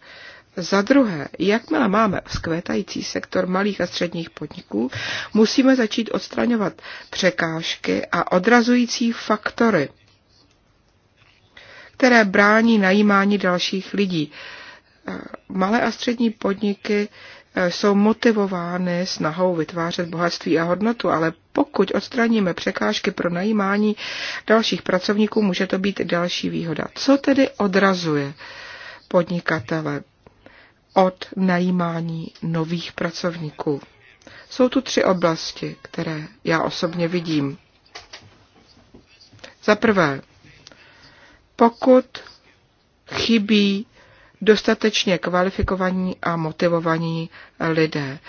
Za druhé, jakmile máme vzkvétající sektor malých a středních podniků, musíme začít odstraňovat překážky a odrazující faktory které brání najímání dalších lidí. Eh, malé a střední podniky eh, jsou motivovány snahou vytvářet bohatství a hodnotu, ale pokud odstraníme překážky pro najímání dalších pracovníků, může to být další výhoda. Co tedy odrazuje podnikatele od najímání nových pracovníků? Jsou tu tři oblasti, které já osobně vidím. Za prvé, pokud chybí dostatečně kvalifikovaní a motivovaní lidé.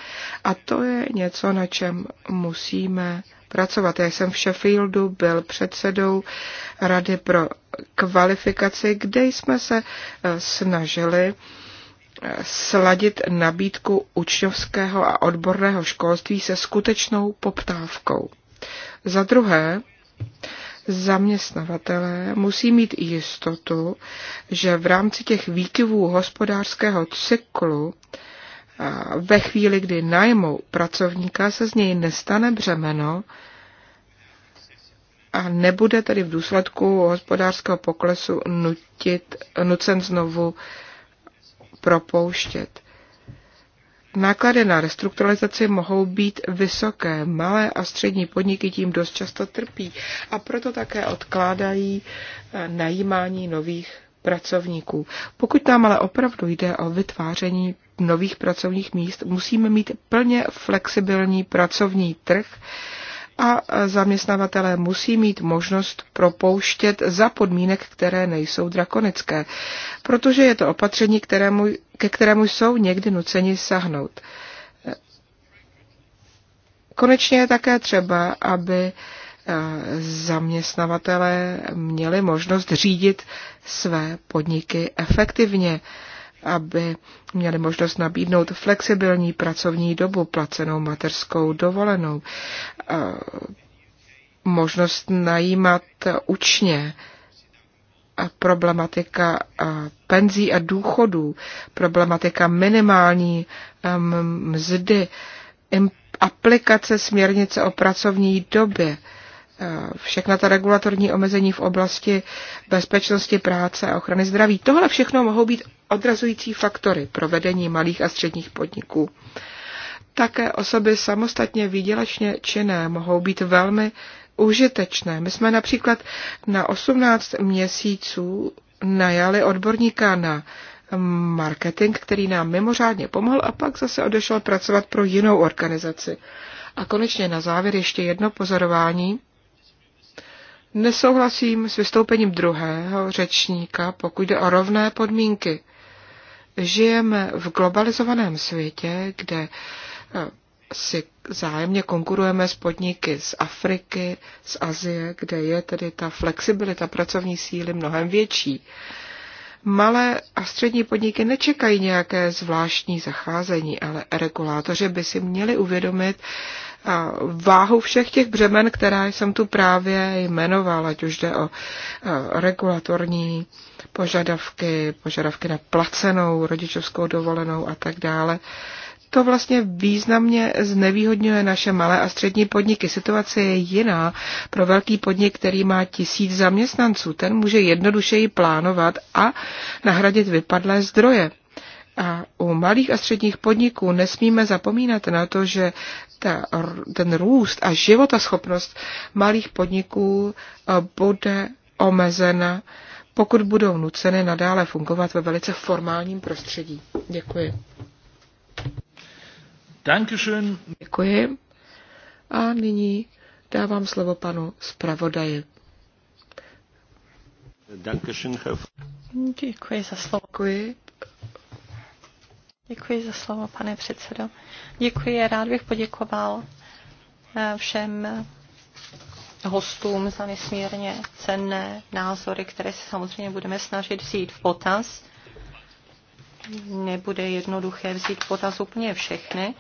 A to je něco, na čem musíme pracovat. Já jsem v Sheffieldu byl předsedou Rady pro kvalifikaci, kde jsme se eh, snažili eh, sladit nabídku učňovského a odborného školství se skutečnou poptávkou. Za druhé, zaměstnavatelé musí mít jistotu, že v rámci těch výkyvů hospodářského cyklu ve chvíli, kdy najmou pracovníka, se z něj nestane břemeno a nebude tedy v důsledku hospodářského poklesu nutit, nucen znovu propouštět. Náklady na restrukturalizaci mohou být vysoké. Malé a střední podniky tím dost často trpí a proto také odkládají eh, najímání nových pracovníků. Pokud nám ale opravdu jde o vytváření nových pracovních míst, musíme mít plně flexibilní pracovní trh, a zaměstnavatelé musí mít možnost propouštět za podmínek, které nejsou drakonické, protože je to opatření, kterému, ke kterému jsou někdy nuceni sahnout. Konečně je také třeba, aby eh, zaměstnavatelé měli možnost řídit své podniky efektivně aby měli možnost nabídnout flexibilní pracovní dobu, placenou mateřskou dovolenou, možnost najímat učně, problematika penzí a důchodů, problematika minimální mzdy, aplikace směrnice o pracovní době, Eh, všechna ta regulatorní omezení v oblasti bezpečnosti práce a ochrany zdraví. Tohle všechno mohou být odrazující faktory pro vedení malých a středních podniků. Také osoby samostatně výdělečně činné mohou být velmi užitečné. My jsme například na 18 měsíců najali odborníka na marketing, který nám mimořádně pomohl a pak zase odešel pracovat pro jinou organizaci. A konečně na závěr ještě jedno pozorování. Nesouhlasím s vystoupením druhého řečníka, pokud jde o rovné podmínky. Žijeme v globalizovaném světě, kde eh, si zájemně konkurujeme s podniky z Afriky, z Azie, kde je tedy ta flexibilita pracovní síly mnohem větší. Malé a střední podniky nečekají nějaké zvláštní zacházení, ale regulátoři by si měli uvědomit, váhu všech těch břemen, která jsem tu právě jmenovala, ať už jde o e, regulatorní požadavky, požadavky na placenou rodičovskou dovolenou a tak dále. To vlastně významně znevýhodňuje naše malé a střední podniky. Situace je jiná pro velký podnik, který má tisíc zaměstnanců. Ten může jednodušeji plánovat a nahradit vypadlé zdroje. A u malých a středních podniků nesmíme zapomínat na to, že ta, ten růst a životaschopnost malých podniků eh, bude omezena, pokud budou nuceny nadále fungovat ve velice formálním prostředí. Děkuji. Dankeschön. Děkuji. A nyní dávám slovo panu zpravodaji. Dankeschön, Herr. Děkuji za
slovo. Děkuji, Děkuji za slovo, pane předsedo. Děkuji, rád bych poděkoval eh, všem eh, hostům za nesmírně cenné názory, které se samozřejmě budeme snažit vzít v potaz. Nebude jednoduché vzít v potaz úplně všechny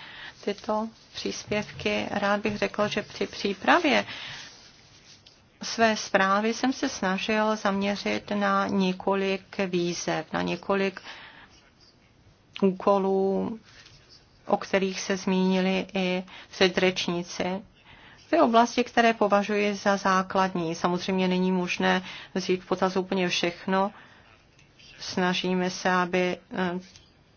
tyto příspěvky. Rád bych řekl, že při přípravě své zprávy jsem se snažil zaměřit na několik výzev, na několik úkolů, o kterých se zmínili i předřečníci. Ty oblasti, které považuji za základní, samozřejmě není možné vzít v potaz úplně všechno. Snažíme se, aby eh,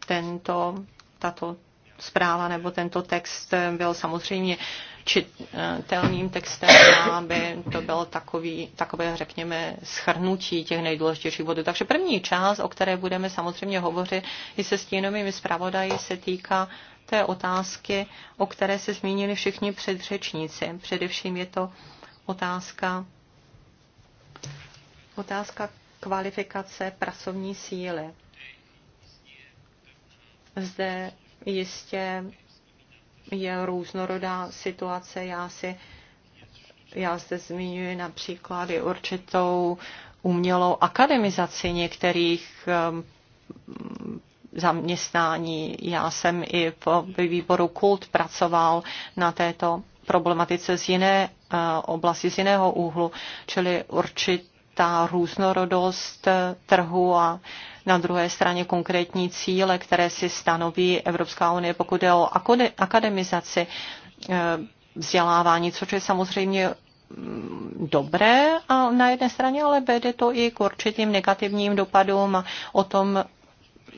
tento, tato zpráva nebo tento text byl samozřejmě čitelným textem, aby to bylo takový, takové, řekněme, schrnutí těch nejdůležitějších bodů. Takže první část, o které budeme samozřejmě hovořit i se stínovými zpravodaji, se týká té otázky, o které se zmínili všichni předřečníci. Především je to otázka, otázka kvalifikace pracovní síly. Zde jistě je různorodá situace. Já, si, já zde zmiňuji například i určitou umělou akademizaci některých um, zaměstnání. Já jsem i ve výboru KULT pracoval na této problematice z jiné uh, oblasti, z jiného úhlu, čili určit ta různorodost eh, trhu a na druhé straně konkrétní cíle, které si stanoví Evropská unie, pokud je o akademizaci eh, vzdělávání, což je samozřejmě mm, dobré a na jedné straně, ale vede to i k určitým negativním dopadům. O tom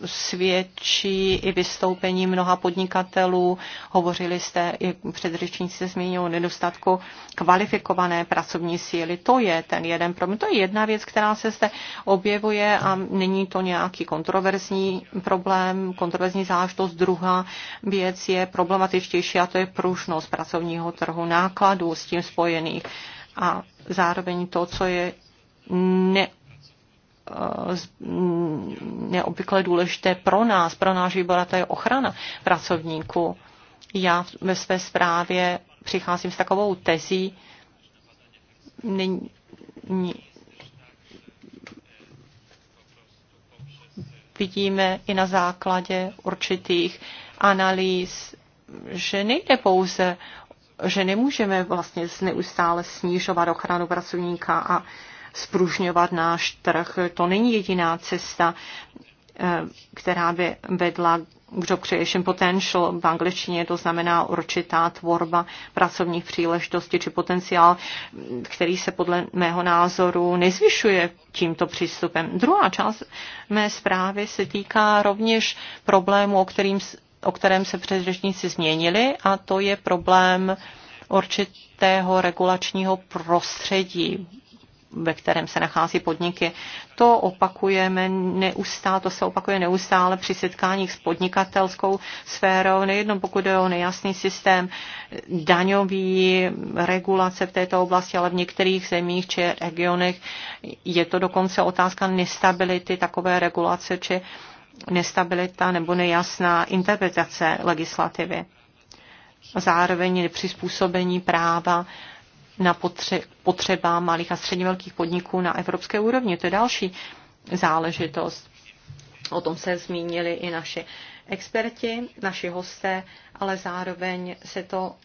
svědčí i vystoupení mnoha podnikatelů. Hovořili jste, i předřečníci se zmínili o nedostatku kvalifikované pracovní síly. To je ten jeden problém. To je jedna věc, která se zde objevuje a není to nějaký kontroverzní problém, kontroverzní záležitost. Druhá věc je problematičtější a to je pružnost pracovního trhu, nákladů s tím spojených a zároveň to, co je ne, neobvykle eh, mm, důležité pro nás, pro náš výbor, a to je ochrana pracovníků. Já ve své zprávě přicházím s takovou tezí, není, vidíme i na základě určitých analýz, že nejde pouze, že nemůžeme vlastně neustále snižovat ochranu pracovníka a spružňovat náš trh. To není jediná cesta, eh, která by vedla k job creation potential v angličtině, to znamená určitá tvorba pracovních příležitostí či potenciál, který se podle mého názoru nezvyšuje tímto přístupem. Druhá část mé zprávy se týká rovněž problému, o, kterým, o kterém se předřečníci změnili, a to je problém určitého regulačního prostředí ve kterém se nachází podniky. To opakujeme neustále, to se opakuje neustále při setkáních s podnikatelskou sférou, Nejednou pokud je o nejasný systém daňový, regulace v této oblasti, ale v některých zemích či regionech je to dokonce otázka nestability takové regulace či nestabilita nebo nejasná interpretace legislativy. Zároveň nepřizpůsobení práva na potře- potřeba malých a středně velkých podniků na evropské úrovni. To je další záležitost. O tom se zmínili i naši experti, naši hosté, ale zároveň se to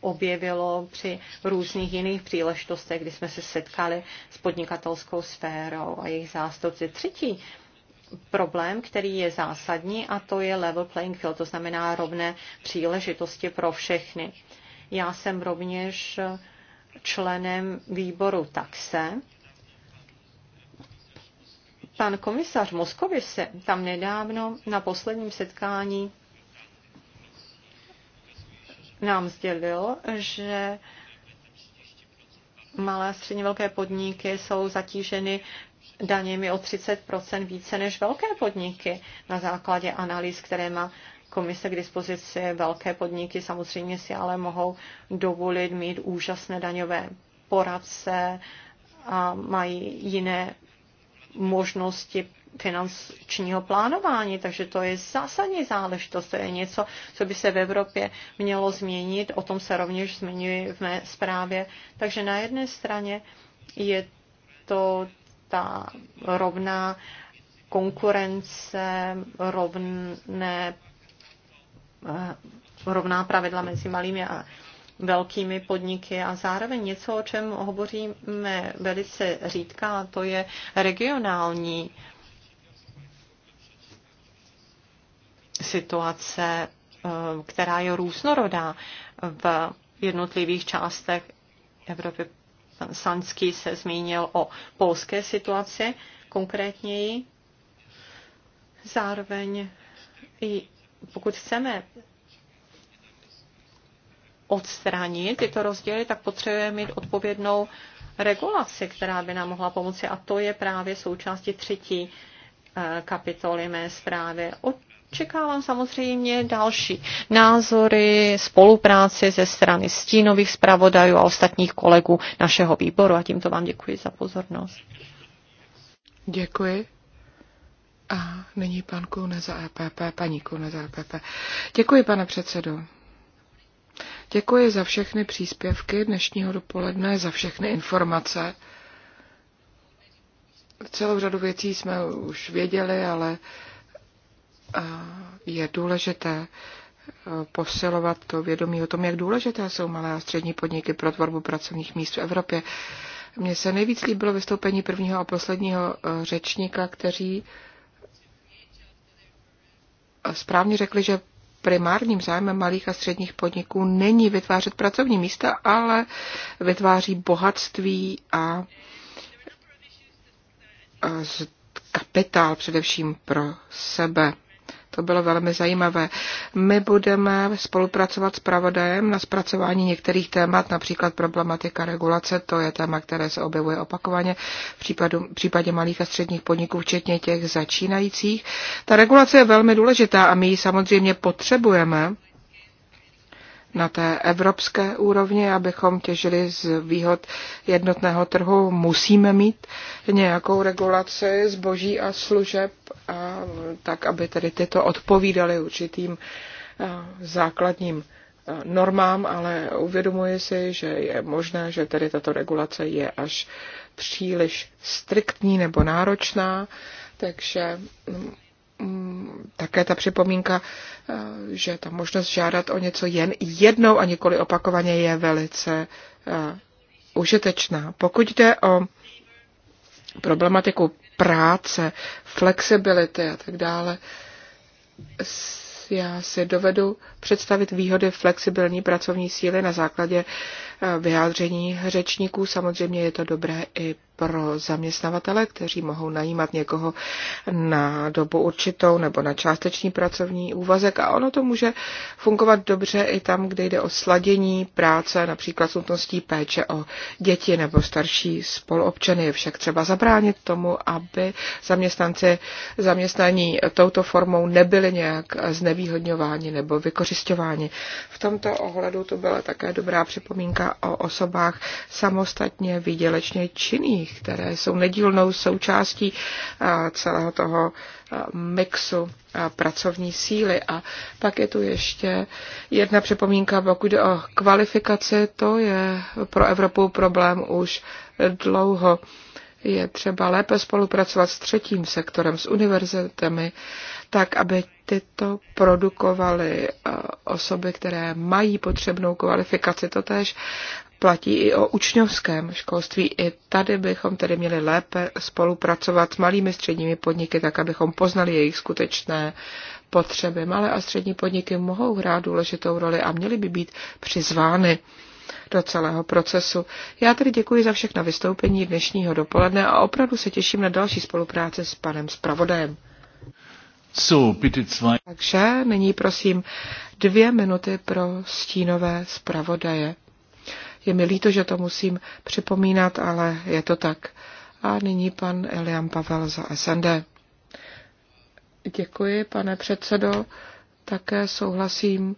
objevilo při různých jiných příležitostech, kdy jsme se setkali s podnikatelskou sférou a jejich zástupci. Třetí problém, který je zásadní, a to je level playing field, to znamená rovné příležitosti pro všechny. Já jsem rovněž členem výboru taxe. Pan komisař Moskovi se tam nedávno na posledním setkání nám sdělil, že malé a středně velké podniky jsou zatíženy daněmi o 30 více než velké podniky na základě analýz, které má komise k dispozici. Velké podniky samozřejmě si ale mohou dovolit mít úžasné daňové poradce a mají jiné možnosti finančního plánování, takže to je zásadní záležitost, to je něco, co by se v Evropě mělo změnit, o tom se rovněž zmiňuji v mé zprávě. Takže na jedné straně je to ta rovná konkurence, rovné Eh, rovná pravidla mezi malými a velkými podniky a zároveň něco, o čem hovoříme velice řídka, a to je regionální situace, eh, která je různorodá v jednotlivých částech Evropy. Pan Sanský se zmínil o polské situaci konkrétněji. Zároveň i pokud chceme odstranit tyto rozdíly, tak potřebujeme mít odpovědnou regulaci, která by nám mohla pomoci. A to je právě součástí třetí eh, kapitoly mé zprávy. Očekávám samozřejmě další názory, spolupráci ze strany stínových zpravodajů a ostatních kolegů našeho výboru. A tímto vám
děkuji za pozornost. Děkuji. Není pan Kune za EPP, paní Kune za EPP. Děkuji, pane předsedo. Děkuji za všechny příspěvky dnešního dopoledne, za všechny informace. Celou řadu věcí jsme už věděli, ale je důležité posilovat to vědomí o tom, jak důležité jsou malé a střední podniky pro tvorbu pracovních míst v Evropě. Mně se nejvíc líbilo vystoupení prvního a posledního e, řečníka, kteří správně řekli, že primárním zájmem malých a středních podniků není vytvářet pracovní místa, ale vytváří bohatství a, a kapitál především pro sebe. To bylo velmi zajímavé. My budeme spolupracovat s pravodajem na zpracování některých témat, například problematika regulace, to je téma, které se objevuje opakovaně v, případu, v případě malých a středních podniků, včetně těch začínajících. Ta regulace je velmi důležitá a my ji samozřejmě potřebujeme na té evropské úrovni, abychom těžili z výhod jednotného trhu, musíme mít nějakou regulaci zboží a služeb a tak, aby tedy tyto odpovídaly určitým základním normám, ale uvědomuji si, že je možné, že tedy tato regulace je až příliš striktní nebo náročná, takže mm, mm, také ta připomínka, že ta možnost žádat o něco jen jednou a nikoli opakovaně je velice užitečná. Pokud jde o problematiku práce, flexibility a tak dále. Já si dovedu představit výhody flexibilní pracovní síly na základě vyjádření řečníků. Samozřejmě je to dobré i pro zaměstnavatele, kteří mohou najímat někoho na dobu určitou nebo na částečný pracovní úvazek a ono to může fungovat dobře i tam, kde jde o sladění práce, například s nutností péče o děti nebo starší spoluobčany. Je však třeba zabránit tomu, aby zaměstnanci zaměstnaní touto formou nebyli nějak znevýhodňováni nebo vykořišťováni. V tomto ohledu to byla také dobrá připomínka o osobách samostatně výdělečně činných, které jsou nedílnou součástí celého toho mixu pracovní síly. A pak je tu ještě jedna připomínka, pokud jde o kvalifikaci, to je pro Evropu problém už dlouho je třeba lépe spolupracovat s třetím sektorem, s univerzitami, tak aby tyto produkovaly eh, osoby, které mají potřebnou kvalifikaci. To tež platí i o učňovském školství. I tady bychom tedy měli lépe spolupracovat s malými středními podniky, tak abychom poznali jejich skutečné potřeby. Malé a střední podniky mohou hrát důležitou roli a měly by být přizvány do celého procesu. Já tedy děkuji za všechna vystoupení dnešního dopoledne a opravdu se těším na další spolupráce s panem zpravodajem. So, bitte zwei. Takže nyní prosím dvě minuty pro stínové zpravodaje. Je mi líto, že to musím připomínat, ale je to tak. A nyní pan Eliam Pavel za SND. Děkuji, pane předsedo. Také souhlasím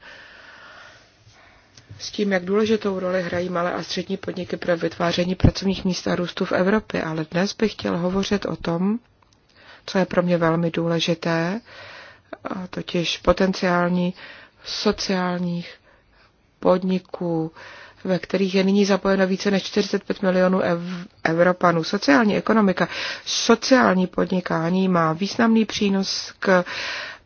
s tím, jak důležitou roli hrají malé a střední podniky pro vytváření pracovních míst a růstu v Evropě, ale dnes bych chtěl hovořit o tom, co je pro mě velmi důležité, a totiž potenciální sociálních podniků, ve kterých je nyní zapojeno více než 45 milionů ev- Evropanů. Sociální ekonomika, sociální podnikání má významný přínos k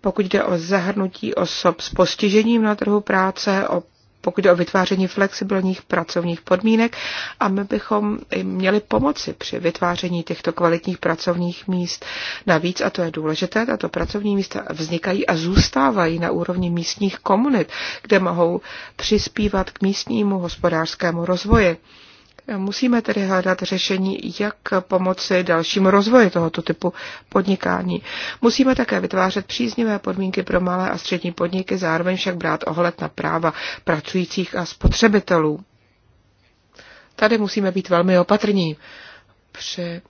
pokud jde o zahrnutí osob s postižením na trhu práce, o pokud jde o vytváření flexibilních pracovních podmínek a my bychom jim měli pomoci při vytváření těchto kvalitních pracovních míst. Navíc, a to je důležité, tato pracovní místa vznikají a zůstávají na úrovni místních komunit, kde mohou přispívat k místnímu hospodářskému rozvoji. Musíme tedy hledat řešení, jak pomoci dalšímu rozvoji tohoto typu podnikání. Musíme také vytvářet příznivé podmínky pro malé a střední podniky, zároveň však brát ohled na práva pracujících a spotřebitelů. Tady musíme být velmi opatrní při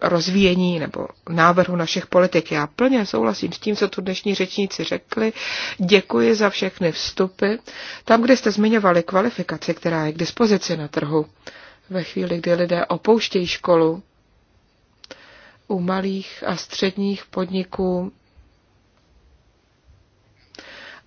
rozvíjení nebo návrhu našich politik. Já plně souhlasím s tím, co tu dnešní řečníci řekli. Děkuji za všechny vstupy. Tam, kde jste zmiňovali kvalifikaci, která je k dispozici na trhu, ve chvíli, kdy lidé opouštějí školu, u malých a středních podniků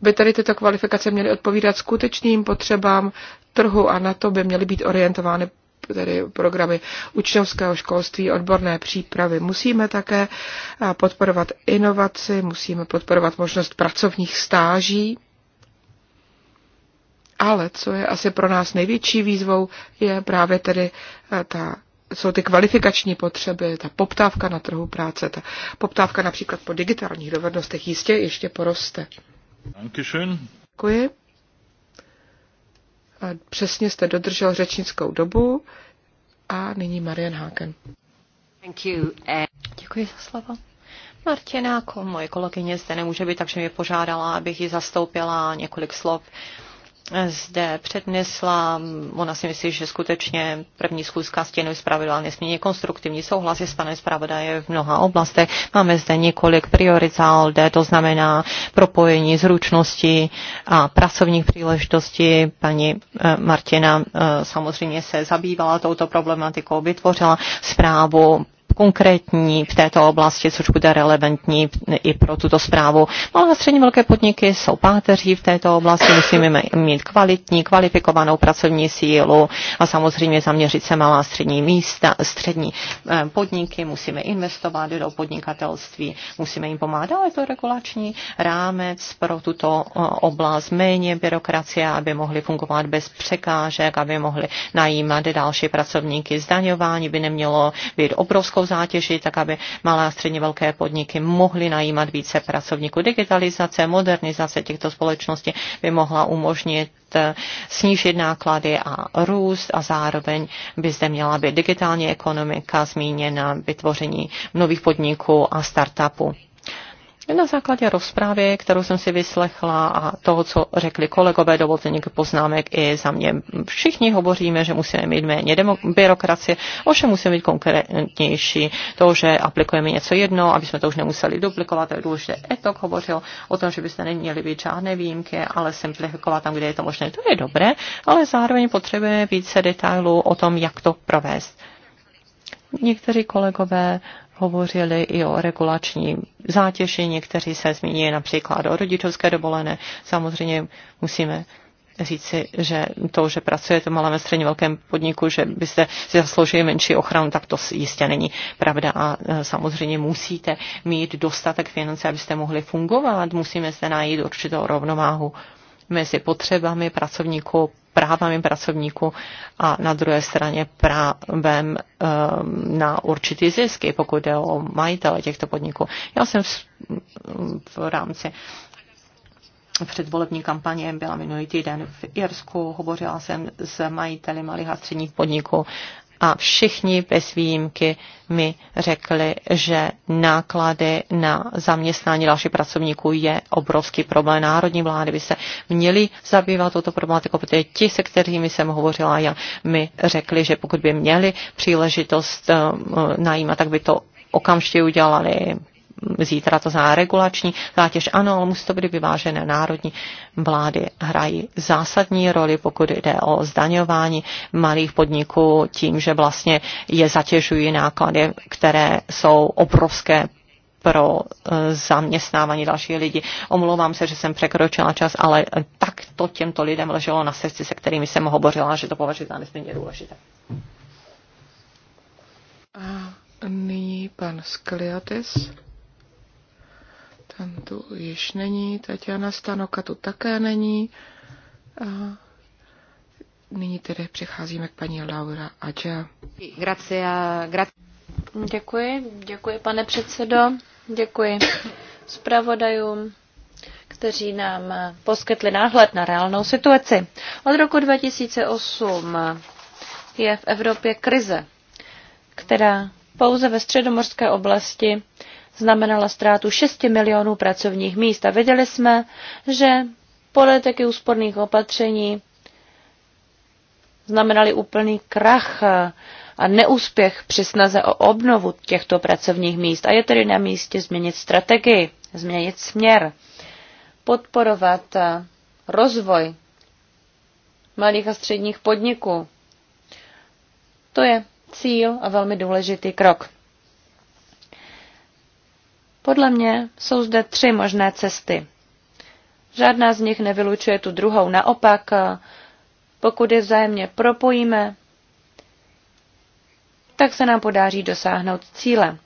by tady tyto kvalifikace měly odpovídat skutečným potřebám trhu a na to by měly být orientovány tedy programy učňovského školství, odborné přípravy. Musíme také eh, podporovat inovaci, musíme podporovat možnost pracovních stáží. Ale co je asi pro nás největší výzvou, je právě tedy eh, ta jsou ty kvalifikační potřeby, ta poptávka na trhu práce, ta poptávka například po digitálních dovednostech jistě ještě poroste. Děkuji. Přesně jste dodržel řečnickou dobu a nyní Marian Háken.
Eh. Děkuji za slovo. Martina, jako moje kolegyně zde nemůže být, takže mě požádala, abych ji zastoupila několik slov zde přednesla. Ona si myslí, že skutečně první schůzka stěnu zpravidla nesmírně konstruktivní. Souhlasí s panem zpravodaje v mnoha oblastech. Máme zde několik priorit ALDE, to znamená propojení zručnosti a pracovních příležitostí. Paní eh, Martina eh, samozřejmě se zabývala touto problematikou, vytvořila zprávu konkrétní v této oblasti, což bude relevantní i pro tuto zprávu. Malé a střední velké podniky jsou páteří v této oblasti, musíme mít kvalitní, kvalifikovanou pracovní sílu a samozřejmě zaměřit se malá střední místa, střední eh, podniky, musíme investovat do podnikatelství, musíme jim pomáhat, ale to regulační rámec pro tuto eh, oblast, méně byrokracie, aby mohli fungovat bez překážek, aby mohli najímat další pracovníky. Zdaňování by nemělo být obrovskou zátěži, tak aby malé a středně velké podniky mohly najímat více pracovníků. Digitalizace, modernizace těchto společností by mohla umožnit eh, snížit náklady a růst a zároveň by zde měla být digitální ekonomika zmíněna vytvoření nových podniků a startupů. Na základě rozprávy, kterou jsem si vyslechla a toho, co řekli kolegové, dovolte několik poznámek i za mě. Všichni hovoříme, že musíme mít méně byrokracie, ovšem musíme být konkrétnější. To, že aplikujeme něco jedno, aby jsme to už nemuseli duplikovat, to je důležité. Etok hovořil o tom, že byste neměli být žádné výjimky, ale simplifikovat tam, kde je to možné. To je dobré, ale zároveň potřebujeme více detailů o tom, jak to provést. Někteří kolegové hovořili i o regulační zátěži, někteří se zmíní například o rodičovské dovolené. Samozřejmě musíme říci, že to, že pracujete to malém ve středně velkém podniku, že byste si zasloužili menší ochranu, tak to jistě není pravda. A e, samozřejmě musíte mít dostatek finance, abyste mohli fungovat. Musíme se najít určitou rovnováhu mezi potřebami pracovníků právami pracovníků a na druhé straně právem eh, na určitý zisky, pokud jde o majitele těchto podniků. Já jsem v, v rámci předvolební kampaně byla minulý týden v Irsku, hovořila jsem s majiteli malých a středních podniků a všichni bez výjimky mi řekli, že náklady na zaměstnání dalších pracovníků je obrovský problém. Národní vlády by se měly zabývat touto problematikou, protože ti, se kterými jsem hovořila, já, mi řekli, že pokud by měli příležitost eh, eh, najímat, tak by to okamžitě udělali zítra, to znamená regulační zátěž. Ano, ale musí to být vyvážené. Národní vlády hrají zásadní roli, pokud jde o zdaňování malých podniků tím, že vlastně je zatěžují náklady, které jsou obrovské pro e, zaměstnávání dalších lidí. Omlouvám se, že jsem překročila čas, ale e, tak to těmto lidem leželo na srdci, se kterými jsem hovořila, že to považuji za nesmírně důležité.
A nyní pan Skliatis. Ten tu již není, Tatiana Stanoka tu také není. A nyní tedy přecházíme k paní Laura Adja. Gracia,
gracia.
Děkuji, děkuji pane předsedo, děkuji zpravodajům, kteří nám poskytli náhled na reálnou situaci. Od roku 2008 je v Evropě krize, která pouze ve středomorské oblasti znamenala ztrátu 6 milionů pracovních míst. A viděli jsme, že politiky úsporných opatření znamenaly úplný krach a neúspěch při snaze o obnovu těchto pracovních míst. A je tedy na místě změnit strategii, změnit směr, podporovat rozvoj malých a středních podniků. To je cíl a velmi důležitý krok. Podle mě jsou zde tři možné cesty. Žádná z nich nevylučuje tu druhou. Naopak, eh, pokud je vzájemně propojíme, tak se nám podaří dosáhnout cíle.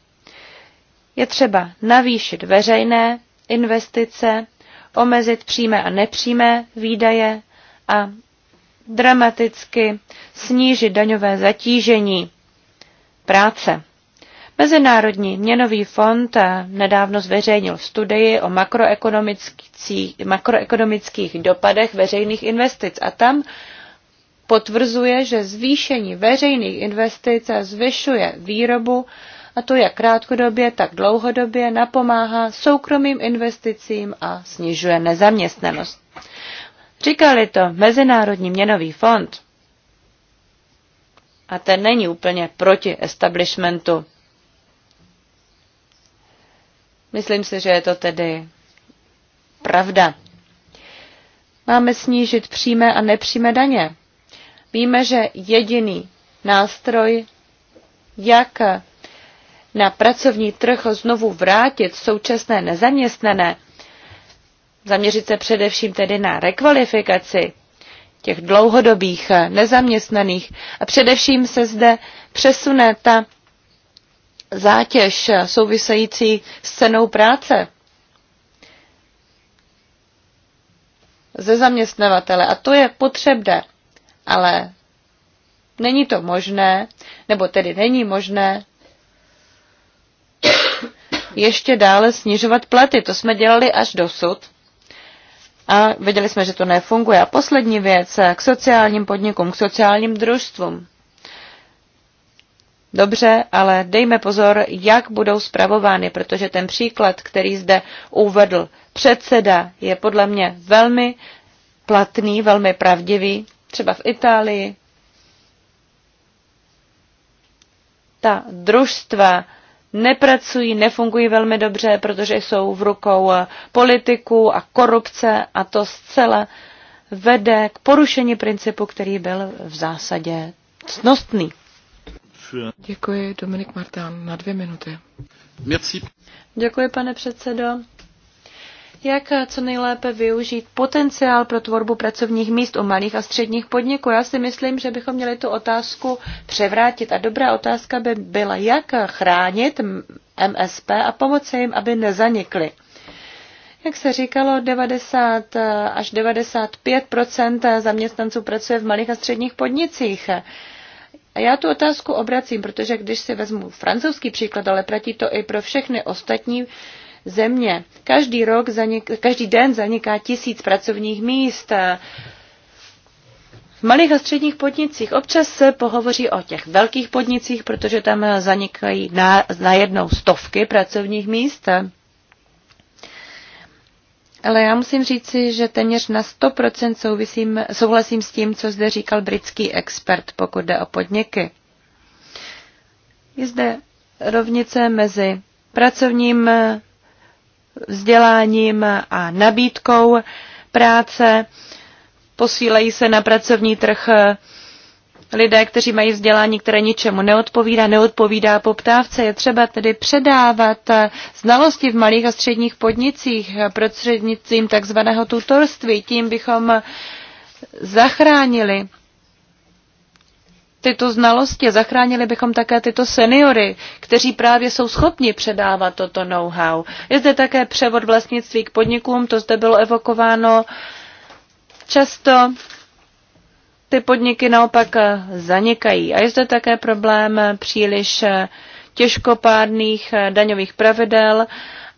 Je třeba navýšit veřejné investice, omezit přímé a nepřímé výdaje a dramaticky snížit daňové zatížení práce. Mezinárodní měnový fond eh, nedávno zveřejnil studii o makroekonomických, makroekonomických dopadech veřejných investic a tam potvrzuje, že zvýšení veřejných investic zvyšuje výrobu a to jak krátkodobě, tak dlouhodobě napomáhá soukromým investicím a snižuje nezaměstnanost. Říkali to Mezinárodní měnový fond. A ten není úplně proti establishmentu Myslím si, že je to tedy pravda. Máme snížit přímé a nepřímé daně. Víme, že jediný nástroj, jak na pracovní trh znovu vrátit současné nezaměstnané, zaměřit se především tedy na rekvalifikaci těch dlouhodobých nezaměstnaných a především se zde přesune ta zátěž související s cenou práce ze zaměstnavatele. A to je potřebné, ale není to možné, nebo tedy není možné ještě dále snižovat platy. To jsme dělali až dosud a viděli jsme, že to nefunguje. A poslední věc k sociálním podnikům, k sociálním družstvům. Dobře, ale dejme pozor, jak budou zpravovány, protože ten příklad, který zde uvedl předseda, je podle mě velmi platný, velmi pravdivý, třeba v Itálii. Ta družstva nepracují, nefungují velmi dobře, protože jsou v rukou politiků a korupce a to zcela vede k porušení principu, který byl v zásadě cnostný. Děkuji, Dominik
Martán, na dvě minuty. Merci.
Děkuji, pane předsedo. Jak co nejlépe využít potenciál pro tvorbu pracovních míst u malých a středních podniků? Já si myslím, že bychom měli tu otázku převrátit. A dobrá otázka by byla, jak chránit MSP a pomoci jim, aby nezanikly jak se říkalo, 90 až 95 zaměstnanců pracuje v malých a středních podnicích. A já tu otázku obracím, protože když si vezmu francouzský příklad, ale platí to i pro všechny ostatní země. Každý, rok zanik, každý den zaniká tisíc pracovních míst. V malých a středních podnicích občas se pohovoří o těch velkých podnicích, protože tam zanikají na, jednou stovky pracovních míst. Ale já musím říci, že téměř na 100% souvisím, souhlasím s tím, co zde říkal britský expert, pokud jde o podniky. Je zde rovnice mezi pracovním vzděláním a nabídkou práce. Posílejí se na pracovní trh lidé, kteří mají vzdělání, které ničemu neodpovídá, neodpovídá poptávce. Je třeba tedy předávat eh, znalosti v malých a středních podnicích eh, prostřednictvím takzvaného tutorství. Tím bychom eh, zachránili tyto znalosti, zachránili bychom také tyto seniory, kteří právě jsou schopni předávat toto know-how. Je zde také převod vlastnictví k podnikům, to zde bylo evokováno. Často ty podniky naopak eh, zanikají. A je zde také problém eh, příliš eh, těžkopádných daňových pravidel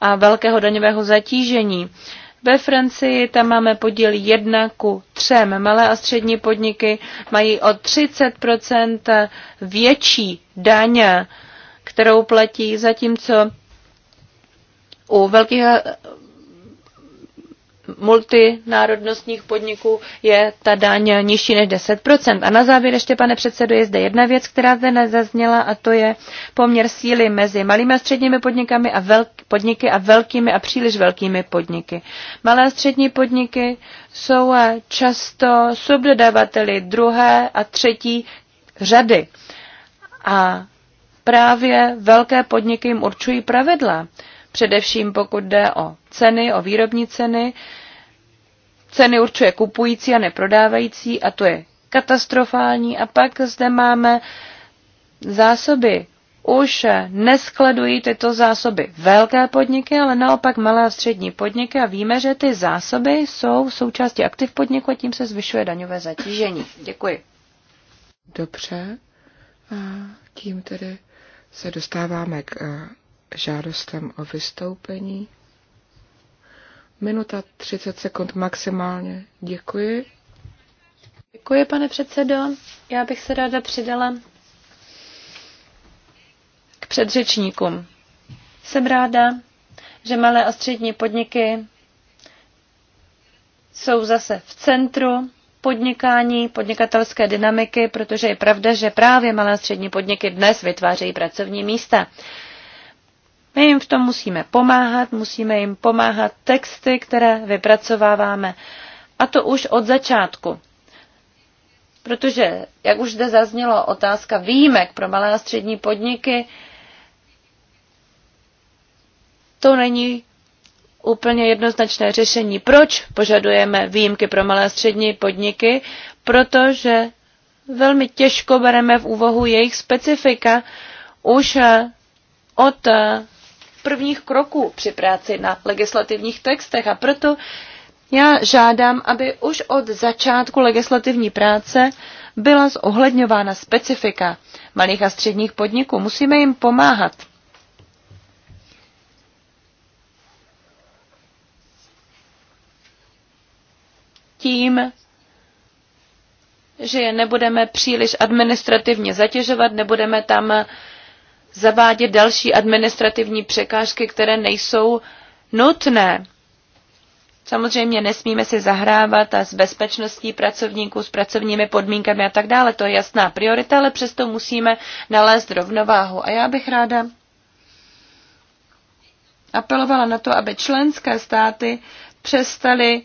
a velkého daňového zatížení. Ve Francii tam máme podíl 1 ku 3. Malé a střední podniky mají o 30 větší daň, kterou platí, zatímco u velkých multinárodnostních podniků je ta daň nižší než 10%. A na závěr ještě, pane předsedo, je zde jedna věc, která zde nezazněla a to je poměr síly mezi malými a středními podnikami a velk, podniky a velkými a příliš velkými podniky. Malé a střední podniky jsou často subdodavateli druhé a třetí řady. A právě velké podniky jim určují pravidla především pokud jde o ceny, o výrobní ceny. Ceny určuje kupující a neprodávající a to je katastrofální. A pak zde máme zásoby. Už neskladují tyto zásoby velké podniky, ale naopak malé a střední podniky a víme, že ty zásoby jsou součástí aktiv podniku a tím se zvyšuje daňové
zatížení. Děkuji. Dobře. A tím tedy se dostáváme k eh, žádostem o vystoupení. Minuta 30 sekund maximálně. Děkuji.
Děkuji, pane předsedo. Já bych se ráda přidala k předřečníkům. Jsem ráda, že malé a střední podniky jsou zase v centru podnikání, podnikatelské dynamiky, protože je pravda, že právě malé a střední podniky dnes vytvářejí pracovní místa. My jim v tom musíme pomáhat, musíme jim pomáhat texty, které vypracováváme. A to už od začátku. Protože, jak už zde zaznělo, otázka výjimek pro malé a střední podniky, to není úplně jednoznačné řešení. Proč požadujeme výjimky pro malé a střední podniky? Protože velmi těžko bereme v úvahu jejich specifika už od prvních kroků při práci na legislativních textech a proto já žádám, aby už od začátku legislativní práce byla zohledňována specifika malých a středních podniků. Musíme jim pomáhat. Tím, že je nebudeme příliš administrativně zatěžovat, nebudeme tam uh, zavádět další administrativní překážky, které nejsou nutné. Samozřejmě nesmíme si zahrávat a s bezpečností pracovníků, s pracovními podmínkami a tak dále. To je jasná priorita, ale přesto musíme nalézt rovnováhu. A já bych ráda apelovala na to, aby členské státy přestaly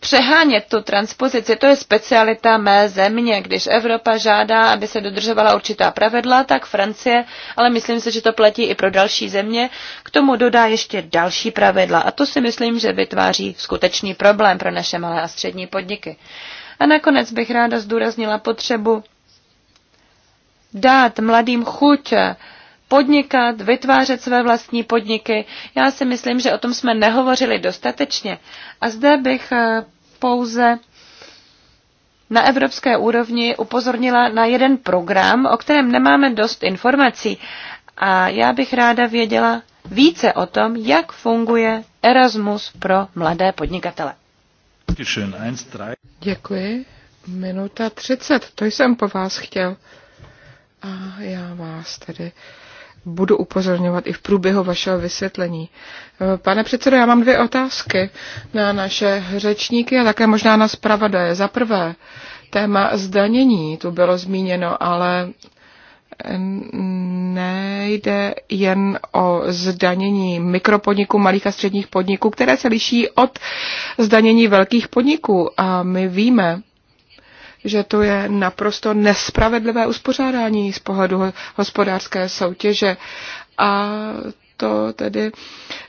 přehánět tu transpozici, to je specialita mé země. Když Evropa žádá, aby se dodržovala určitá pravidla, tak Francie, ale myslím si, že to platí i pro další země, k tomu dodá ještě další pravidla. A to si myslím, že vytváří skutečný problém pro naše malé a střední podniky. A nakonec bych ráda zdůraznila potřebu dát mladým chuť podnikat, vytvářet své vlastní podniky. Já si myslím, že o tom jsme nehovořili dostatečně. A zde bych eh, pouze na evropské úrovni upozornila na jeden program, o kterém nemáme dost informací. A já bych ráda věděla více o tom, jak funguje Erasmus
pro mladé podnikatele. Děkuji. Minuta 30, to jsem po vás chtěl. A já vás tedy budu upozorňovat i v průběhu vašeho vysvětlení. Eh, pane předsedo, já mám dvě otázky na naše řečníky a také možná na zpravodaje. Za prvé, téma zdanění, tu bylo zmíněno, ale nejde jen o zdanění mikropodniků, malých a středních podniků, které se liší od zdanění velkých podniků. A my víme, že to je naprosto nespravedlivé uspořádání z pohledu hospodářské soutěže a to tedy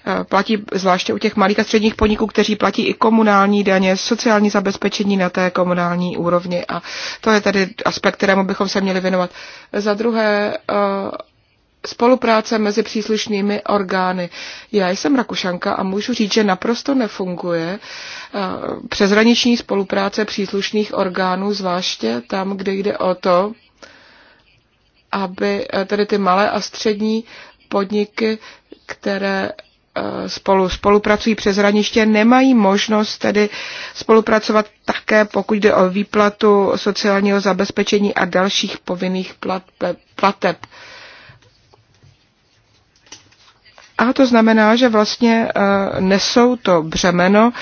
eh, platí zvláště u těch malých a středních podniků, kteří platí i komunální daně, sociální zabezpečení na té komunální úrovni a to je tedy aspekt, kterému bychom se měli věnovat. Za druhé eh, spolupráce mezi příslušnými orgány. Já jsem Rakušanka a můžu říct, že naprosto nefunguje eh, přeshraniční spolupráce příslušných orgánů, zvláště tam, kde jde o to, aby eh, tedy ty malé a střední podniky, které eh, spolu, spolupracují přes hraniště, nemají možnost tedy spolupracovat také, pokud jde o výplatu sociálního zabezpečení a dalších povinných plat, plateb. A to znamená, že vlastně eh, nesou to břemeno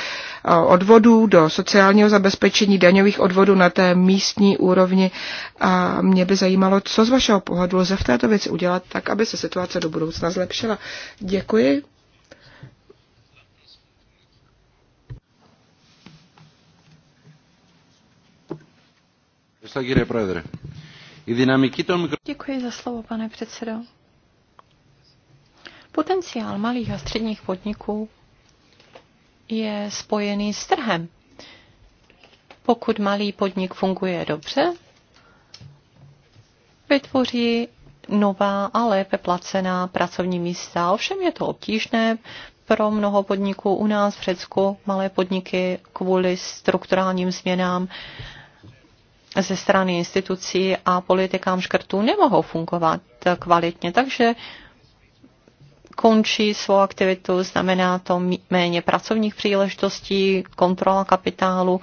eh, odvodů do sociálního zabezpečení daňových odvodů na té místní úrovni. A mě by zajímalo, co z vašeho pohledu lze v této věci udělat, tak aby se situace do budoucna zlepšila. Děkuji.
Děkuji za slovo, pane předsedo. Potenciál malých a středních podniků je spojený s trhem. Pokud malý podnik funguje dobře, vytvoří nová a lépe placená pracovní místa. Ovšem je to obtížné pro mnoho podniků u nás v Řecku, malé podniky kvůli strukturálním změnám ze strany institucí a politikám škrtů nemohou fungovat kvalitně. Takže končí svou aktivitu, znamená to méně pracovních příležitostí, kontrola kapitálu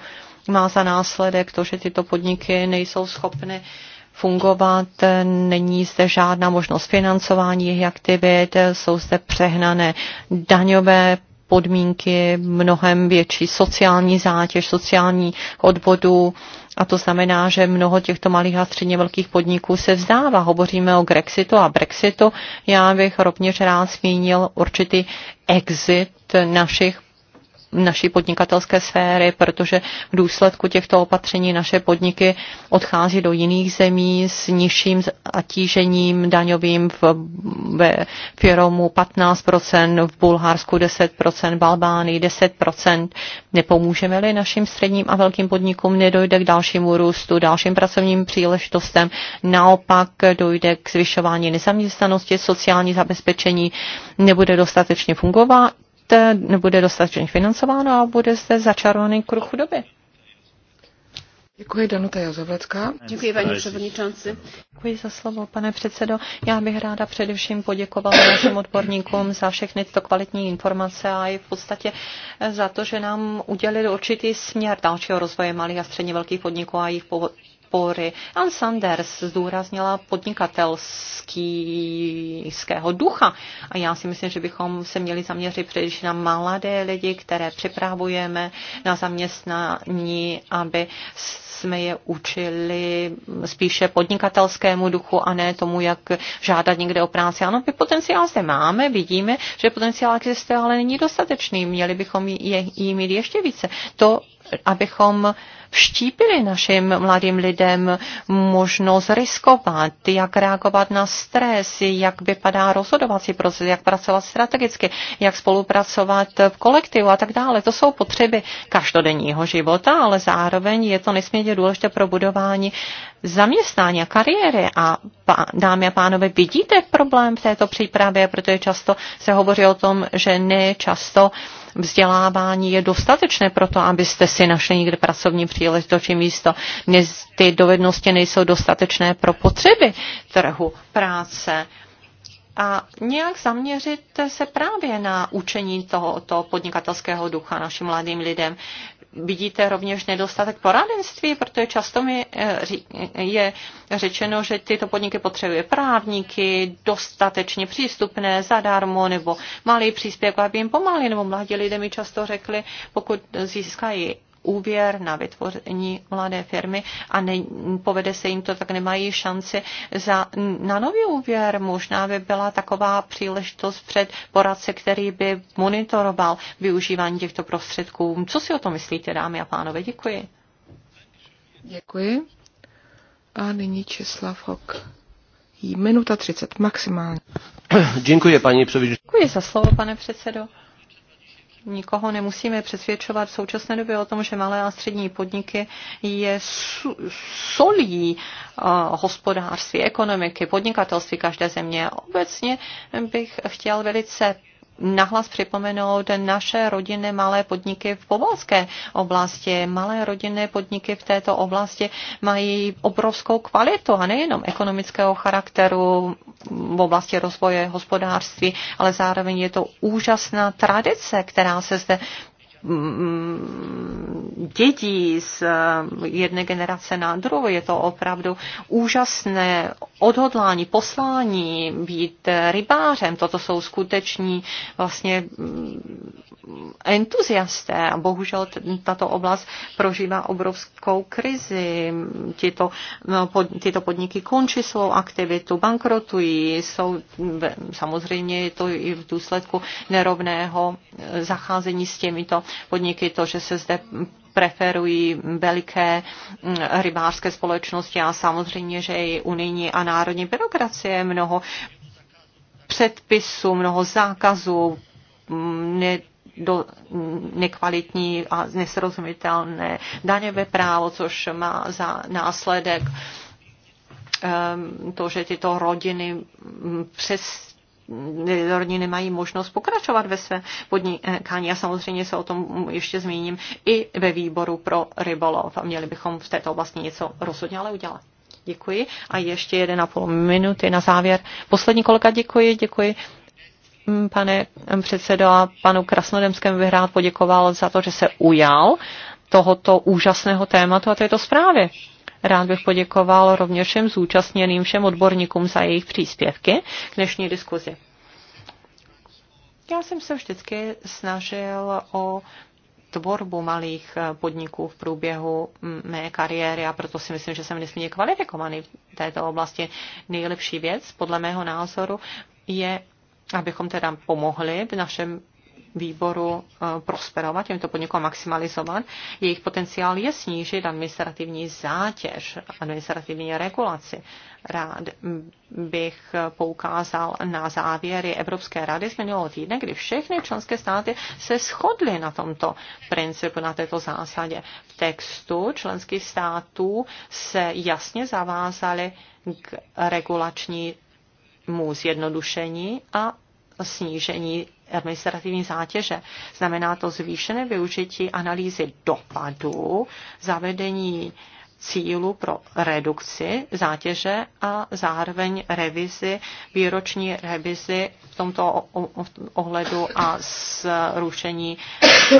má za následek to, že tyto podniky nejsou schopny fungovat, není zde žádná možnost financování jejich aktivit, jsou zde přehnané daňové podmínky, mnohem větší sociální zátěž, sociální odvodů, a to znamená, že mnoho těchto malých a středně velkých podniků se vzdává. Hovoříme o Grexitu a Brexitu. Já bych rovněž rád zmínil určitý exit našich naší podnikatelské sféry, protože v důsledku těchto opatření naše podniky odchází do jiných zemí s nižším zatížením daňovým v, ve Firomu 15%, v Bulharsku 10%, v Albánii 10%. Nepomůžeme-li našim středním a velkým podnikům, nedojde k dalšímu růstu, dalším pracovním příležitostem. Naopak dojde k zvyšování nezaměstnanosti, sociální zabezpečení nebude dostatečně fungovat nebude dostatečně financováno a bude zde začarovaný kruh chudoby.
Děkuji, Danuta Jozovecká. Děkuji, paní
předsedající. Děkuji za slovo, pane předsedo. Já bych ráda především poděkovala našim odborníkům za všechny tyto kvalitní informace a i v podstatě za to, že nám udělili určitý směr dalšího rozvoje malých a středně velkých podniků a jejich podpory. Ann Sanders zdůraznila podnikatelského ducha a já si myslím, že bychom se měli zaměřit především na mladé lidi, které připravujeme na zaměstnání, aby jsme je učili spíše podnikatelskému duchu a ne tomu, jak žádat někde o práci. Ano, my potenciál zde máme, vidíme, že potenciál existuje, ale není dostatečný. Měli bychom jí mít ještě více. To abychom vštípili našim mladým lidem možnost riskovat, jak reagovat na stres, jak vypadá rozhodovací proces, jak pracovat strategicky, jak spolupracovat v kolektivu a tak dále. To jsou potřeby každodenního života, ale zároveň je to nesmírně důležité pro budování zaměstnání a kariéry. A dámy a pánové, vidíte problém v této přípravě, protože často se hovoří o tom, že ne často uh, vzdělávání je dostatečné pro to, abyste si našli někde pracovní příležitost či místo. Ty dovednosti nejsou dostatečné pro potřeby trhu práce a nějak zaměřit se právě na učení toho, toho podnikatelského ducha našim mladým lidem vidíte rovněž nedostatek poradenství, protože často mi eh, je řečeno, že tyto podniky potřebují právníky, dostatečně přístupné, zadarmo, nebo malý příspěvek, aby jim pomáhli, nebo mladí lidé mi často řekli, pokud získají úvěr na vytvoření mladé firmy a ne, povede se jim to, tak nemají šanci za, na nový úvěr. Možná by byla taková příležitost před poradce, který by monitoroval využívání těchto prostředků. Co si o tom myslíte, dámy a pánové? Děkuji.
Děkuji. A nyní Česlav Hok. Minuta 30 maximálně.
Děkuji, paní předsedo. Děkuji
za slovo, pane předsedo nikoho
nemusíme přesvědčovat v současné době o tom, že malé a střední podniky je solí eh, hospodářství, ekonomiky, podnikatelství každé země. Obecně bych chtěl velice nahlas připomenout naše rodinné malé podniky v povolské oblasti. Malé rodinné podniky v této oblasti mají obrovskou kvalitu a nejenom ekonomického charakteru v oblasti rozvoje hospodářství, ale zároveň je to úžasná tradice, která se zde Mm, dětí z eh, jedné generace na druhou. Je to opravdu úžasné odhodlání, poslání být rybářem. Toto jsou skuteční vlastně mm, entuziasté a bohužel tato oblast prožívá obrovskou krizi. Tyto, no, pod, tyto podniky končí svou aktivitu, bankrotují, jsou samozřejmě to i v důsledku nerovného eh, zacházení s těmito podniky, to, že se zde preferují veliké mm, rybářské společnosti a samozřejmě, že i unijní a národní byrokracie mnoho předpisů, mnoho zákazů, mm, ne, do, mm, nekvalitní a nesrozumitelné daňové právo, což má za následek ehm, to, že tyto rodiny přes lidorní nemají možnost pokračovat ve své podnikání. A samozřejmě se o tom ještě zmíním i ve výboru pro rybolov. A měli bychom v této oblasti něco rozhodně ale udělat. Děkuji. A ještě jeden a půl minuty na závěr. Poslední kolega děkuji, děkuji mm, pane předsedo a panu Krasnodemskému bych rád poděkoval za to, že se ujal tohoto úžasného tématu a této zprávy. Rád bych poděkoval rovněž všem zúčastněným, všem odborníkům za jejich příspěvky k dnešní diskuzi. Já jsem se vždycky snažil o tvorbu malých eh, podniků v průběhu mm, mé kariéry a proto si myslím, že jsem nesmírně kvalifikovaný v této oblasti. Nejlepší věc, podle mého názoru, je abychom teda pomohli v našem výboru eh, prosperovat, těmto podnikům maximalizovat. Jejich potenciál je snížit administrativní zátěž, administrativní regulaci. Rád bych poukázal na závěry Evropské rady z minulého týdne, kdy všechny členské státy se shodly na tomto principu, na této zásadě. V textu členských států se jasně zavázaly k regulačnímu zjednodušení a snížení administrativní zátěže. Znamená to zvýšené využití analýzy dopadů, zavedení cílu pro redukci zátěže a zároveň revizi, výroční revizi v tomto ohledu a zrušení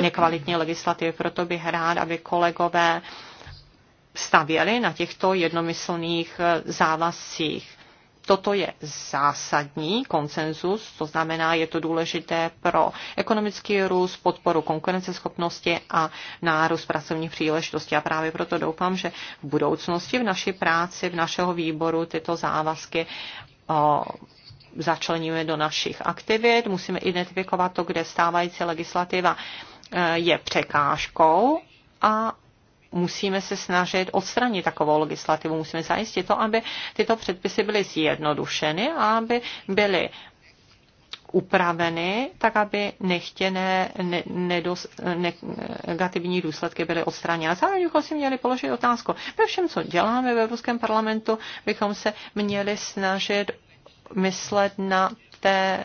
nekvalitní legislativy. Proto bych rád, aby kolegové stavěli na těchto jednomyslných závazcích toto je zásadní konsenzus, to znamená, je to důležité pro ekonomický růst, podporu konkurenceschopnosti a nárůst pracovních příležitostí. A právě proto doufám, že v budoucnosti v naší práci, v našeho výboru tyto závazky o, začleníme do našich aktivit. Musíme identifikovat to, kde stávající legislativa e, je překážkou a musíme se snažit odstranit takovou legislativu, musíme zajistit to, aby tyto předpisy byly zjednodušeny a aby byly upraveny, tak aby nechtěné ne, nedos, ne, negativní důsledky byly odstraněny. A zároveň bychom si měli položit otázku. Ve všem, co děláme v Evropském parlamentu, bychom se měli snažit myslet na té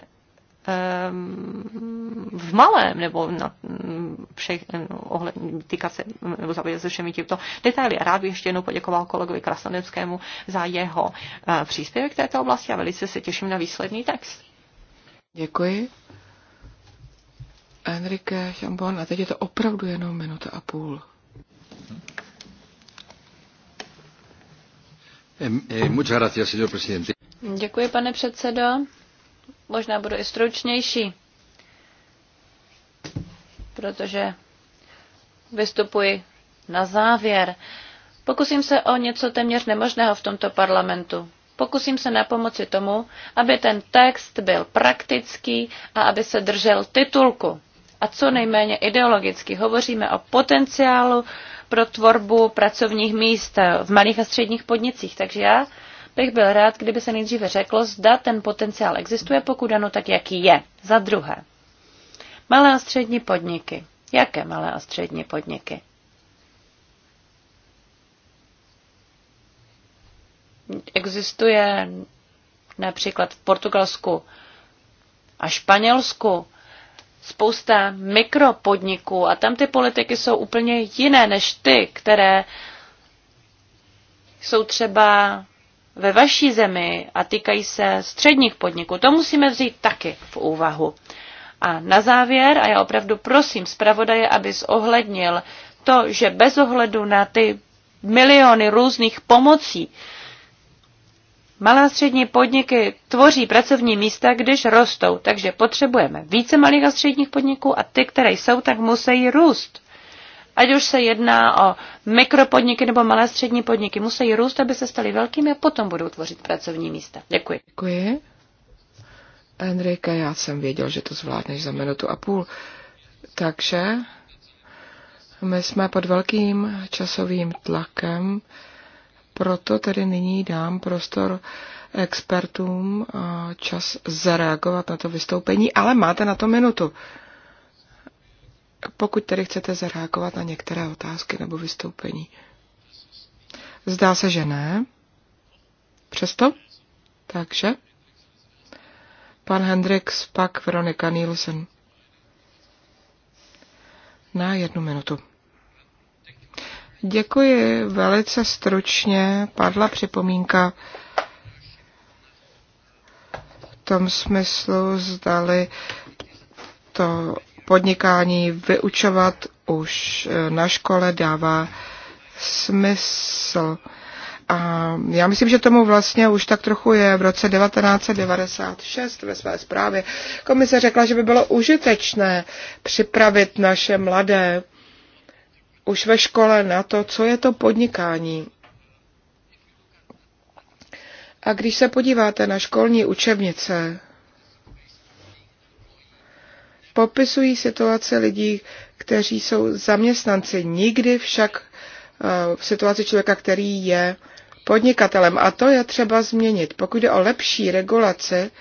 Ehm, v malém nebo na mm, všech eh, no, ohledně týkat se nebo zabývat se všemi těmito detaily. Rád bych ještě jednou poděkoval kolegovi Krasnodebskému za jeho eh, příspěvek této oblasti a velice se těším na výsledný
text. Děkuji. Enrique Chambon, a teď je to opravdu jenom minuta a půl. Eh,
Děkuji, pane předsedo. Možná budu i stručnější, protože vystupuji na závěr. Pokusím se o něco téměř nemožného v tomto parlamentu. Pokusím se na pomoci tomu, aby ten text byl praktický a aby se držel titulku. A co nejméně ideologicky hovoříme o potenciálu pro tvorbu pracovních míst v malých a středních podnicích. Takže já bych byl rád, kdyby se nejdříve řeklo, zda ten potenciál existuje, pokud ano, tak jaký je. Za druhé, malé a střední podniky. Jaké malé a střední podniky? Existuje například v Portugalsku a Španělsku spousta mikropodniků a tam ty politiky jsou úplně jiné než ty, které jsou třeba ve vaší zemi a týkají se středních podniků. To musíme vzít taky v úvahu. A na závěr, a já opravdu prosím zpravodaje, aby zohlednil to, že bez ohledu na ty miliony různých pomocí, malá střední podniky tvoří pracovní místa, když rostou, takže potřebujeme více malých a středních podniků a ty, které jsou, tak musí růst. Ať už se jedná o mikropodniky nebo malé střední podniky, musí růst, aby se staly velkými a potom budou tvořit pracovní místa. Děkuji.
Děkuji. Enrika, já jsem věděl, že to zvládneš za minutu a půl. Takže my jsme pod velkým časovým tlakem, proto tedy nyní dám prostor expertům eh, čas zareagovat na to vystoupení, ale máte na to minutu pokud tedy chcete zareagovat na některé otázky nebo vystoupení. Zdá se, že ne. Přesto? Takže? Pan Hendrix, pak Veronika Nielsen. Na jednu minutu. Děkuji velice stručně. Padla připomínka v tom smyslu, zdali to podnikání vyučovat už eh, na škole dává smysl. A já myslím, že tomu vlastně už tak trochu je. V roce 1996 ve své zprávě komise řekla, že by bylo užitečné připravit naše mladé už ve škole na to, co je to podnikání. A když se podíváte na školní učebnice, popisují situace lidí, kteří jsou zaměstnanci, nikdy však v eh, situaci člověka, který je podnikatelem. A to je třeba změnit. Pokud jde o lepší regulaci,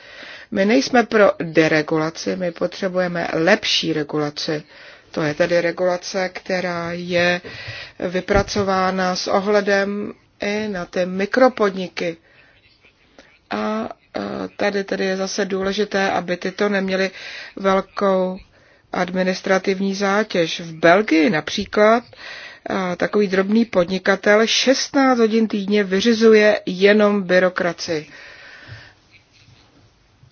my nejsme pro deregulaci, my potřebujeme lepší regulaci. To je tedy regulace, která je vypracována s ohledem i na ty mikropodniky. A e, tady tedy je zase důležité, aby tyto neměly velkou administrativní zátěž. V Belgii například e, takový drobný podnikatel 16 hodin týdně vyřizuje jenom byrokracii.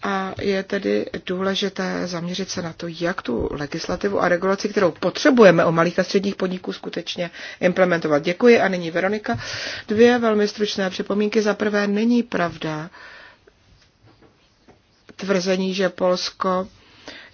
A je tedy důležité zaměřit se na to, jak tu legislativu a regulaci, kterou potřebujeme o malých a středních podniků, skutečně implementovat. Děkuji. A nyní Veronika. Dvě velmi stručné připomínky. Za prvé, není pravda tvrzení, že Polsko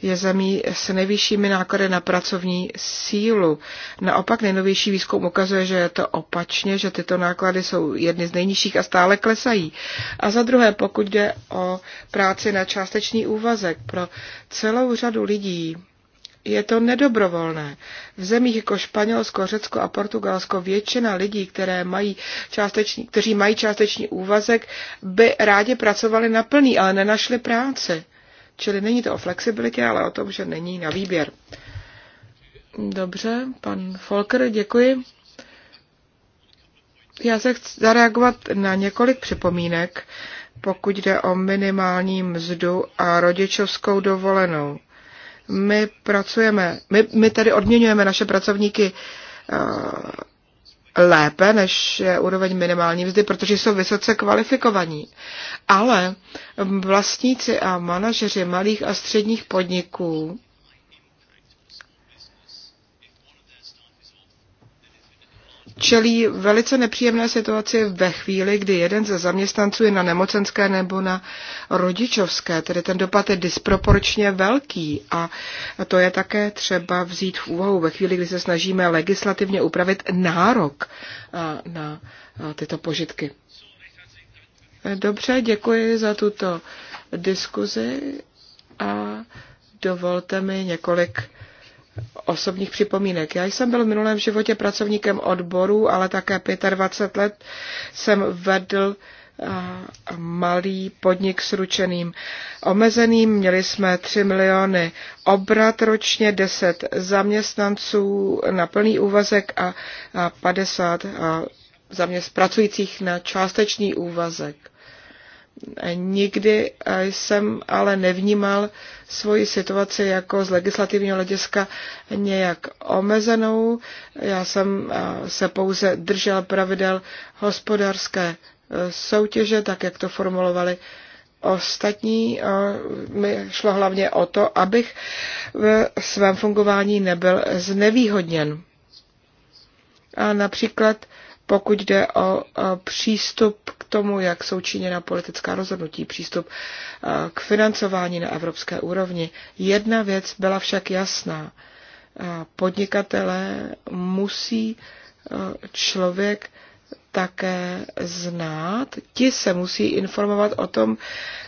je zemí s nejvyššími náklady na pracovní sílu. Naopak nejnovější výzkum ukazuje, že je to opačně, že tyto náklady jsou jedny z nejnižších a stále klesají. A za druhé, pokud jde o práci na částečný úvazek pro celou řadu lidí, je to nedobrovolné. V zemích jako Španělsko, Řecko a Portugalsko většina lidí, které mají kteří mají částečný úvazek, by rádi pracovali na plný, ale nenašli práci. Čili není to o flexibilitě, ale o tom, že není na výběr. Dobře, pan Folker, děkuji. Já se chci zareagovat na několik připomínek, pokud jde o minimální mzdu a rodičovskou dovolenou. My pracujeme, my, my tady odměňujeme naše pracovníky eh, lépe než je úroveň minimální mzdy, protože jsou vysoce kvalifikovaní. Ale vlastníci a manažeři malých a středních podniků čelí velice nepříjemné situaci ve chvíli, kdy jeden ze zaměstnanců je na nemocenské nebo na rodičovské. Tedy ten dopad je disproporčně velký a to je také třeba vzít v úvahu ve chvíli, kdy se snažíme legislativně upravit nárok na tyto požitky. Dobře, děkuji za tuto diskuzi a dovolte mi několik osobních připomínek. Já jsem byl v minulém životě pracovníkem odboru, ale také 25 let jsem vedl eh, malý podnik s ručeným omezeným. Měli jsme 3 miliony obrat ročně, 10 zaměstnanců na plný úvazek a 50 zaměst pracujících na částečný úvazek. Nikdy jsem ale nevnímal svoji situaci jako z legislativního hlediska nějak omezenou. Já jsem se pouze držel pravidel hospodářské e, soutěže, tak jak to formulovali ostatní. Mi šlo hlavně o to, abych v svém fungování nebyl znevýhodněn. A například pokud jde o přístup tomu, jak jsou činěna politická rozhodnutí, přístup eh, k financování na evropské úrovni. Jedna věc byla však jasná. Eh, podnikatele musí eh, člověk také znát. Ti se musí informovat o tom,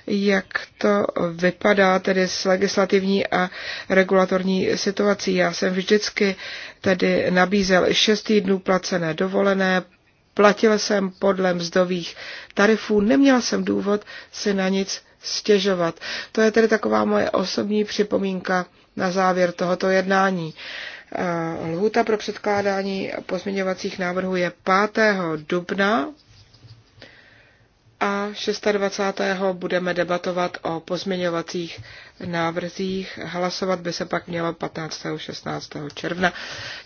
jak to vypadá tedy s legislativní a regulatorní situací. Já jsem vždycky tedy nabízel 6 týdnů placené dovolené, Platil jsem podle mzdových tarifů, neměla jsem důvod si na nic stěžovat. To je tedy taková moje osobní připomínka na závěr tohoto jednání. Eh, Lhuta pro předkládání pozměňovacích návrhů je 5. dubna a 26. budeme debatovat o pozměňovacích návrzích. Hlasovat by se pak mělo 15. 16. června.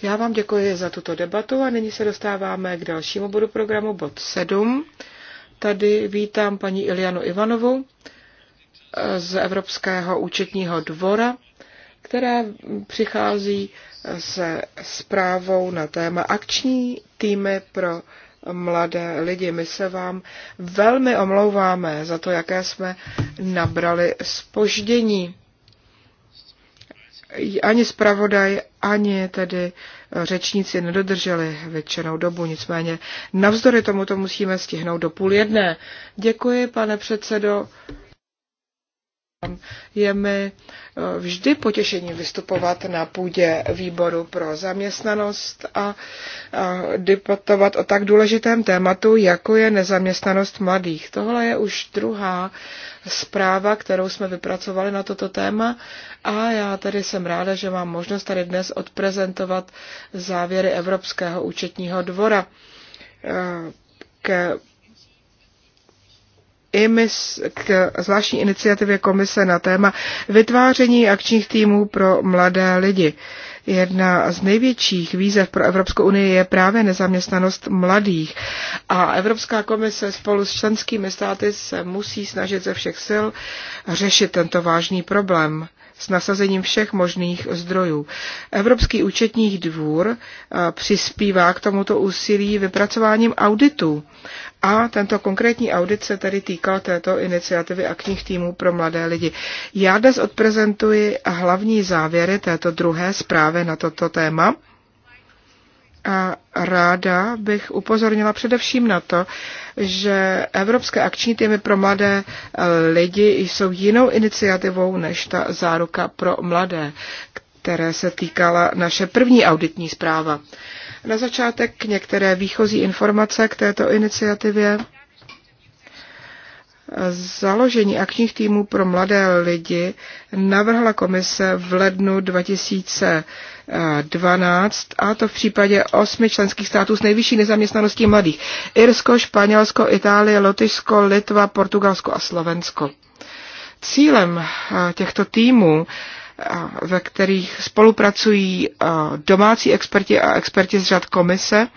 Já vám děkuji za tuto debatu a nyní se dostáváme k dalšímu bodu programu, bod 7. Tady vítám paní Ilianu Ivanovu z Evropského účetního dvora, která přichází se zprávou na téma akční týmy pro mladé lidi. My se vám velmi omlouváme za to, jaké jsme nabrali spoždění. Ani zpravodaj, ani tedy řečníci nedodrželi většinou dobu, nicméně navzdory tomu to musíme stihnout do půl jedné. Děkuji, pane předsedo. Je mi eh, vždy potěšením vystupovat na půdě výboru pro zaměstnanost a debatovat o tak důležitém tématu, jako je nezaměstnanost mladých. Tohle je už druhá zpráva, kterou jsme vypracovali na toto téma a já tady jsem ráda, že mám možnost tady dnes odprezentovat závěry Evropského účetního dvora eh, i IMIS k zvláštní iniciativě komise na téma vytváření akčních týmů pro mladé lidi. Jedna z největších výzev pro Evropskou unii je právě nezaměstnanost mladých. A Evropská komise spolu s členskými státy se musí snažit ze všech sil řešit tento vážný problém s nasazením všech možných zdrojů. Evropský účetní dvůr eh, přispívá k tomuto úsilí vypracováním auditu A tento konkrétní audit se tedy týkal této iniciativy akčních týmů pro mladé lidi. Já dnes odprezentuji hlavní závěry této druhé zprávy na toto téma a ráda bych upozornila především na to, že Evropské akční týmy pro mladé e, lidi jsou jinou iniciativou než ta záruka pro mladé, které se týkala naše první auditní zpráva. Na začátek některé výchozí informace k této iniciativě. Založení akčních týmů pro mladé lidi navrhla komise v lednu 2000 12, a to v případě osmi členských států s nejvyšší nezaměstnaností mladých. Irsko, Španělsko, Itálie, Lotyšsko, Litva, Portugalsko a Slovensko. Cílem eh, těchto týmů eh, ve kterých spolupracují eh, domácí experti a experti z řad komise,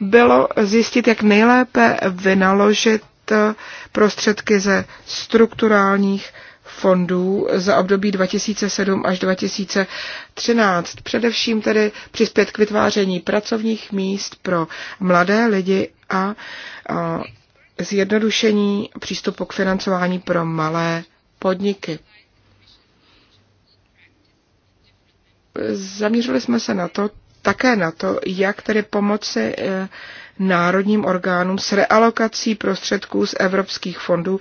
bylo zjistit, jak nejlépe vynaložit prostředky ze strukturálních fondů za období 2007 až 2013. Především tedy přispět k vytváření pracovních míst pro mladé lidi a, a zjednodušení přístupu k financování pro malé podniky. Zaměřili jsme se na to, také na to, jak tedy pomoci eh, národním orgánům s realokací prostředků z evropských fondů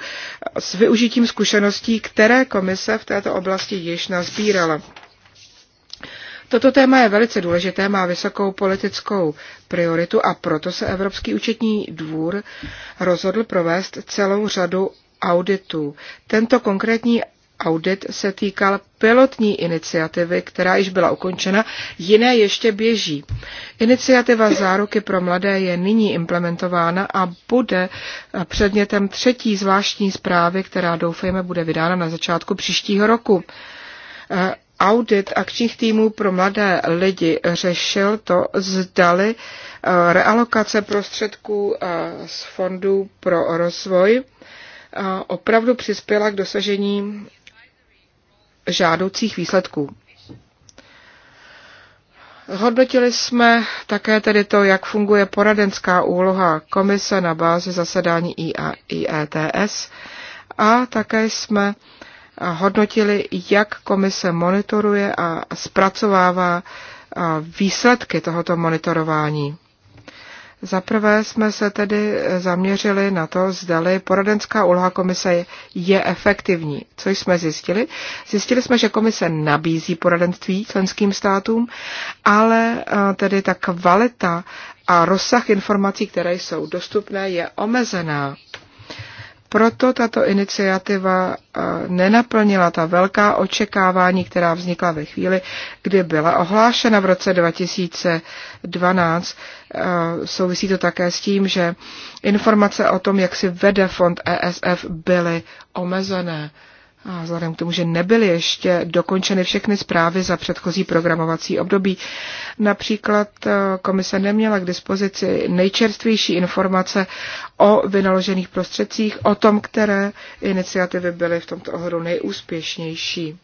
s využitím zkušeností, které komise v této oblasti již nazbírala. Toto téma je velice důležité, má vysokou politickou prioritu a proto se Evropský účetní dvůr rozhodl provést celou řadu auditů. Tento konkrétní audit se týkal pilotní iniciativy, která již byla ukončena, jiné ještě běží. Iniciativa záruky pro mladé je nyní implementována a bude předmětem třetí zvláštní zprávy, která doufejme bude vydána na začátku příštího roku. Eh, audit akčních týmů pro mladé lidi řešil to, zdali eh, realokace prostředků eh, z fondů pro rozvoj opravdu přispěla k dosažení žádoucích výsledků. Hodnotili jsme také tedy to, jak funguje poradenská úloha komise na bázi zasedání IETS a také jsme hodnotili, jak komise monitoruje a zpracovává výsledky tohoto monitorování. Zaprvé jsme se tedy eh, zaměřili na to, zdali poradenská úloha komise je efektivní. Co jsme zjistili? Zjistili jsme, že komise nabízí poradenství členským státům, ale eh, tedy ta kvalita a rozsah informací, které jsou dostupné, je omezená. Proto tato iniciativa eh, nenaplnila ta velká očekávání, která vznikla ve chvíli, kdy byla ohlášena v roce 2012. Eh, souvisí to také s tím, že informace o tom, jak si vede fond ESF, byly omezené. A vzhledem k tomu, že nebyly ještě dokončeny všechny zprávy za předchozí programovací období. Například eh, komise neměla k dispozici nejčerstvější informace o vynaložených prostředcích, o tom, které iniciativy byly v tomto ohledu nejúspěšnější.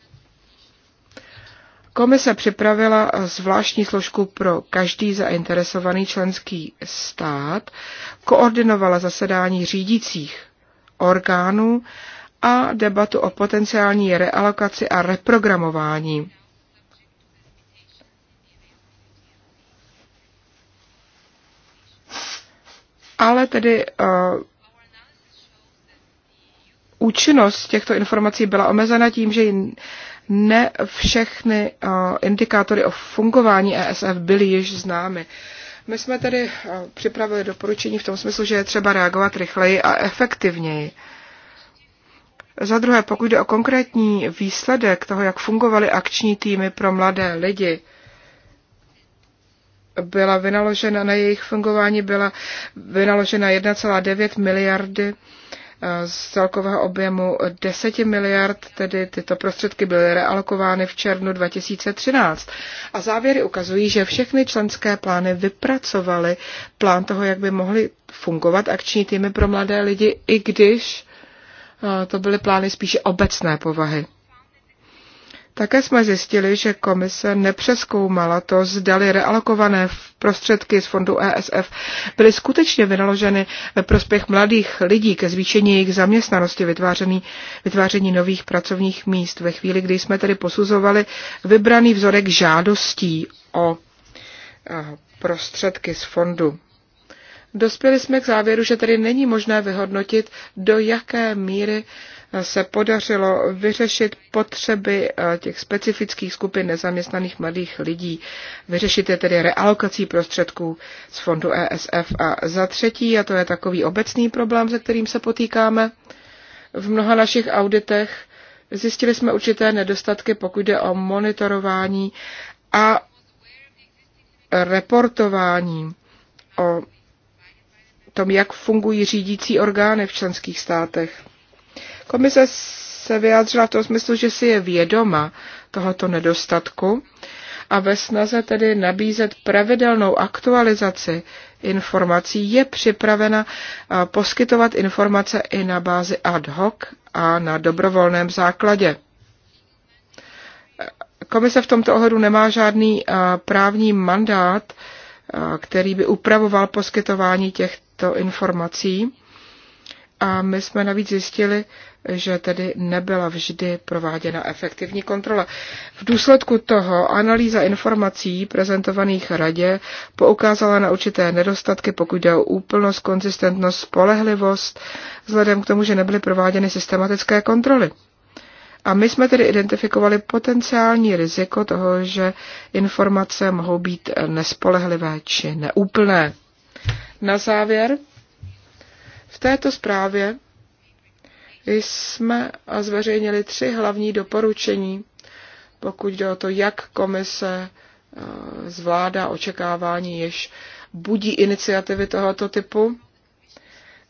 Komise připravila eh, zvláštní složku pro každý zainteresovaný členský stát, koordinovala zasedání řídících orgánů a debatu o potenciální realokaci a reprogramování. Ale tedy uh, účinnost těchto informací byla omezena tím, že ne všechny uh, indikátory o fungování ESF byly již známy. My jsme tedy eh, připravili doporučení v tom smyslu, že je třeba reagovat rychleji a efektivněji. Uh, za druhé, pokud jde o konkrétní výsledek toho, jak fungovaly akční týmy pro mladé lidi, byla vynaložena na jejich fungování byla vynaložena 1,9 miliardy eh, z celkového objemu 10 miliard, tedy tyto prostředky byly realokovány v červnu 2013. A závěry ukazují, že všechny členské plány vypracovaly plán toho, jak by mohly fungovat akční týmy pro mladé lidi, i když to byly plány spíše obecné povahy. Také jsme zjistili, že komise nepřeskoumala to, zdali realokované prostředky z fondu ESF byly skutečně vynaloženy ve prospěch mladých lidí ke zvýšení jejich zaměstnanosti, vytváření, vytváření nových pracovních míst. Ve chvíli, kdy jsme tedy posuzovali vybraný vzorek žádostí o prostředky z fondu Dospěli jsme k závěru, že tedy není možné vyhodnotit, do jaké míry se podařilo vyřešit potřeby eh, těch specifických skupin nezaměstnaných mladých lidí. Vyřešit je tedy realokací prostředků z fondu ESF. A za třetí, a to je takový obecný problém, se kterým se potýkáme, v mnoha našich auditech zjistili jsme určité nedostatky, pokud jde o monitorování a reportování o tom, jak fungují řídící orgány v členských státech. Komise se vyjádřila v tom smyslu, že si je vědoma tohoto nedostatku a ve snaze tedy nabízet pravidelnou aktualizaci informací je připravena poskytovat informace i na bázi ad hoc a na dobrovolném základě. Komise v tomto ohledu nemá žádný právní mandát, který by upravoval poskytování těch, těchto informací. A my jsme navíc zjistili, že tedy nebyla vždy prováděna efektivní kontrola. V důsledku toho analýza informací prezentovaných radě poukázala na určité nedostatky, pokud jde o úplnost, konzistentnost, spolehlivost, vzhledem k tomu, že nebyly prováděny systematické kontroly. A my jsme tedy identifikovali potenciální riziko toho, že informace mohou být nespolehlivé či neúplné. Na závěr, v této zprávě jsme zveřejnili tři hlavní doporučení, pokud jde o to, jak komise eh, zvládá očekávání, jež budí iniciativy tohoto typu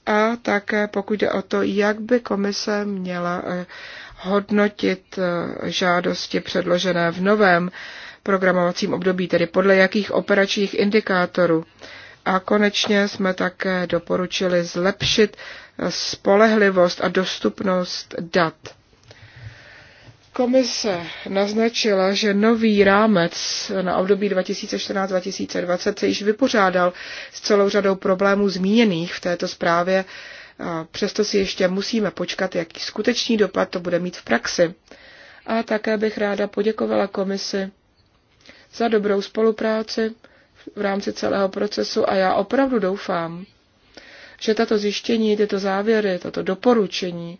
a také pokud jde o to, jak by komise měla eh, hodnotit eh, žádosti předložené v novém programovacím období, tedy podle jakých operačních indikátorů. A konečně jsme také doporučili zlepšit spolehlivost a dostupnost dat. Komise naznačila, že nový rámec na období 2014-2020 se již vypořádal s celou řadou problémů zmíněných v této zprávě, přesto si ještě musíme počkat, jaký skutečný dopad to bude mít v praxi. A také bych ráda poděkovala komisi za dobrou spolupráci v rámci celého procesu a já opravdu doufám, že tato zjištění, tyto závěry, tato doporučení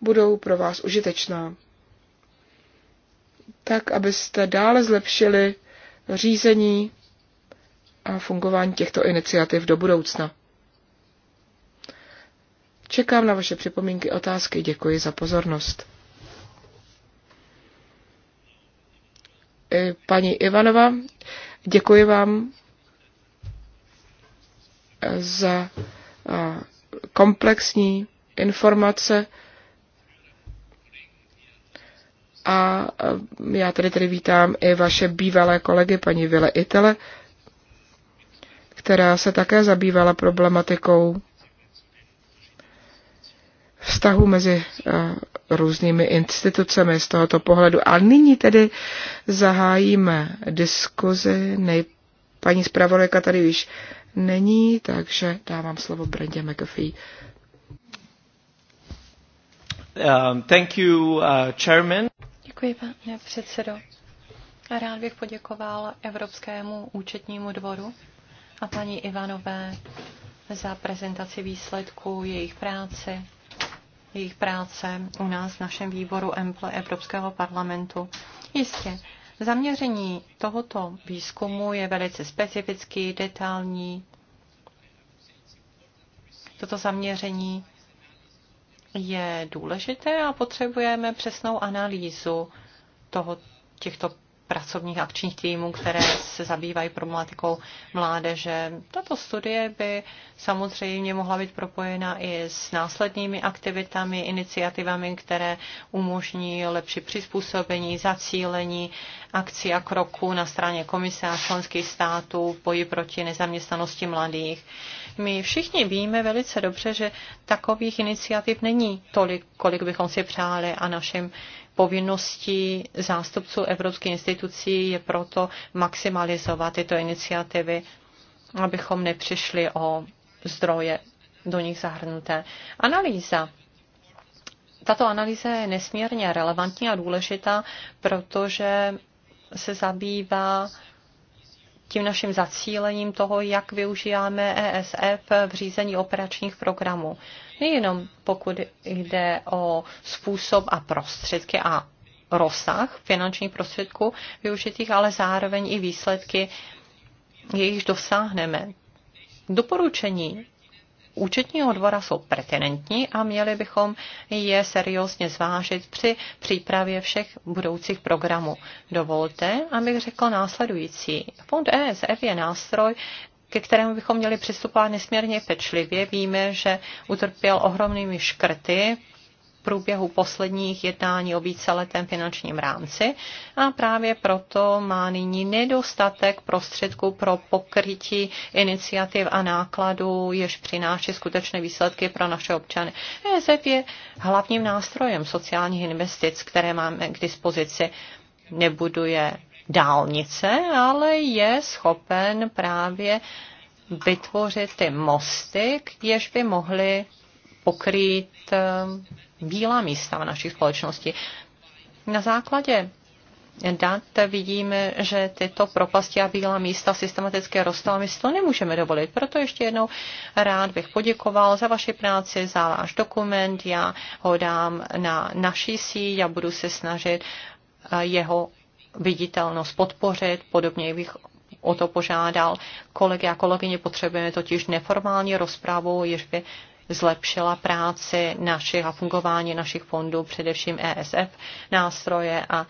budou pro vás užitečná. Tak, abyste dále zlepšili řízení a fungování těchto iniciativ do budoucna. Čekám na vaše připomínky, otázky. Děkuji za pozornost. Paní Ivanova, Děkuji vám eh, za eh, komplexní informace a eh, já tady tedy vítám i vaše bývalé kolegy, paní Vile Itele, která se také zabývala problematikou vztahu mezi různými institucemi z tohoto pohledu. A nyní tedy zahájíme diskuzi. Nej... Paní zpravodajka tady již není, takže dávám slovo Brendě McAfee.
Um, thank you, uh, chairman. Děkuji, pane předsedo. Rád bych poděkoval Evropskému účetnímu dvoru a paní Ivanové za prezentaci výsledků jejich práce jejich práce u nás v našem výboru EMPL Evropského parlamentu. Jistě, zaměření tohoto výzkumu je velice specifický, detailní. Toto zaměření je důležité a potřebujeme přesnou analýzu toho, těchto pracovních akčních týmů, které se zabývají problematikou mládeže. Tato studie by samozřejmě mohla být propojena i s následnými aktivitami, iniciativami, které umožní lepší přizpůsobení, zacílení akcí a kroků na straně komise a členských států v boji proti nezaměstnanosti mladých. My všichni víme velice dobře, že takových iniciativ není tolik, kolik bychom si přáli a našim povinností zástupců evropských institucí je proto maximalizovat tyto iniciativy, abychom nepřišli o zdroje do nich zahrnuté. Analýza. Tato analýza je nesmírně relevantní a důležitá, protože se zabývá tím naším zacílením toho, jak využíváme ESF v řízení operačních programů. Nejenom pokud jde o způsob a prostředky a rozsah finančních prostředků využitých, ale zároveň i výsledky, jejichž dosáhneme. Doporučení účetního dvora jsou pertinentní a měli bychom je seriózně zvážit při přípravě všech budoucích programů. Dovolte, abych řekl následující. Fond ESF je nástroj, ke kterému bychom měli přistupovat nesmírně pečlivě. Víme, že utrpěl ohromnými škrty průběhu posledních jednání o víceletém finančním rámci a právě proto má nyní nedostatek prostředků pro pokrytí iniciativ a nákladů, jež přináší skutečné výsledky pro naše občany. ESF je hlavním nástrojem sociálních investic, které máme k dispozici. Nebuduje dálnice, ale je schopen právě vytvořit ty mosty, jež by mohly pokrýt eh, bílá místa v naší společnosti. Na základě dat vidíme, že tyto propasti a bílá místa systematicky rostou a my si to nemůžeme dovolit. Proto ještě jednou rád bych poděkoval za vaši práci, za váš dokument. Já ho dám na naší síť a budu se snažit eh, jeho viditelnost podpořit. Podobně bych o to požádal kolegy a kolegyně. Potřebujeme totiž neformální rozpravu, jež by zlepšila práci našich a fungování našich fondů, především ESF nástroje a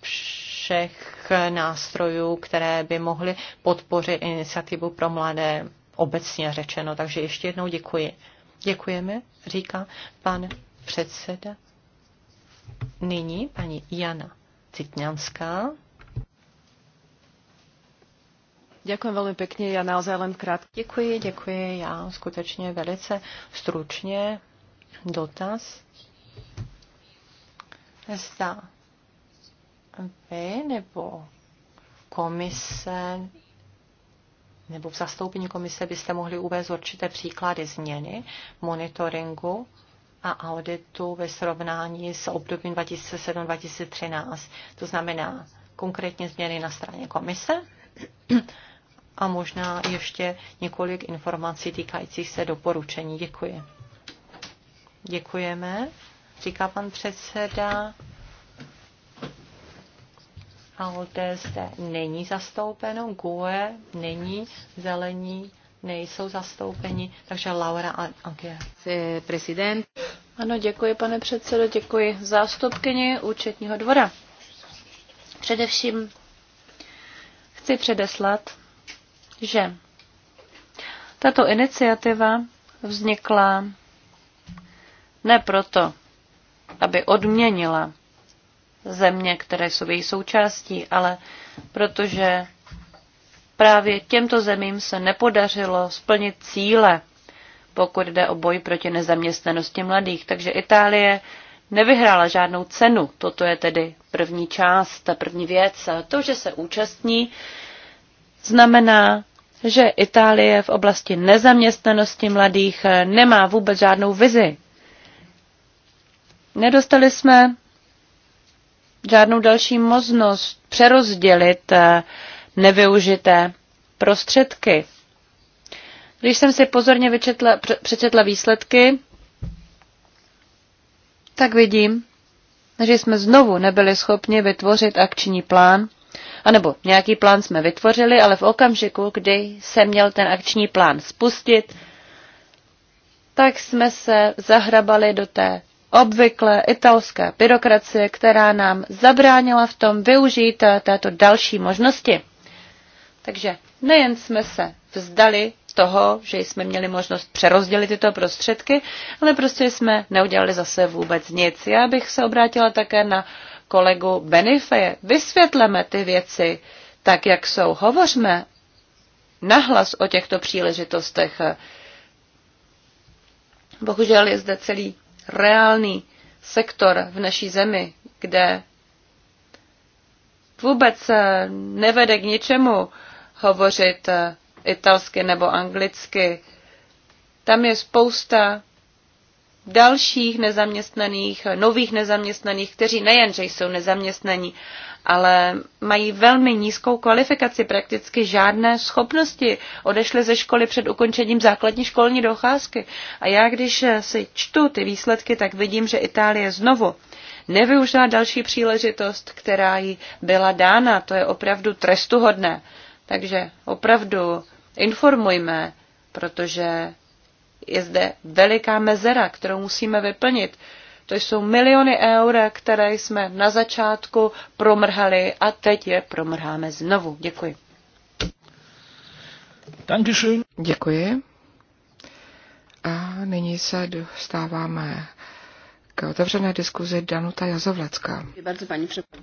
všech nástrojů, které by mohly podpořit iniciativu pro mladé obecně řečeno. Takže ještě jednou děkuji. Děkujeme, říká pan předseda. Nyní paní Jana Citňanská. Děkuji velmi pěkně, já naozaj len krátce. Děkuji, děkuji, já skutečně velice stručně dotaz. Zda vy nebo komise nebo v zastoupení komise byste mohli uvést určité příklady změny monitoringu a auditu ve srovnání s obdobím 2007-2013. To znamená konkrétně změny na straně komise a možná ještě několik informací týkajících se doporučení. Děkuji. Děkujeme, říká pan předseda. Alde zde není zastoupeno, GUE není, zelení nejsou zastoupeni, takže Laura Agier. Prezident. Ano, děkuji, pane předsedo, děkuji zástupkyni účetního
dvora. Především chci předeslat, že tato iniciativa vznikla ne proto, aby odměnila země, které jsou její součástí, ale protože právě těmto zemím se nepodařilo splnit cíle, pokud jde o boj proti nezaměstnanosti mladých. Takže Itálie nevyhrála žádnou cenu. Toto je tedy první část, ta první věc. To, že se účastní, znamená, že Itálie v oblasti nezaměstnanosti mladých eh, nemá vůbec žádnou vizi. Nedostali jsme žádnou další možnost přerozdělit eh, nevyužité prostředky. Když jsem si pozorně vyčetla, přečetla výsledky, tak vidím, že jsme znovu nebyli schopni vytvořit akční plán, anebo nějaký plán jsme vytvořili, ale v okamžiku, kdy se měl ten akční plán spustit, tak jsme se zahrabali do té obvyklé italské byrokracie, která nám zabránila v tom využít eh, této další možnosti. Takže nejen jsme se vzdali toho, že jsme měli možnost přerozdělit tyto prostředky, ale prostě jsme neudělali zase vůbec nic. Já bych se obrátila také na kolegu Benifeje. Vysvětleme ty věci tak, jak jsou. Hovořme nahlas o těchto příležitostech. Bohužel je zde celý reálný sektor v naší zemi, kde vůbec nevede k ničemu hovořit italsky nebo anglicky. Tam je spousta dalších nezaměstnaných, nových nezaměstnaných, kteří nejen, že jsou nezaměstnaní, ale mají velmi nízkou kvalifikaci, prakticky žádné schopnosti. Odešli ze školy před ukončením základní školní docházky. A já, když si čtu ty výsledky, tak vidím, že Itálie znovu nevyužila další příležitost, která jí byla dána. To je opravdu trestuhodné. Takže opravdu informujme, protože je zde veliká mezera, kterou musíme vyplnit. To jsou miliony eur, které jsme na začátku promrhali a teď je promrháme znovu. Děkuji.
Dankeschön. Děkuji. A nyní se dostáváme k otevřené diskuzi Danuta Jazovlecka.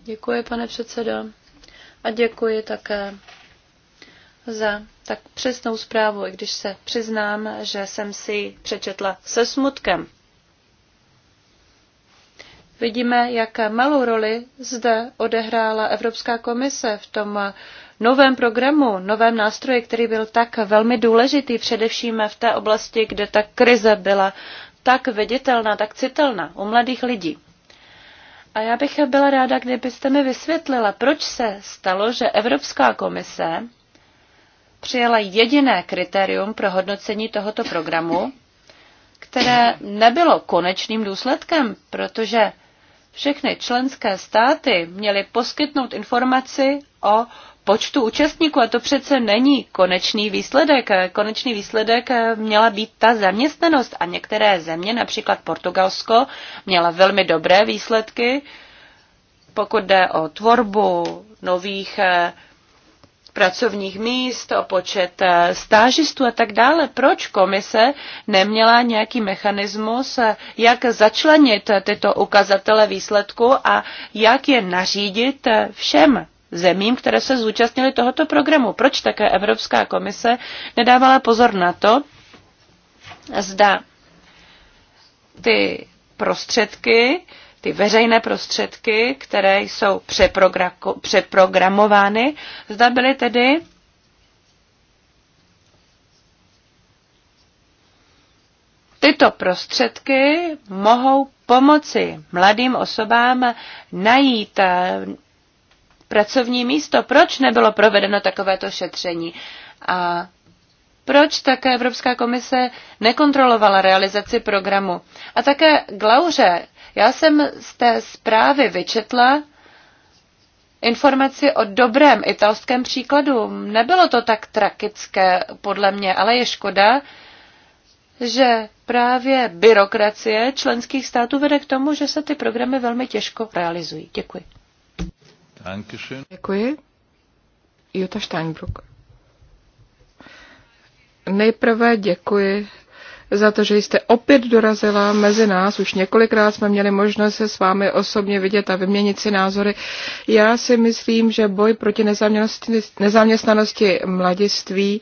Děkuji, pane předsedo. A děkuji také za tak přesnou zprávu, i když se přiznám, že jsem si ji přečetla se smutkem. Vidíme, jak malou roli zde odehrála Evropská komise v tom novém programu, novém nástroji, který byl tak velmi důležitý, především v té oblasti, kde ta krize byla tak viditelná, tak citelná u mladých lidí. A já bych byla ráda, kdybyste mi vysvětlila, proč se stalo, že Evropská komise přijala jediné kritérium pro hodnocení tohoto programu, které nebylo konečným důsledkem, protože všechny členské státy měly poskytnout informaci o počtu účastníků a to přece není konečný výsledek. Konečný výsledek měla být ta zaměstnanost a některé země, například Portugalsko, měla velmi dobré výsledky, pokud jde o tvorbu nových pracovních míst, o počet eh, stážistů a tak dále. Proč komise neměla nějaký mechanismus, eh, jak začlenit eh, tyto ukazatele výsledku a jak je nařídit všem zemím, které se zúčastnily tohoto programu? Proč také Evropská komise nedávala pozor na to, zda ty prostředky, ty veřejné prostředky, které jsou přeprogramovány, zda byly tedy tyto prostředky mohou pomoci mladým osobám najít eh, pracovní místo. Proč nebylo provedeno takovéto šetření? A proč také Evropská komise nekontrolovala realizaci programu? A také Glauře já jsem z té zprávy vyčetla informaci o dobrém italském příkladu. Nebylo to tak tragické, podle mě, ale je škoda, že právě byrokracie členských států vede k tomu, že se ty programy velmi těžko realizují. Děkuji.
Děkuji. Jutta Steinbrück. Nejprve děkuji za to, že jste opět dorazila mezi nás. Už několikrát jsme měli možnost se s vámi osobně vidět a vyměnit si názory. Já si myslím, že boj proti nezaměstnanosti mladiství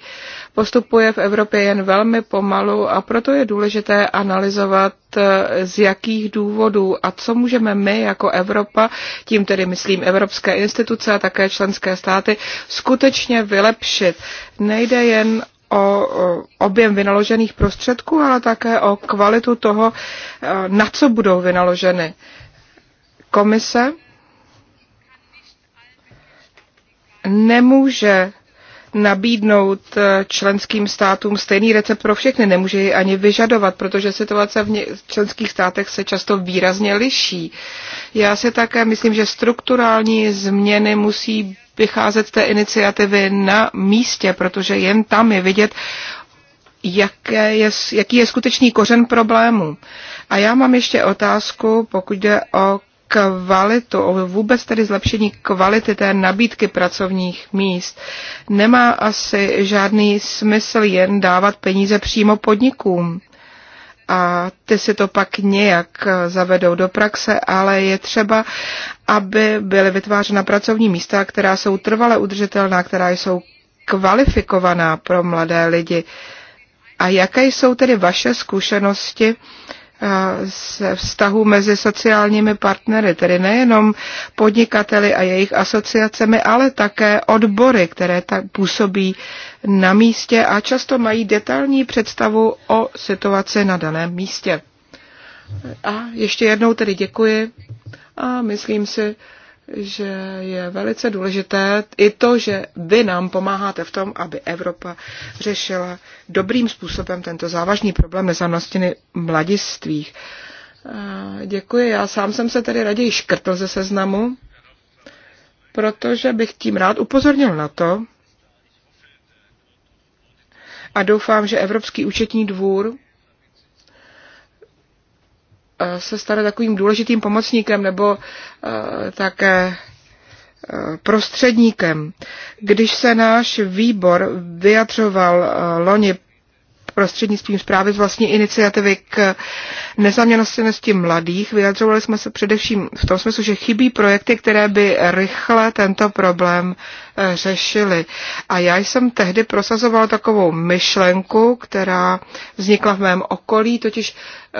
postupuje v Evropě jen velmi pomalu a proto je důležité analyzovat, eh, z jakých důvodů a co můžeme my jako Evropa, tím tedy myslím evropské instituce a také členské státy, skutečně vylepšit. Nejde jen o objem vynaložených prostředků, ale také o kvalitu toho, e, na co budou vynaloženy. Komise nemůže nabídnout e, členským státům stejný recept pro všechny, nemůže ji ani vyžadovat, protože situace v členských státech se často výrazně liší. Já si také myslím, že strukturální změny musí vycházet z té iniciativy na místě, protože jen tam je vidět, jaké je, jaký je skutečný kořen problému. A já mám ještě otázku, pokud jde o kvalitu, o vůbec tedy zlepšení kvality té nabídky pracovních míst. Nemá asi žádný smysl jen dávat peníze přímo podnikům a ty si to pak nějak eh, zavedou do praxe, ale je třeba, aby byly vytvářena pracovní místa, která jsou trvale udržitelná, která jsou kvalifikovaná pro mladé lidi. A jaké jsou tedy vaše zkušenosti eh, se vztahu mezi sociálními partnery, tedy nejenom podnikateli a jejich asociacemi, ale také odbory, které tak působí na místě a často mají detailní představu o situaci na daném místě. A ještě jednou tedy děkuji a myslím si, že je velice důležité i to, že vy nám pomáháte v tom, aby Evropa řešila dobrým způsobem tento závažný problém nesamnosti mladistvých. Děkuji. Já sám jsem se tedy raději škrtl ze seznamu, protože bych tím rád upozornil na to, a doufám, že Evropský účetní dvůr eh, se stane takovým důležitým pomocníkem nebo eh, také eh, prostředníkem. Když se náš výbor vyjadřoval loni prostřednictvím zprávy z vlastní iniciativy k nezaměnosti mladých. Vyjadřovali jsme se především v tom smyslu, že chybí projekty, které by rychle tento problém eh, řešily. A já jsem tehdy prosazoval takovou myšlenku, která vznikla v mém okolí, totiž eh,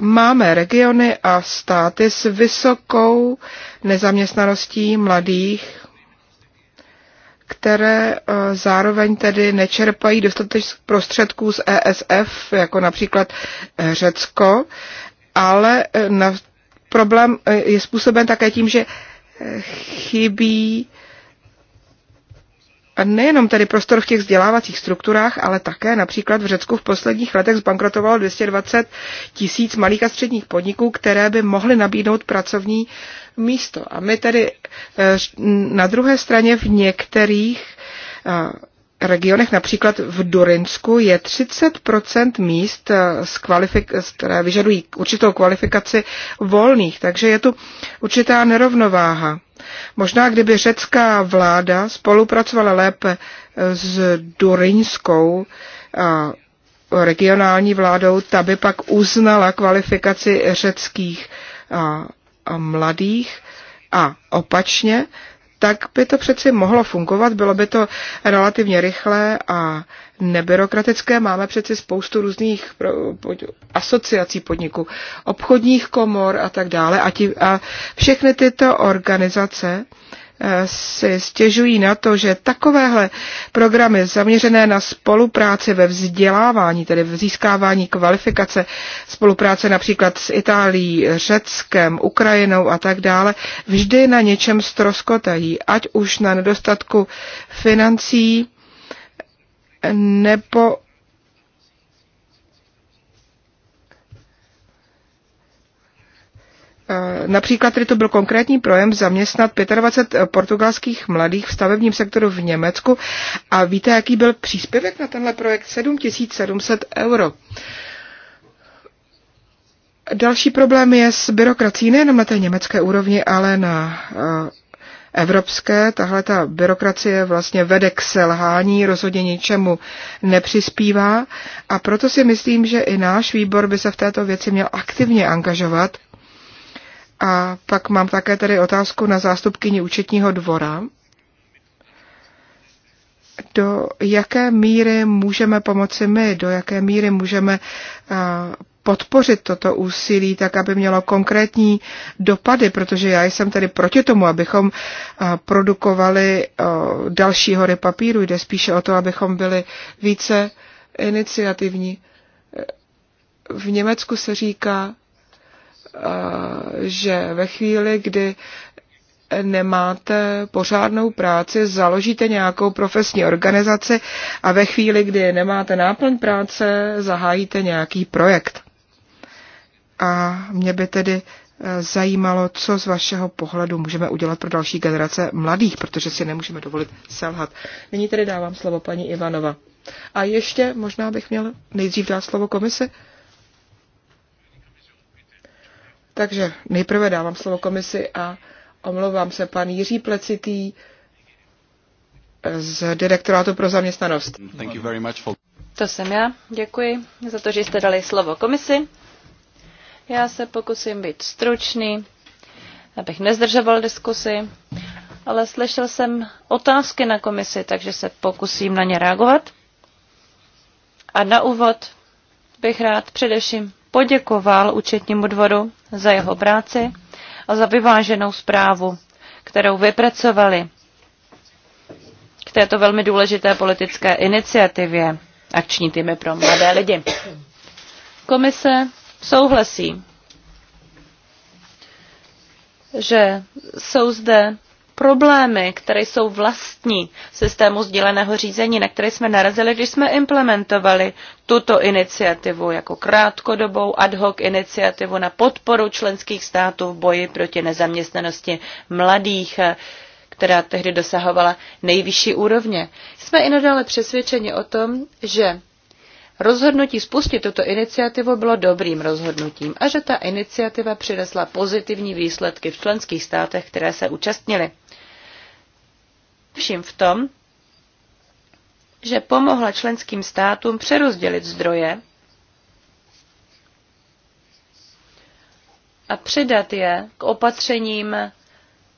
máme regiony a státy s vysokou nezaměstnaností mladých které eh, zároveň tedy nečerpají dostatek prostředků z ESF, jako například eh, Řecko, ale eh, na, problém je způsoben také tím, že chybí nejenom tedy prostor v těch vzdělávacích strukturách, ale také například v Řecku v posledních letech zbankrotovalo 220 tisíc malých a středních podniků, které by mohly nabídnout pracovní místo. A my tedy eh, na druhé straně v některých eh, regionech, například v Durinsku, je 30 míst, eh, z kvalifik- které vyžadují určitou kvalifikaci volných, takže je tu určitá nerovnováha. Možná kdyby řecká vláda spolupracovala lépe s durinskou regionální vládou, ta by pak uznala kvalifikaci řeckých mladých a opačně, tak by to přeci mohlo fungovat, bylo by to relativně rychlé a nebyrokratické. Máme přeci spoustu různých asociací podniků, obchodních komor a tak dále. A, ti, a všechny tyto organizace Eh, si stěžují na to, že takovéhle programy zaměřené na spolupráci ve vzdělávání, tedy v získávání kvalifikace, spolupráce například s Itálií, Řeckem, Ukrajinou a tak dále, vždy na něčem stroskotají, ať už na nedostatku financí, nebo Eh, například tady to byl konkrétní projem zaměstnat 25 eh, portugalských mladých v stavebním sektoru v Německu a víte, jaký byl příspěvek na tenhle projekt? 7700 euro. Další problém je s byrokracií nejenom na té německé úrovni, ale na eh, evropské. Tahle ta byrokracie vlastně vede k selhání, rozhodně ničemu nepřispívá a proto si myslím, že i náš výbor by se v této věci měl aktivně angažovat a pak mám také tady otázku na zástupkyni účetního dvora. Do jaké míry můžeme pomoci my, do jaké míry můžeme podpořit toto úsilí tak, aby mělo konkrétní dopady, protože já jsem tedy proti tomu, abychom produkovali další hory papíru. Jde spíše o to, abychom byli více iniciativní. V Německu se říká že ve chvíli, kdy nemáte pořádnou práci, založíte nějakou profesní organizaci a ve chvíli, kdy nemáte náplň práce, zahájíte nějaký projekt. A mě by tedy e, zajímalo, co z vašeho pohledu můžeme udělat pro další generace mladých, protože si nemůžeme dovolit selhat. Nyní tedy dávám slovo paní Ivanova. A ještě možná bych měl nejdřív dát slovo komise. Takže nejprve dávám slovo komisi a omlouvám se, pan Jiří Plecitý eh, z Direktorátu pro zaměstnanost. For... To jsem já. Děkuji za to, že jste dali slovo
komisi. Já se pokusím být stručný, abych nezdržoval diskusi, ale slyšel jsem otázky na komisi, takže se pokusím na ně reagovat. A na úvod bych rád především poděkoval účetnímu dvoru za jeho práci a za vyváženou zprávu, kterou vypracovali k této velmi důležité politické iniciativě akční týmy pro mladé lidi. Komise souhlasí, že jsou zde problémy, které jsou vlastní systému sdíleného řízení, na které jsme narazili, když jsme implementovali tuto iniciativu jako krátkodobou ad hoc iniciativu na podporu členských států v boji proti nezaměstnanosti mladých, která tehdy dosahovala nejvyšší úrovně. Jsme i nadále přesvědčeni o tom, že Rozhodnutí spustit tuto iniciativu bylo dobrým rozhodnutím a že ta iniciativa přinesla pozitivní výsledky v členských státech, které se účastnily. Vším v tom, že pomohla členským státům přerozdělit zdroje a přidat je k opatřením,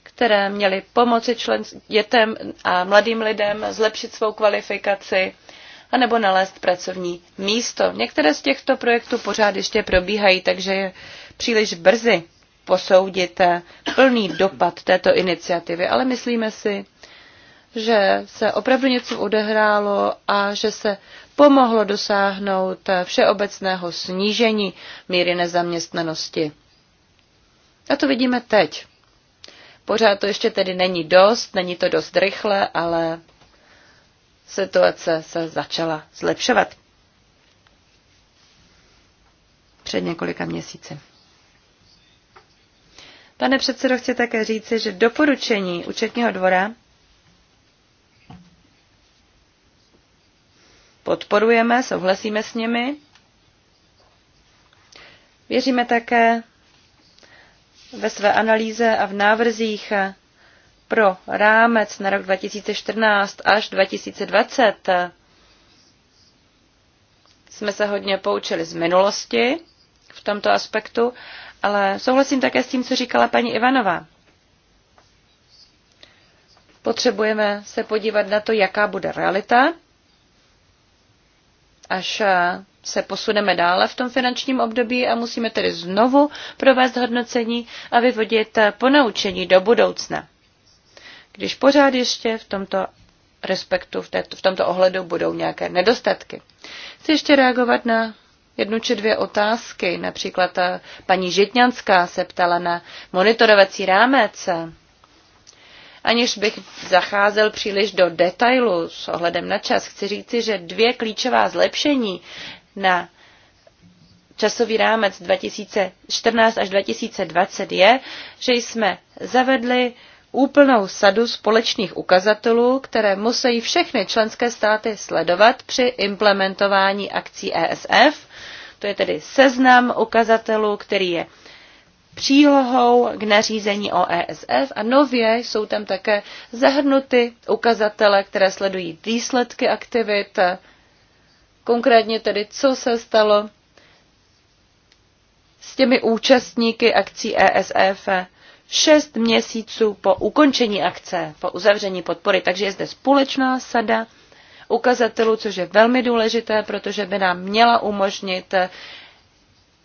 které měly pomoci člen, dětem a mladým lidem zlepšit svou kvalifikaci anebo nalézt pracovní místo. Některé z těchto projektů pořád ještě probíhají, takže je příliš brzy posoudit eh, plný dopad této iniciativy, ale myslíme si, že se opravdu něco odehrálo a že se pomohlo dosáhnout všeobecného snížení míry nezaměstnanosti. A to vidíme teď. Pořád to ještě tedy není dost, není to dost rychle, ale situace se začala zlepšovat. Před několika měsíci. Pane předsedo, chci také říci, že doporučení účetního dvora podporujeme, souhlasíme s nimi. Věříme také ve své analýze a v návrzích pro rámec na rok 2014 až 2020. Jsme se hodně poučili z minulosti v tomto aspektu, ale souhlasím také s tím, co říkala paní Ivanová. Potřebujeme se podívat na to, jaká bude realita až eh, se posuneme dále v tom finančním období a musíme tedy znovu provést hodnocení a vyvodit eh, ponaučení do budoucna. Když pořád ještě v tomto respektu, v, této, v tomto ohledu budou nějaké nedostatky. Chci ještě reagovat na jednu či dvě otázky. Například eh, paní Žitňanská se ptala na monitorovací rámec Aniž bych zacházel příliš do detailu s ohledem na čas, chci říci, že dvě klíčová zlepšení na časový rámec 2014 až 2020 je, že jsme zavedli úplnou sadu společných ukazatelů, které musí všechny členské státy sledovat při implementování akcí ESF. To je tedy seznam ukazatelů, který je přílohou k nařízení o ESF a nově jsou tam také zahrnuty ukazatele, které sledují výsledky aktivit, konkrétně tedy, co se stalo s těmi účastníky akcí ESF šest měsíců po ukončení akce, po uzavření podpory. Takže je zde společná sada ukazatelů, což je velmi důležité, protože by nám měla umožnit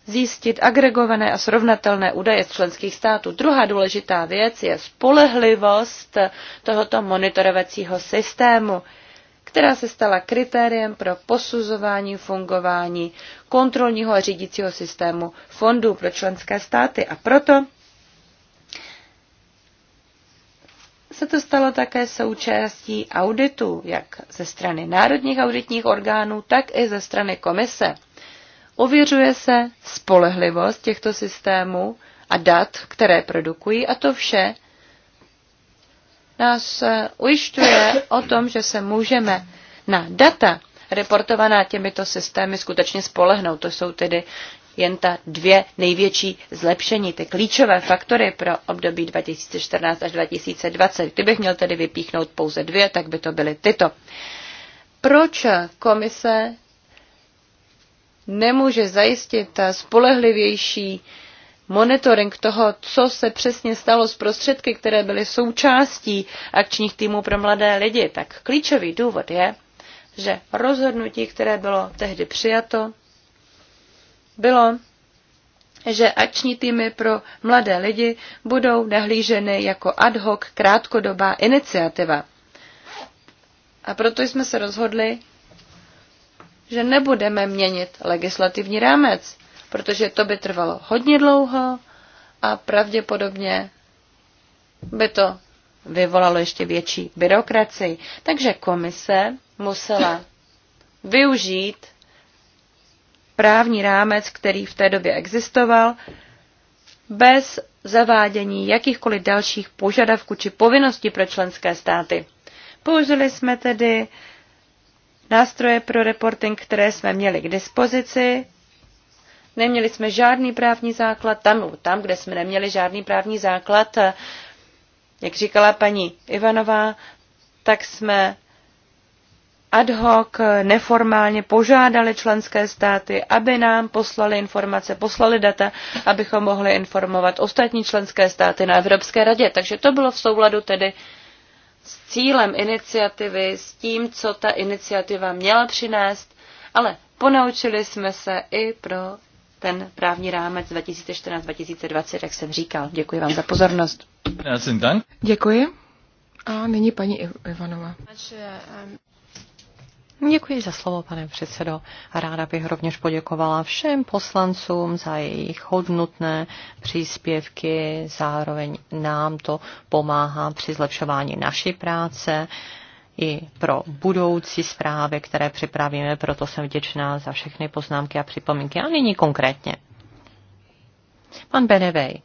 zjistit agregované a srovnatelné údaje z členských států. Druhá důležitá věc je spolehlivost tohoto monitorovacího systému, která se stala kritériem pro posuzování fungování kontrolního a řídícího systému fondů pro členské státy. A proto se to stalo také součástí auditu, jak ze strany národních auditních orgánů, tak i ze strany komise. Ověřuje se spolehlivost těchto systémů a dat, které produkují a to vše nás eh, ujišťuje o tom, že se můžeme na data reportovaná těmito systémy skutečně spolehnout. To jsou tedy jen ta dvě největší zlepšení, ty klíčové faktory pro období 2014 až 2020. Kdybych měl tedy vypíchnout pouze dvě, tak by to byly tyto. Proč komise nemůže zajistit spolehlivější monitoring toho, co se přesně stalo s prostředky, které byly součástí akčních týmů pro mladé lidi, tak klíčový důvod je, že rozhodnutí, které bylo tehdy přijato, bylo, že akční týmy pro mladé lidi budou nahlíženy jako ad hoc krátkodobá iniciativa. A proto jsme se rozhodli, že nebudeme měnit legislativní rámec, protože to by trvalo hodně dlouho a pravděpodobně by to vyvolalo ještě větší byrokracii. Takže komise musela využít právní rámec, který v té době existoval, bez zavádění jakýchkoliv dalších požadavků či povinností pro členské státy. Použili jsme tedy nástroje pro reporting, které jsme měli k dispozici. Neměli jsme žádný právní základ tam, tam, kde jsme neměli žádný právní základ, jak říkala paní Ivanová, tak jsme ad hoc neformálně požádali členské státy, aby nám poslali informace, poslali data, abychom mohli informovat ostatní členské státy na Evropské radě. Takže to bylo v souladu tedy s cílem iniciativy, s tím, co ta iniciativa měla přinést, ale ponaučili jsme se i pro ten právní rámec 2014-2020, jak jsem říkal. Děkuji vám za pozornost.
Děkuji. A nyní paní Ivanova.
Děkuji za slovo, pane předsedo. Ráda bych rovněž poděkovala všem poslancům za jejich hodnotné příspěvky. Zároveň nám to pomáhá při zlepšování naší práce i pro budoucí zprávy, které připravíme. Proto jsem vděčná za všechny poznámky a připomínky. A nyní konkrétně. Pan Benevej,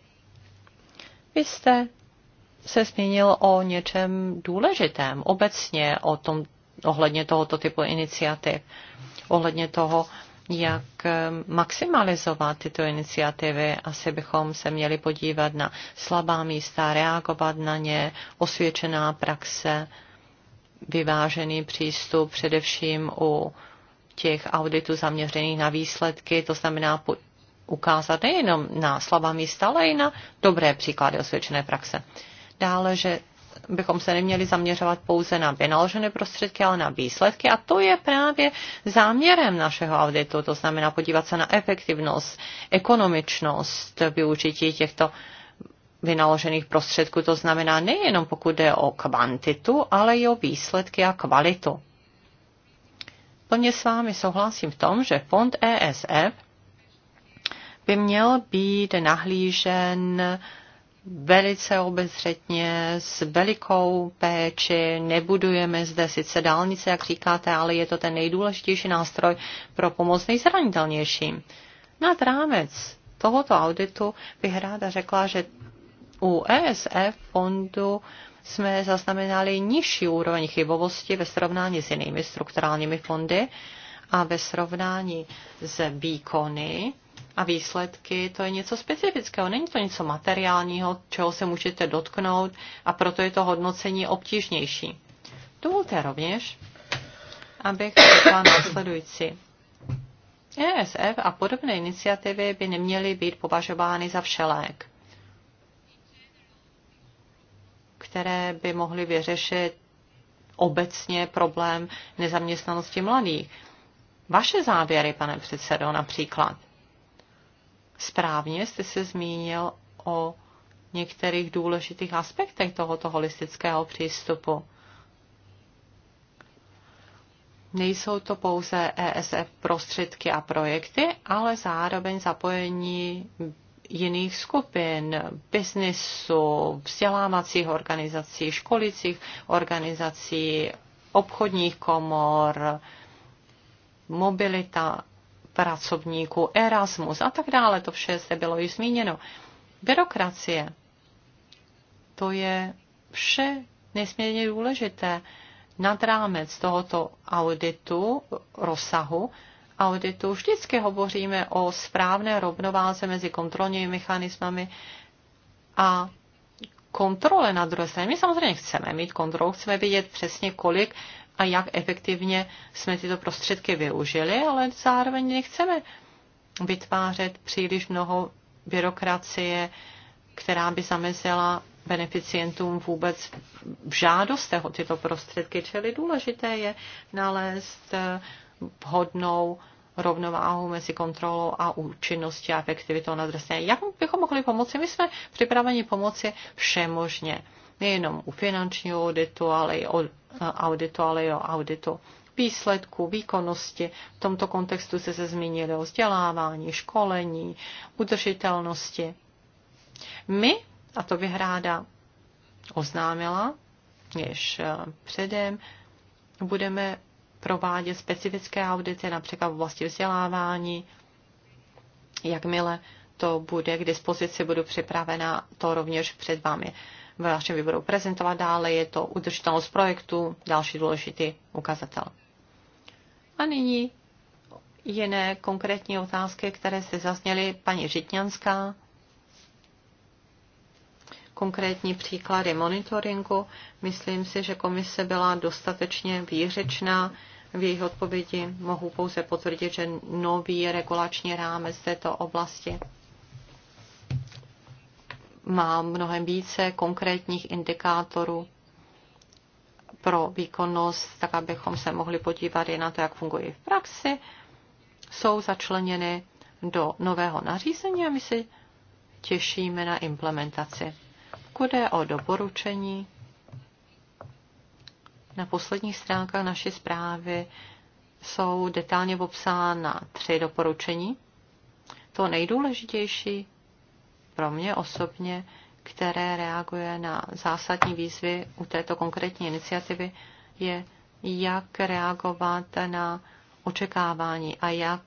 vy jste se zmínil o něčem důležitém, obecně o tom ohledně tohoto typu iniciativ, ohledně toho, jak eh, maximalizovat tyto iniciativy. Asi bychom se měli podívat na slabá místa, reagovat na ně, osvědčená praxe, vyvážený přístup především u těch auditů zaměřených na výsledky, to znamená ukázat nejenom na slabá místa, ale i na dobré příklady osvědčené praxe. Dále, že bychom se neměli zaměřovat pouze na vynaložené prostředky, ale na výsledky. A to je právě záměrem našeho auditu, to znamená podívat se na efektivnost, ekonomičnost využití těchto vynaložených prostředků. To znamená nejenom pokud jde o kvantitu, ale i o výsledky a kvalitu. Plně s vámi souhlasím v tom, že fond ESF by měl být nahlížen velice obezřetně, s velikou péči, nebudujeme zde sice dálnice, jak říkáte, ale je to ten nejdůležitější nástroj pro pomoc nejzranitelnějším. Nad rámec tohoto auditu bych ráda řekla, že u ESF fondu jsme zaznamenali nižší úroveň chybovosti ve srovnání s jinými strukturálními fondy a ve srovnání s výkony a výsledky, to je něco specifického, není to něco materiálního, čeho se můžete dotknout a proto je to hodnocení obtížnější. Dovolte rovněž, abych řekla následující. ESF a podobné iniciativy by neměly být považovány za všelék, které by mohly vyřešit obecně problém nezaměstnanosti mladých. Vaše závěry, pane předsedo, například. Správně jste se zmínil o některých důležitých aspektech tohoto holistického přístupu. Nejsou to pouze ESF prostředky a projekty, ale zároveň zapojení jiných skupin, biznisu, vzdělávacích organizací, školicích organizací, obchodních komor, mobilita pracovníků, Erasmus a tak dále. To vše se bylo již zmíněno. Byrokracie. To je vše nesmírně důležité. Nad rámec tohoto auditu, rozsahu auditu, vždycky hovoříme o správné rovnováze mezi kontrolními mechanismy a kontrole na druhé straně. My samozřejmě chceme mít kontrolu, chceme vidět přesně, kolik a jak efektivně jsme tyto prostředky využili, ale zároveň nechceme vytvářet příliš mnoho byrokracie, která by zamezila beneficientům vůbec v žádostech o tyto prostředky. Čili důležité je nalézt eh, vhodnou rovnováhu mezi kontrolou a účinností a efektivitou na Jak bychom mohli pomoci? My jsme připraveni pomoci všemožně nejenom u finančního auditu, ale i o auditu, ale i o auditu výsledku, výkonnosti. V tomto kontextu se se zmínili o vzdělávání, školení, udržitelnosti. My, a to bych ráda oznámila, jež eh, předem, budeme provádět specifické audity, například v oblasti vzdělávání. Jakmile to bude k dispozici, budu připravena to rovněž před vámi v našem výboru prezentovat dále, je to udržitelnost projektu, další důležitý ukazatel. A nyní jiné konkrétní otázky, které se zazněly paní Žitňanská. Konkrétní příklady monitoringu. Myslím si, že komise byla dostatečně výřečná v jejich odpovědi mohu pouze potvrdit, že nový regulační rámec této oblasti má mnohem více konkrétních indikátorů pro výkonnost, tak abychom se mohli podívat i na to, jak fungují v praxi, jsou začleněny do nového nařízení a my si těšíme na implementaci. Pokud je o doporučení, na posledních stránkách naší zprávy jsou detailně popsána tři doporučení. To nejdůležitější pro mě osobně, které reaguje na zásadní výzvy u této konkrétní iniciativy, je, jak reagovat na očekávání a jak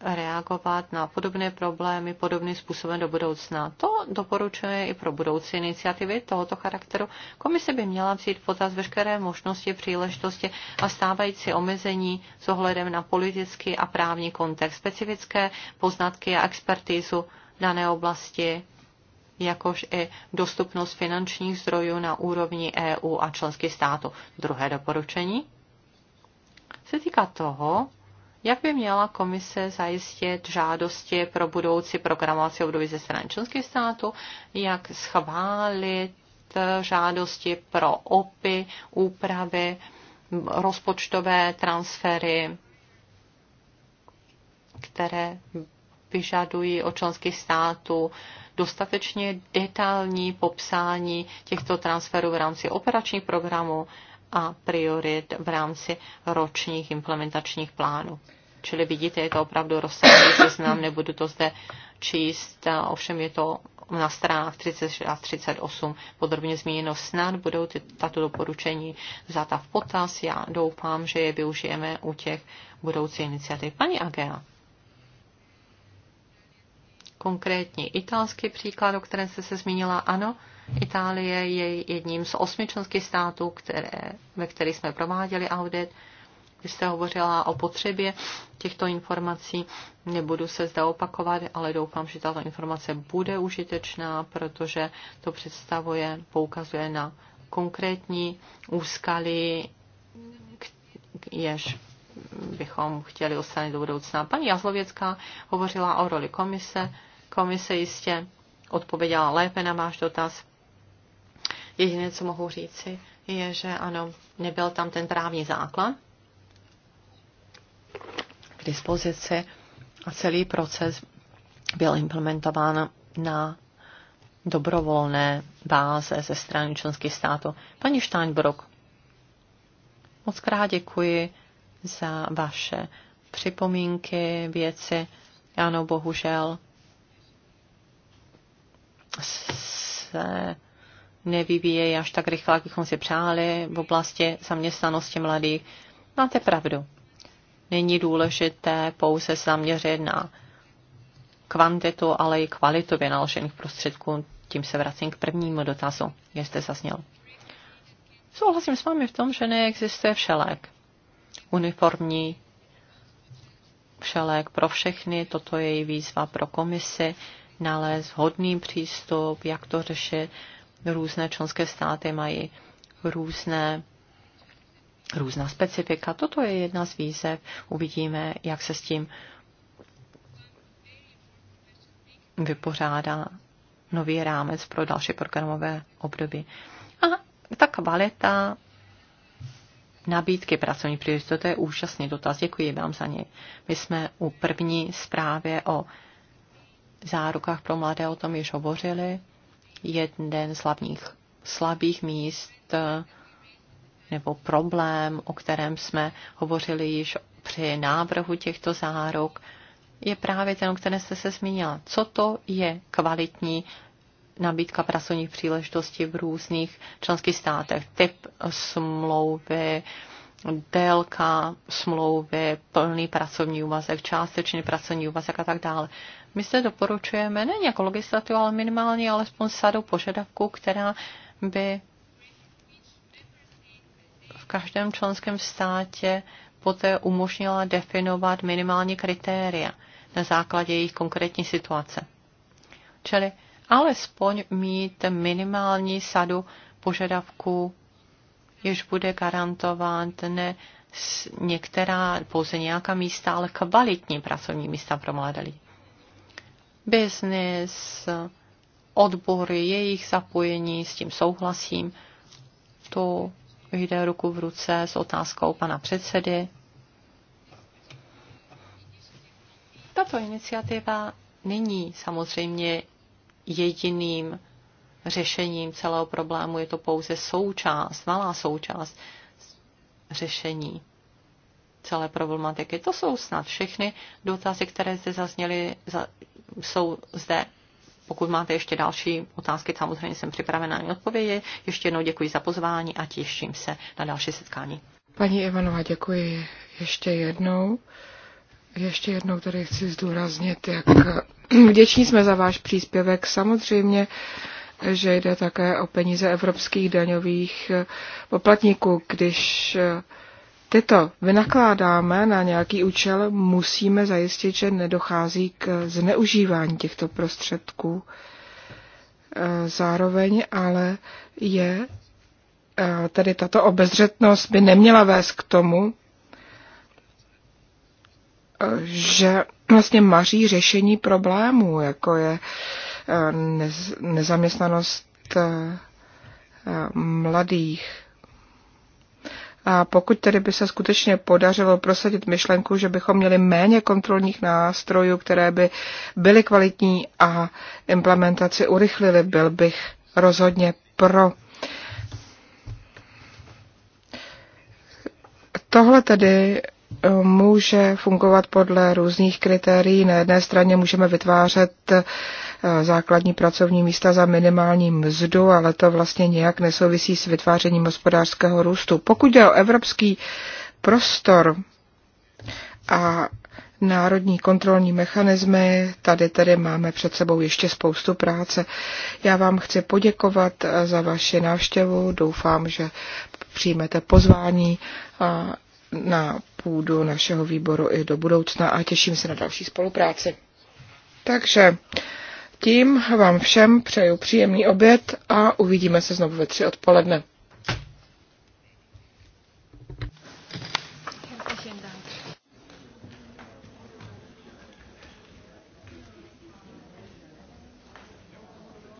reagovat na podobné problémy podobným způsobem do budoucna. To doporučuje i pro budoucí iniciativy tohoto charakteru. Komise by měla vzít v potaz veškeré možnosti, příležitosti a stávající omezení s ohledem na politický a právní kontext, specifické poznatky a expertízu dané oblasti, jakož i dostupnost finančních zdrojů na úrovni EU a členských států. Druhé doporučení se týká toho, jak by měla komise zajistit žádosti pro budoucí programovací období ze strany členských států, jak schválit eh, žádosti pro OPy, úpravy, rozpočtové transfery, které vyžadují od členských států dostatečně detailní popsání těchto transferů v rámci operačních programů a priorit v rámci ročních implementačních plánů. Čili vidíte, je to opravdu rozsáhlý seznam, nebudu to zde číst, ovšem je to na stranách 36 a 38 podrobně zmíněno. Snad budou ty, tato doporučení vzata v potaz. Já doufám, že je využijeme u těch budoucích iniciativ. Paní Agea konkrétní italský příklad, o kterém jste se zmínila. Ano, Itálie je jedním z osmi členských států, které, ve kterých jsme prováděli audit. Vy jste hovořila o potřebě těchto informací. Nebudu se zde opakovat, ale doufám, že tato informace bude užitečná, protože to představuje, poukazuje na konkrétní úskaly, jež bychom chtěli odstranit do budoucna. Paní Jazlověcká hovořila o roli komise. Komise jistě odpověděla lépe na váš dotaz. Jediné, co mohu říci, je, že ano, nebyl tam ten právní základ k dispozici a celý proces byl implementován na dobrovolné báze ze strany členských států. Paní Steinbrock, moc krát děkuji za vaše připomínky, věci. Ano, bohužel, se nevyvíjejí až tak rychle, jak bychom si přáli v oblasti zaměstnanosti mladých. Máte pravdu. Není důležité pouze zaměřit na kvantitu, ale i kvalitu vynaložených prostředků. Tím se vracím k prvnímu dotazu, jestli jste zasněl. Souhlasím s vámi v tom, že neexistuje všelek. Uniformní všelek pro všechny, toto je její výzva pro komisi nalézt vhodný přístup, jak to řešit. Různé členské státy mají různé různá specifika. Toto je jedna z výzev. Uvidíme, jak se s tím vypořádá nový rámec pro další programové období. A ta kvalita nabídky pracovní příležitosti, to je úžasný dotaz, děkuji vám za něj. My jsme u první zprávě o zárukách pro mladé o tom již hovořili. Jeden z hlavních slabých míst nebo problém, o kterém jsme hovořili již při návrhu těchto záruk, je právě ten, o kterém jste se zmínila. Co to je kvalitní nabídka pracovních příležitostí v různých členských státech? Typ smlouvy, délka smlouvy, plný pracovní úvazek, částečný pracovní úvazek a tak dále. My se doporučujeme ne jako legislativu, ale minimálně alespoň sadu požadavků, která by v každém členském státě poté umožnila definovat minimální kritéria na základě jejich konkrétní situace. Čili alespoň mít minimální sadu požadavků, jež bude garantovat ne některá, pouze nějaká místa, ale kvalitní pracovní místa pro mladé lidi. Business, odbory, jejich zapojení, s tím souhlasím. To jde ruku v ruce s otázkou pana předsedy. Tato iniciativa není samozřejmě jediným řešením celého problému, je to pouze součást, malá součást řešení celé problematiky. To jsou snad všechny dotazy, které zde zazněly, jsou zde. Pokud máte ještě další otázky, samozřejmě jsem připravena na odpovědi. Ještě jednou děkuji za pozvání a těším se na další setkání.
Paní Ivanova, děkuji ještě jednou. Ještě jednou tady chci zdůraznit, jak vděční jsme za váš příspěvek. Samozřejmě, že jde také o peníze evropských daňových poplatníků, když tyto vynakládáme na nějaký účel, musíme zajistit, že nedochází k zneužívání těchto prostředků. E, zároveň ale je e, tedy tato obezřetnost by neměla vést k tomu, e, že vlastně maří řešení problémů, jako je nezaměstnanost mladých a pokud tedy by se skutečně podařilo prosadit myšlenku, že bychom měli méně kontrolních nástrojů, které by byly kvalitní a implementaci urychlili, byl bych rozhodně pro. Tohle tedy může fungovat podle různých kritérií. Na jedné straně můžeme vytvářet eh, základní pracovní místa za minimální mzdu, ale to vlastně nějak nesouvisí s vytvářením hospodářského růstu. Pokud je o evropský prostor a národní kontrolní mechanismy. Tady tedy máme před sebou ještě spoustu práce. Já vám chci poděkovat eh, za vaši návštěvu. Doufám, že přijmete pozvání na půdu našeho výboru i do budoucna a těším se na další spolupráci. Takže tím vám všem přeju příjemný oběd a uvidíme se znovu ve tři odpoledne.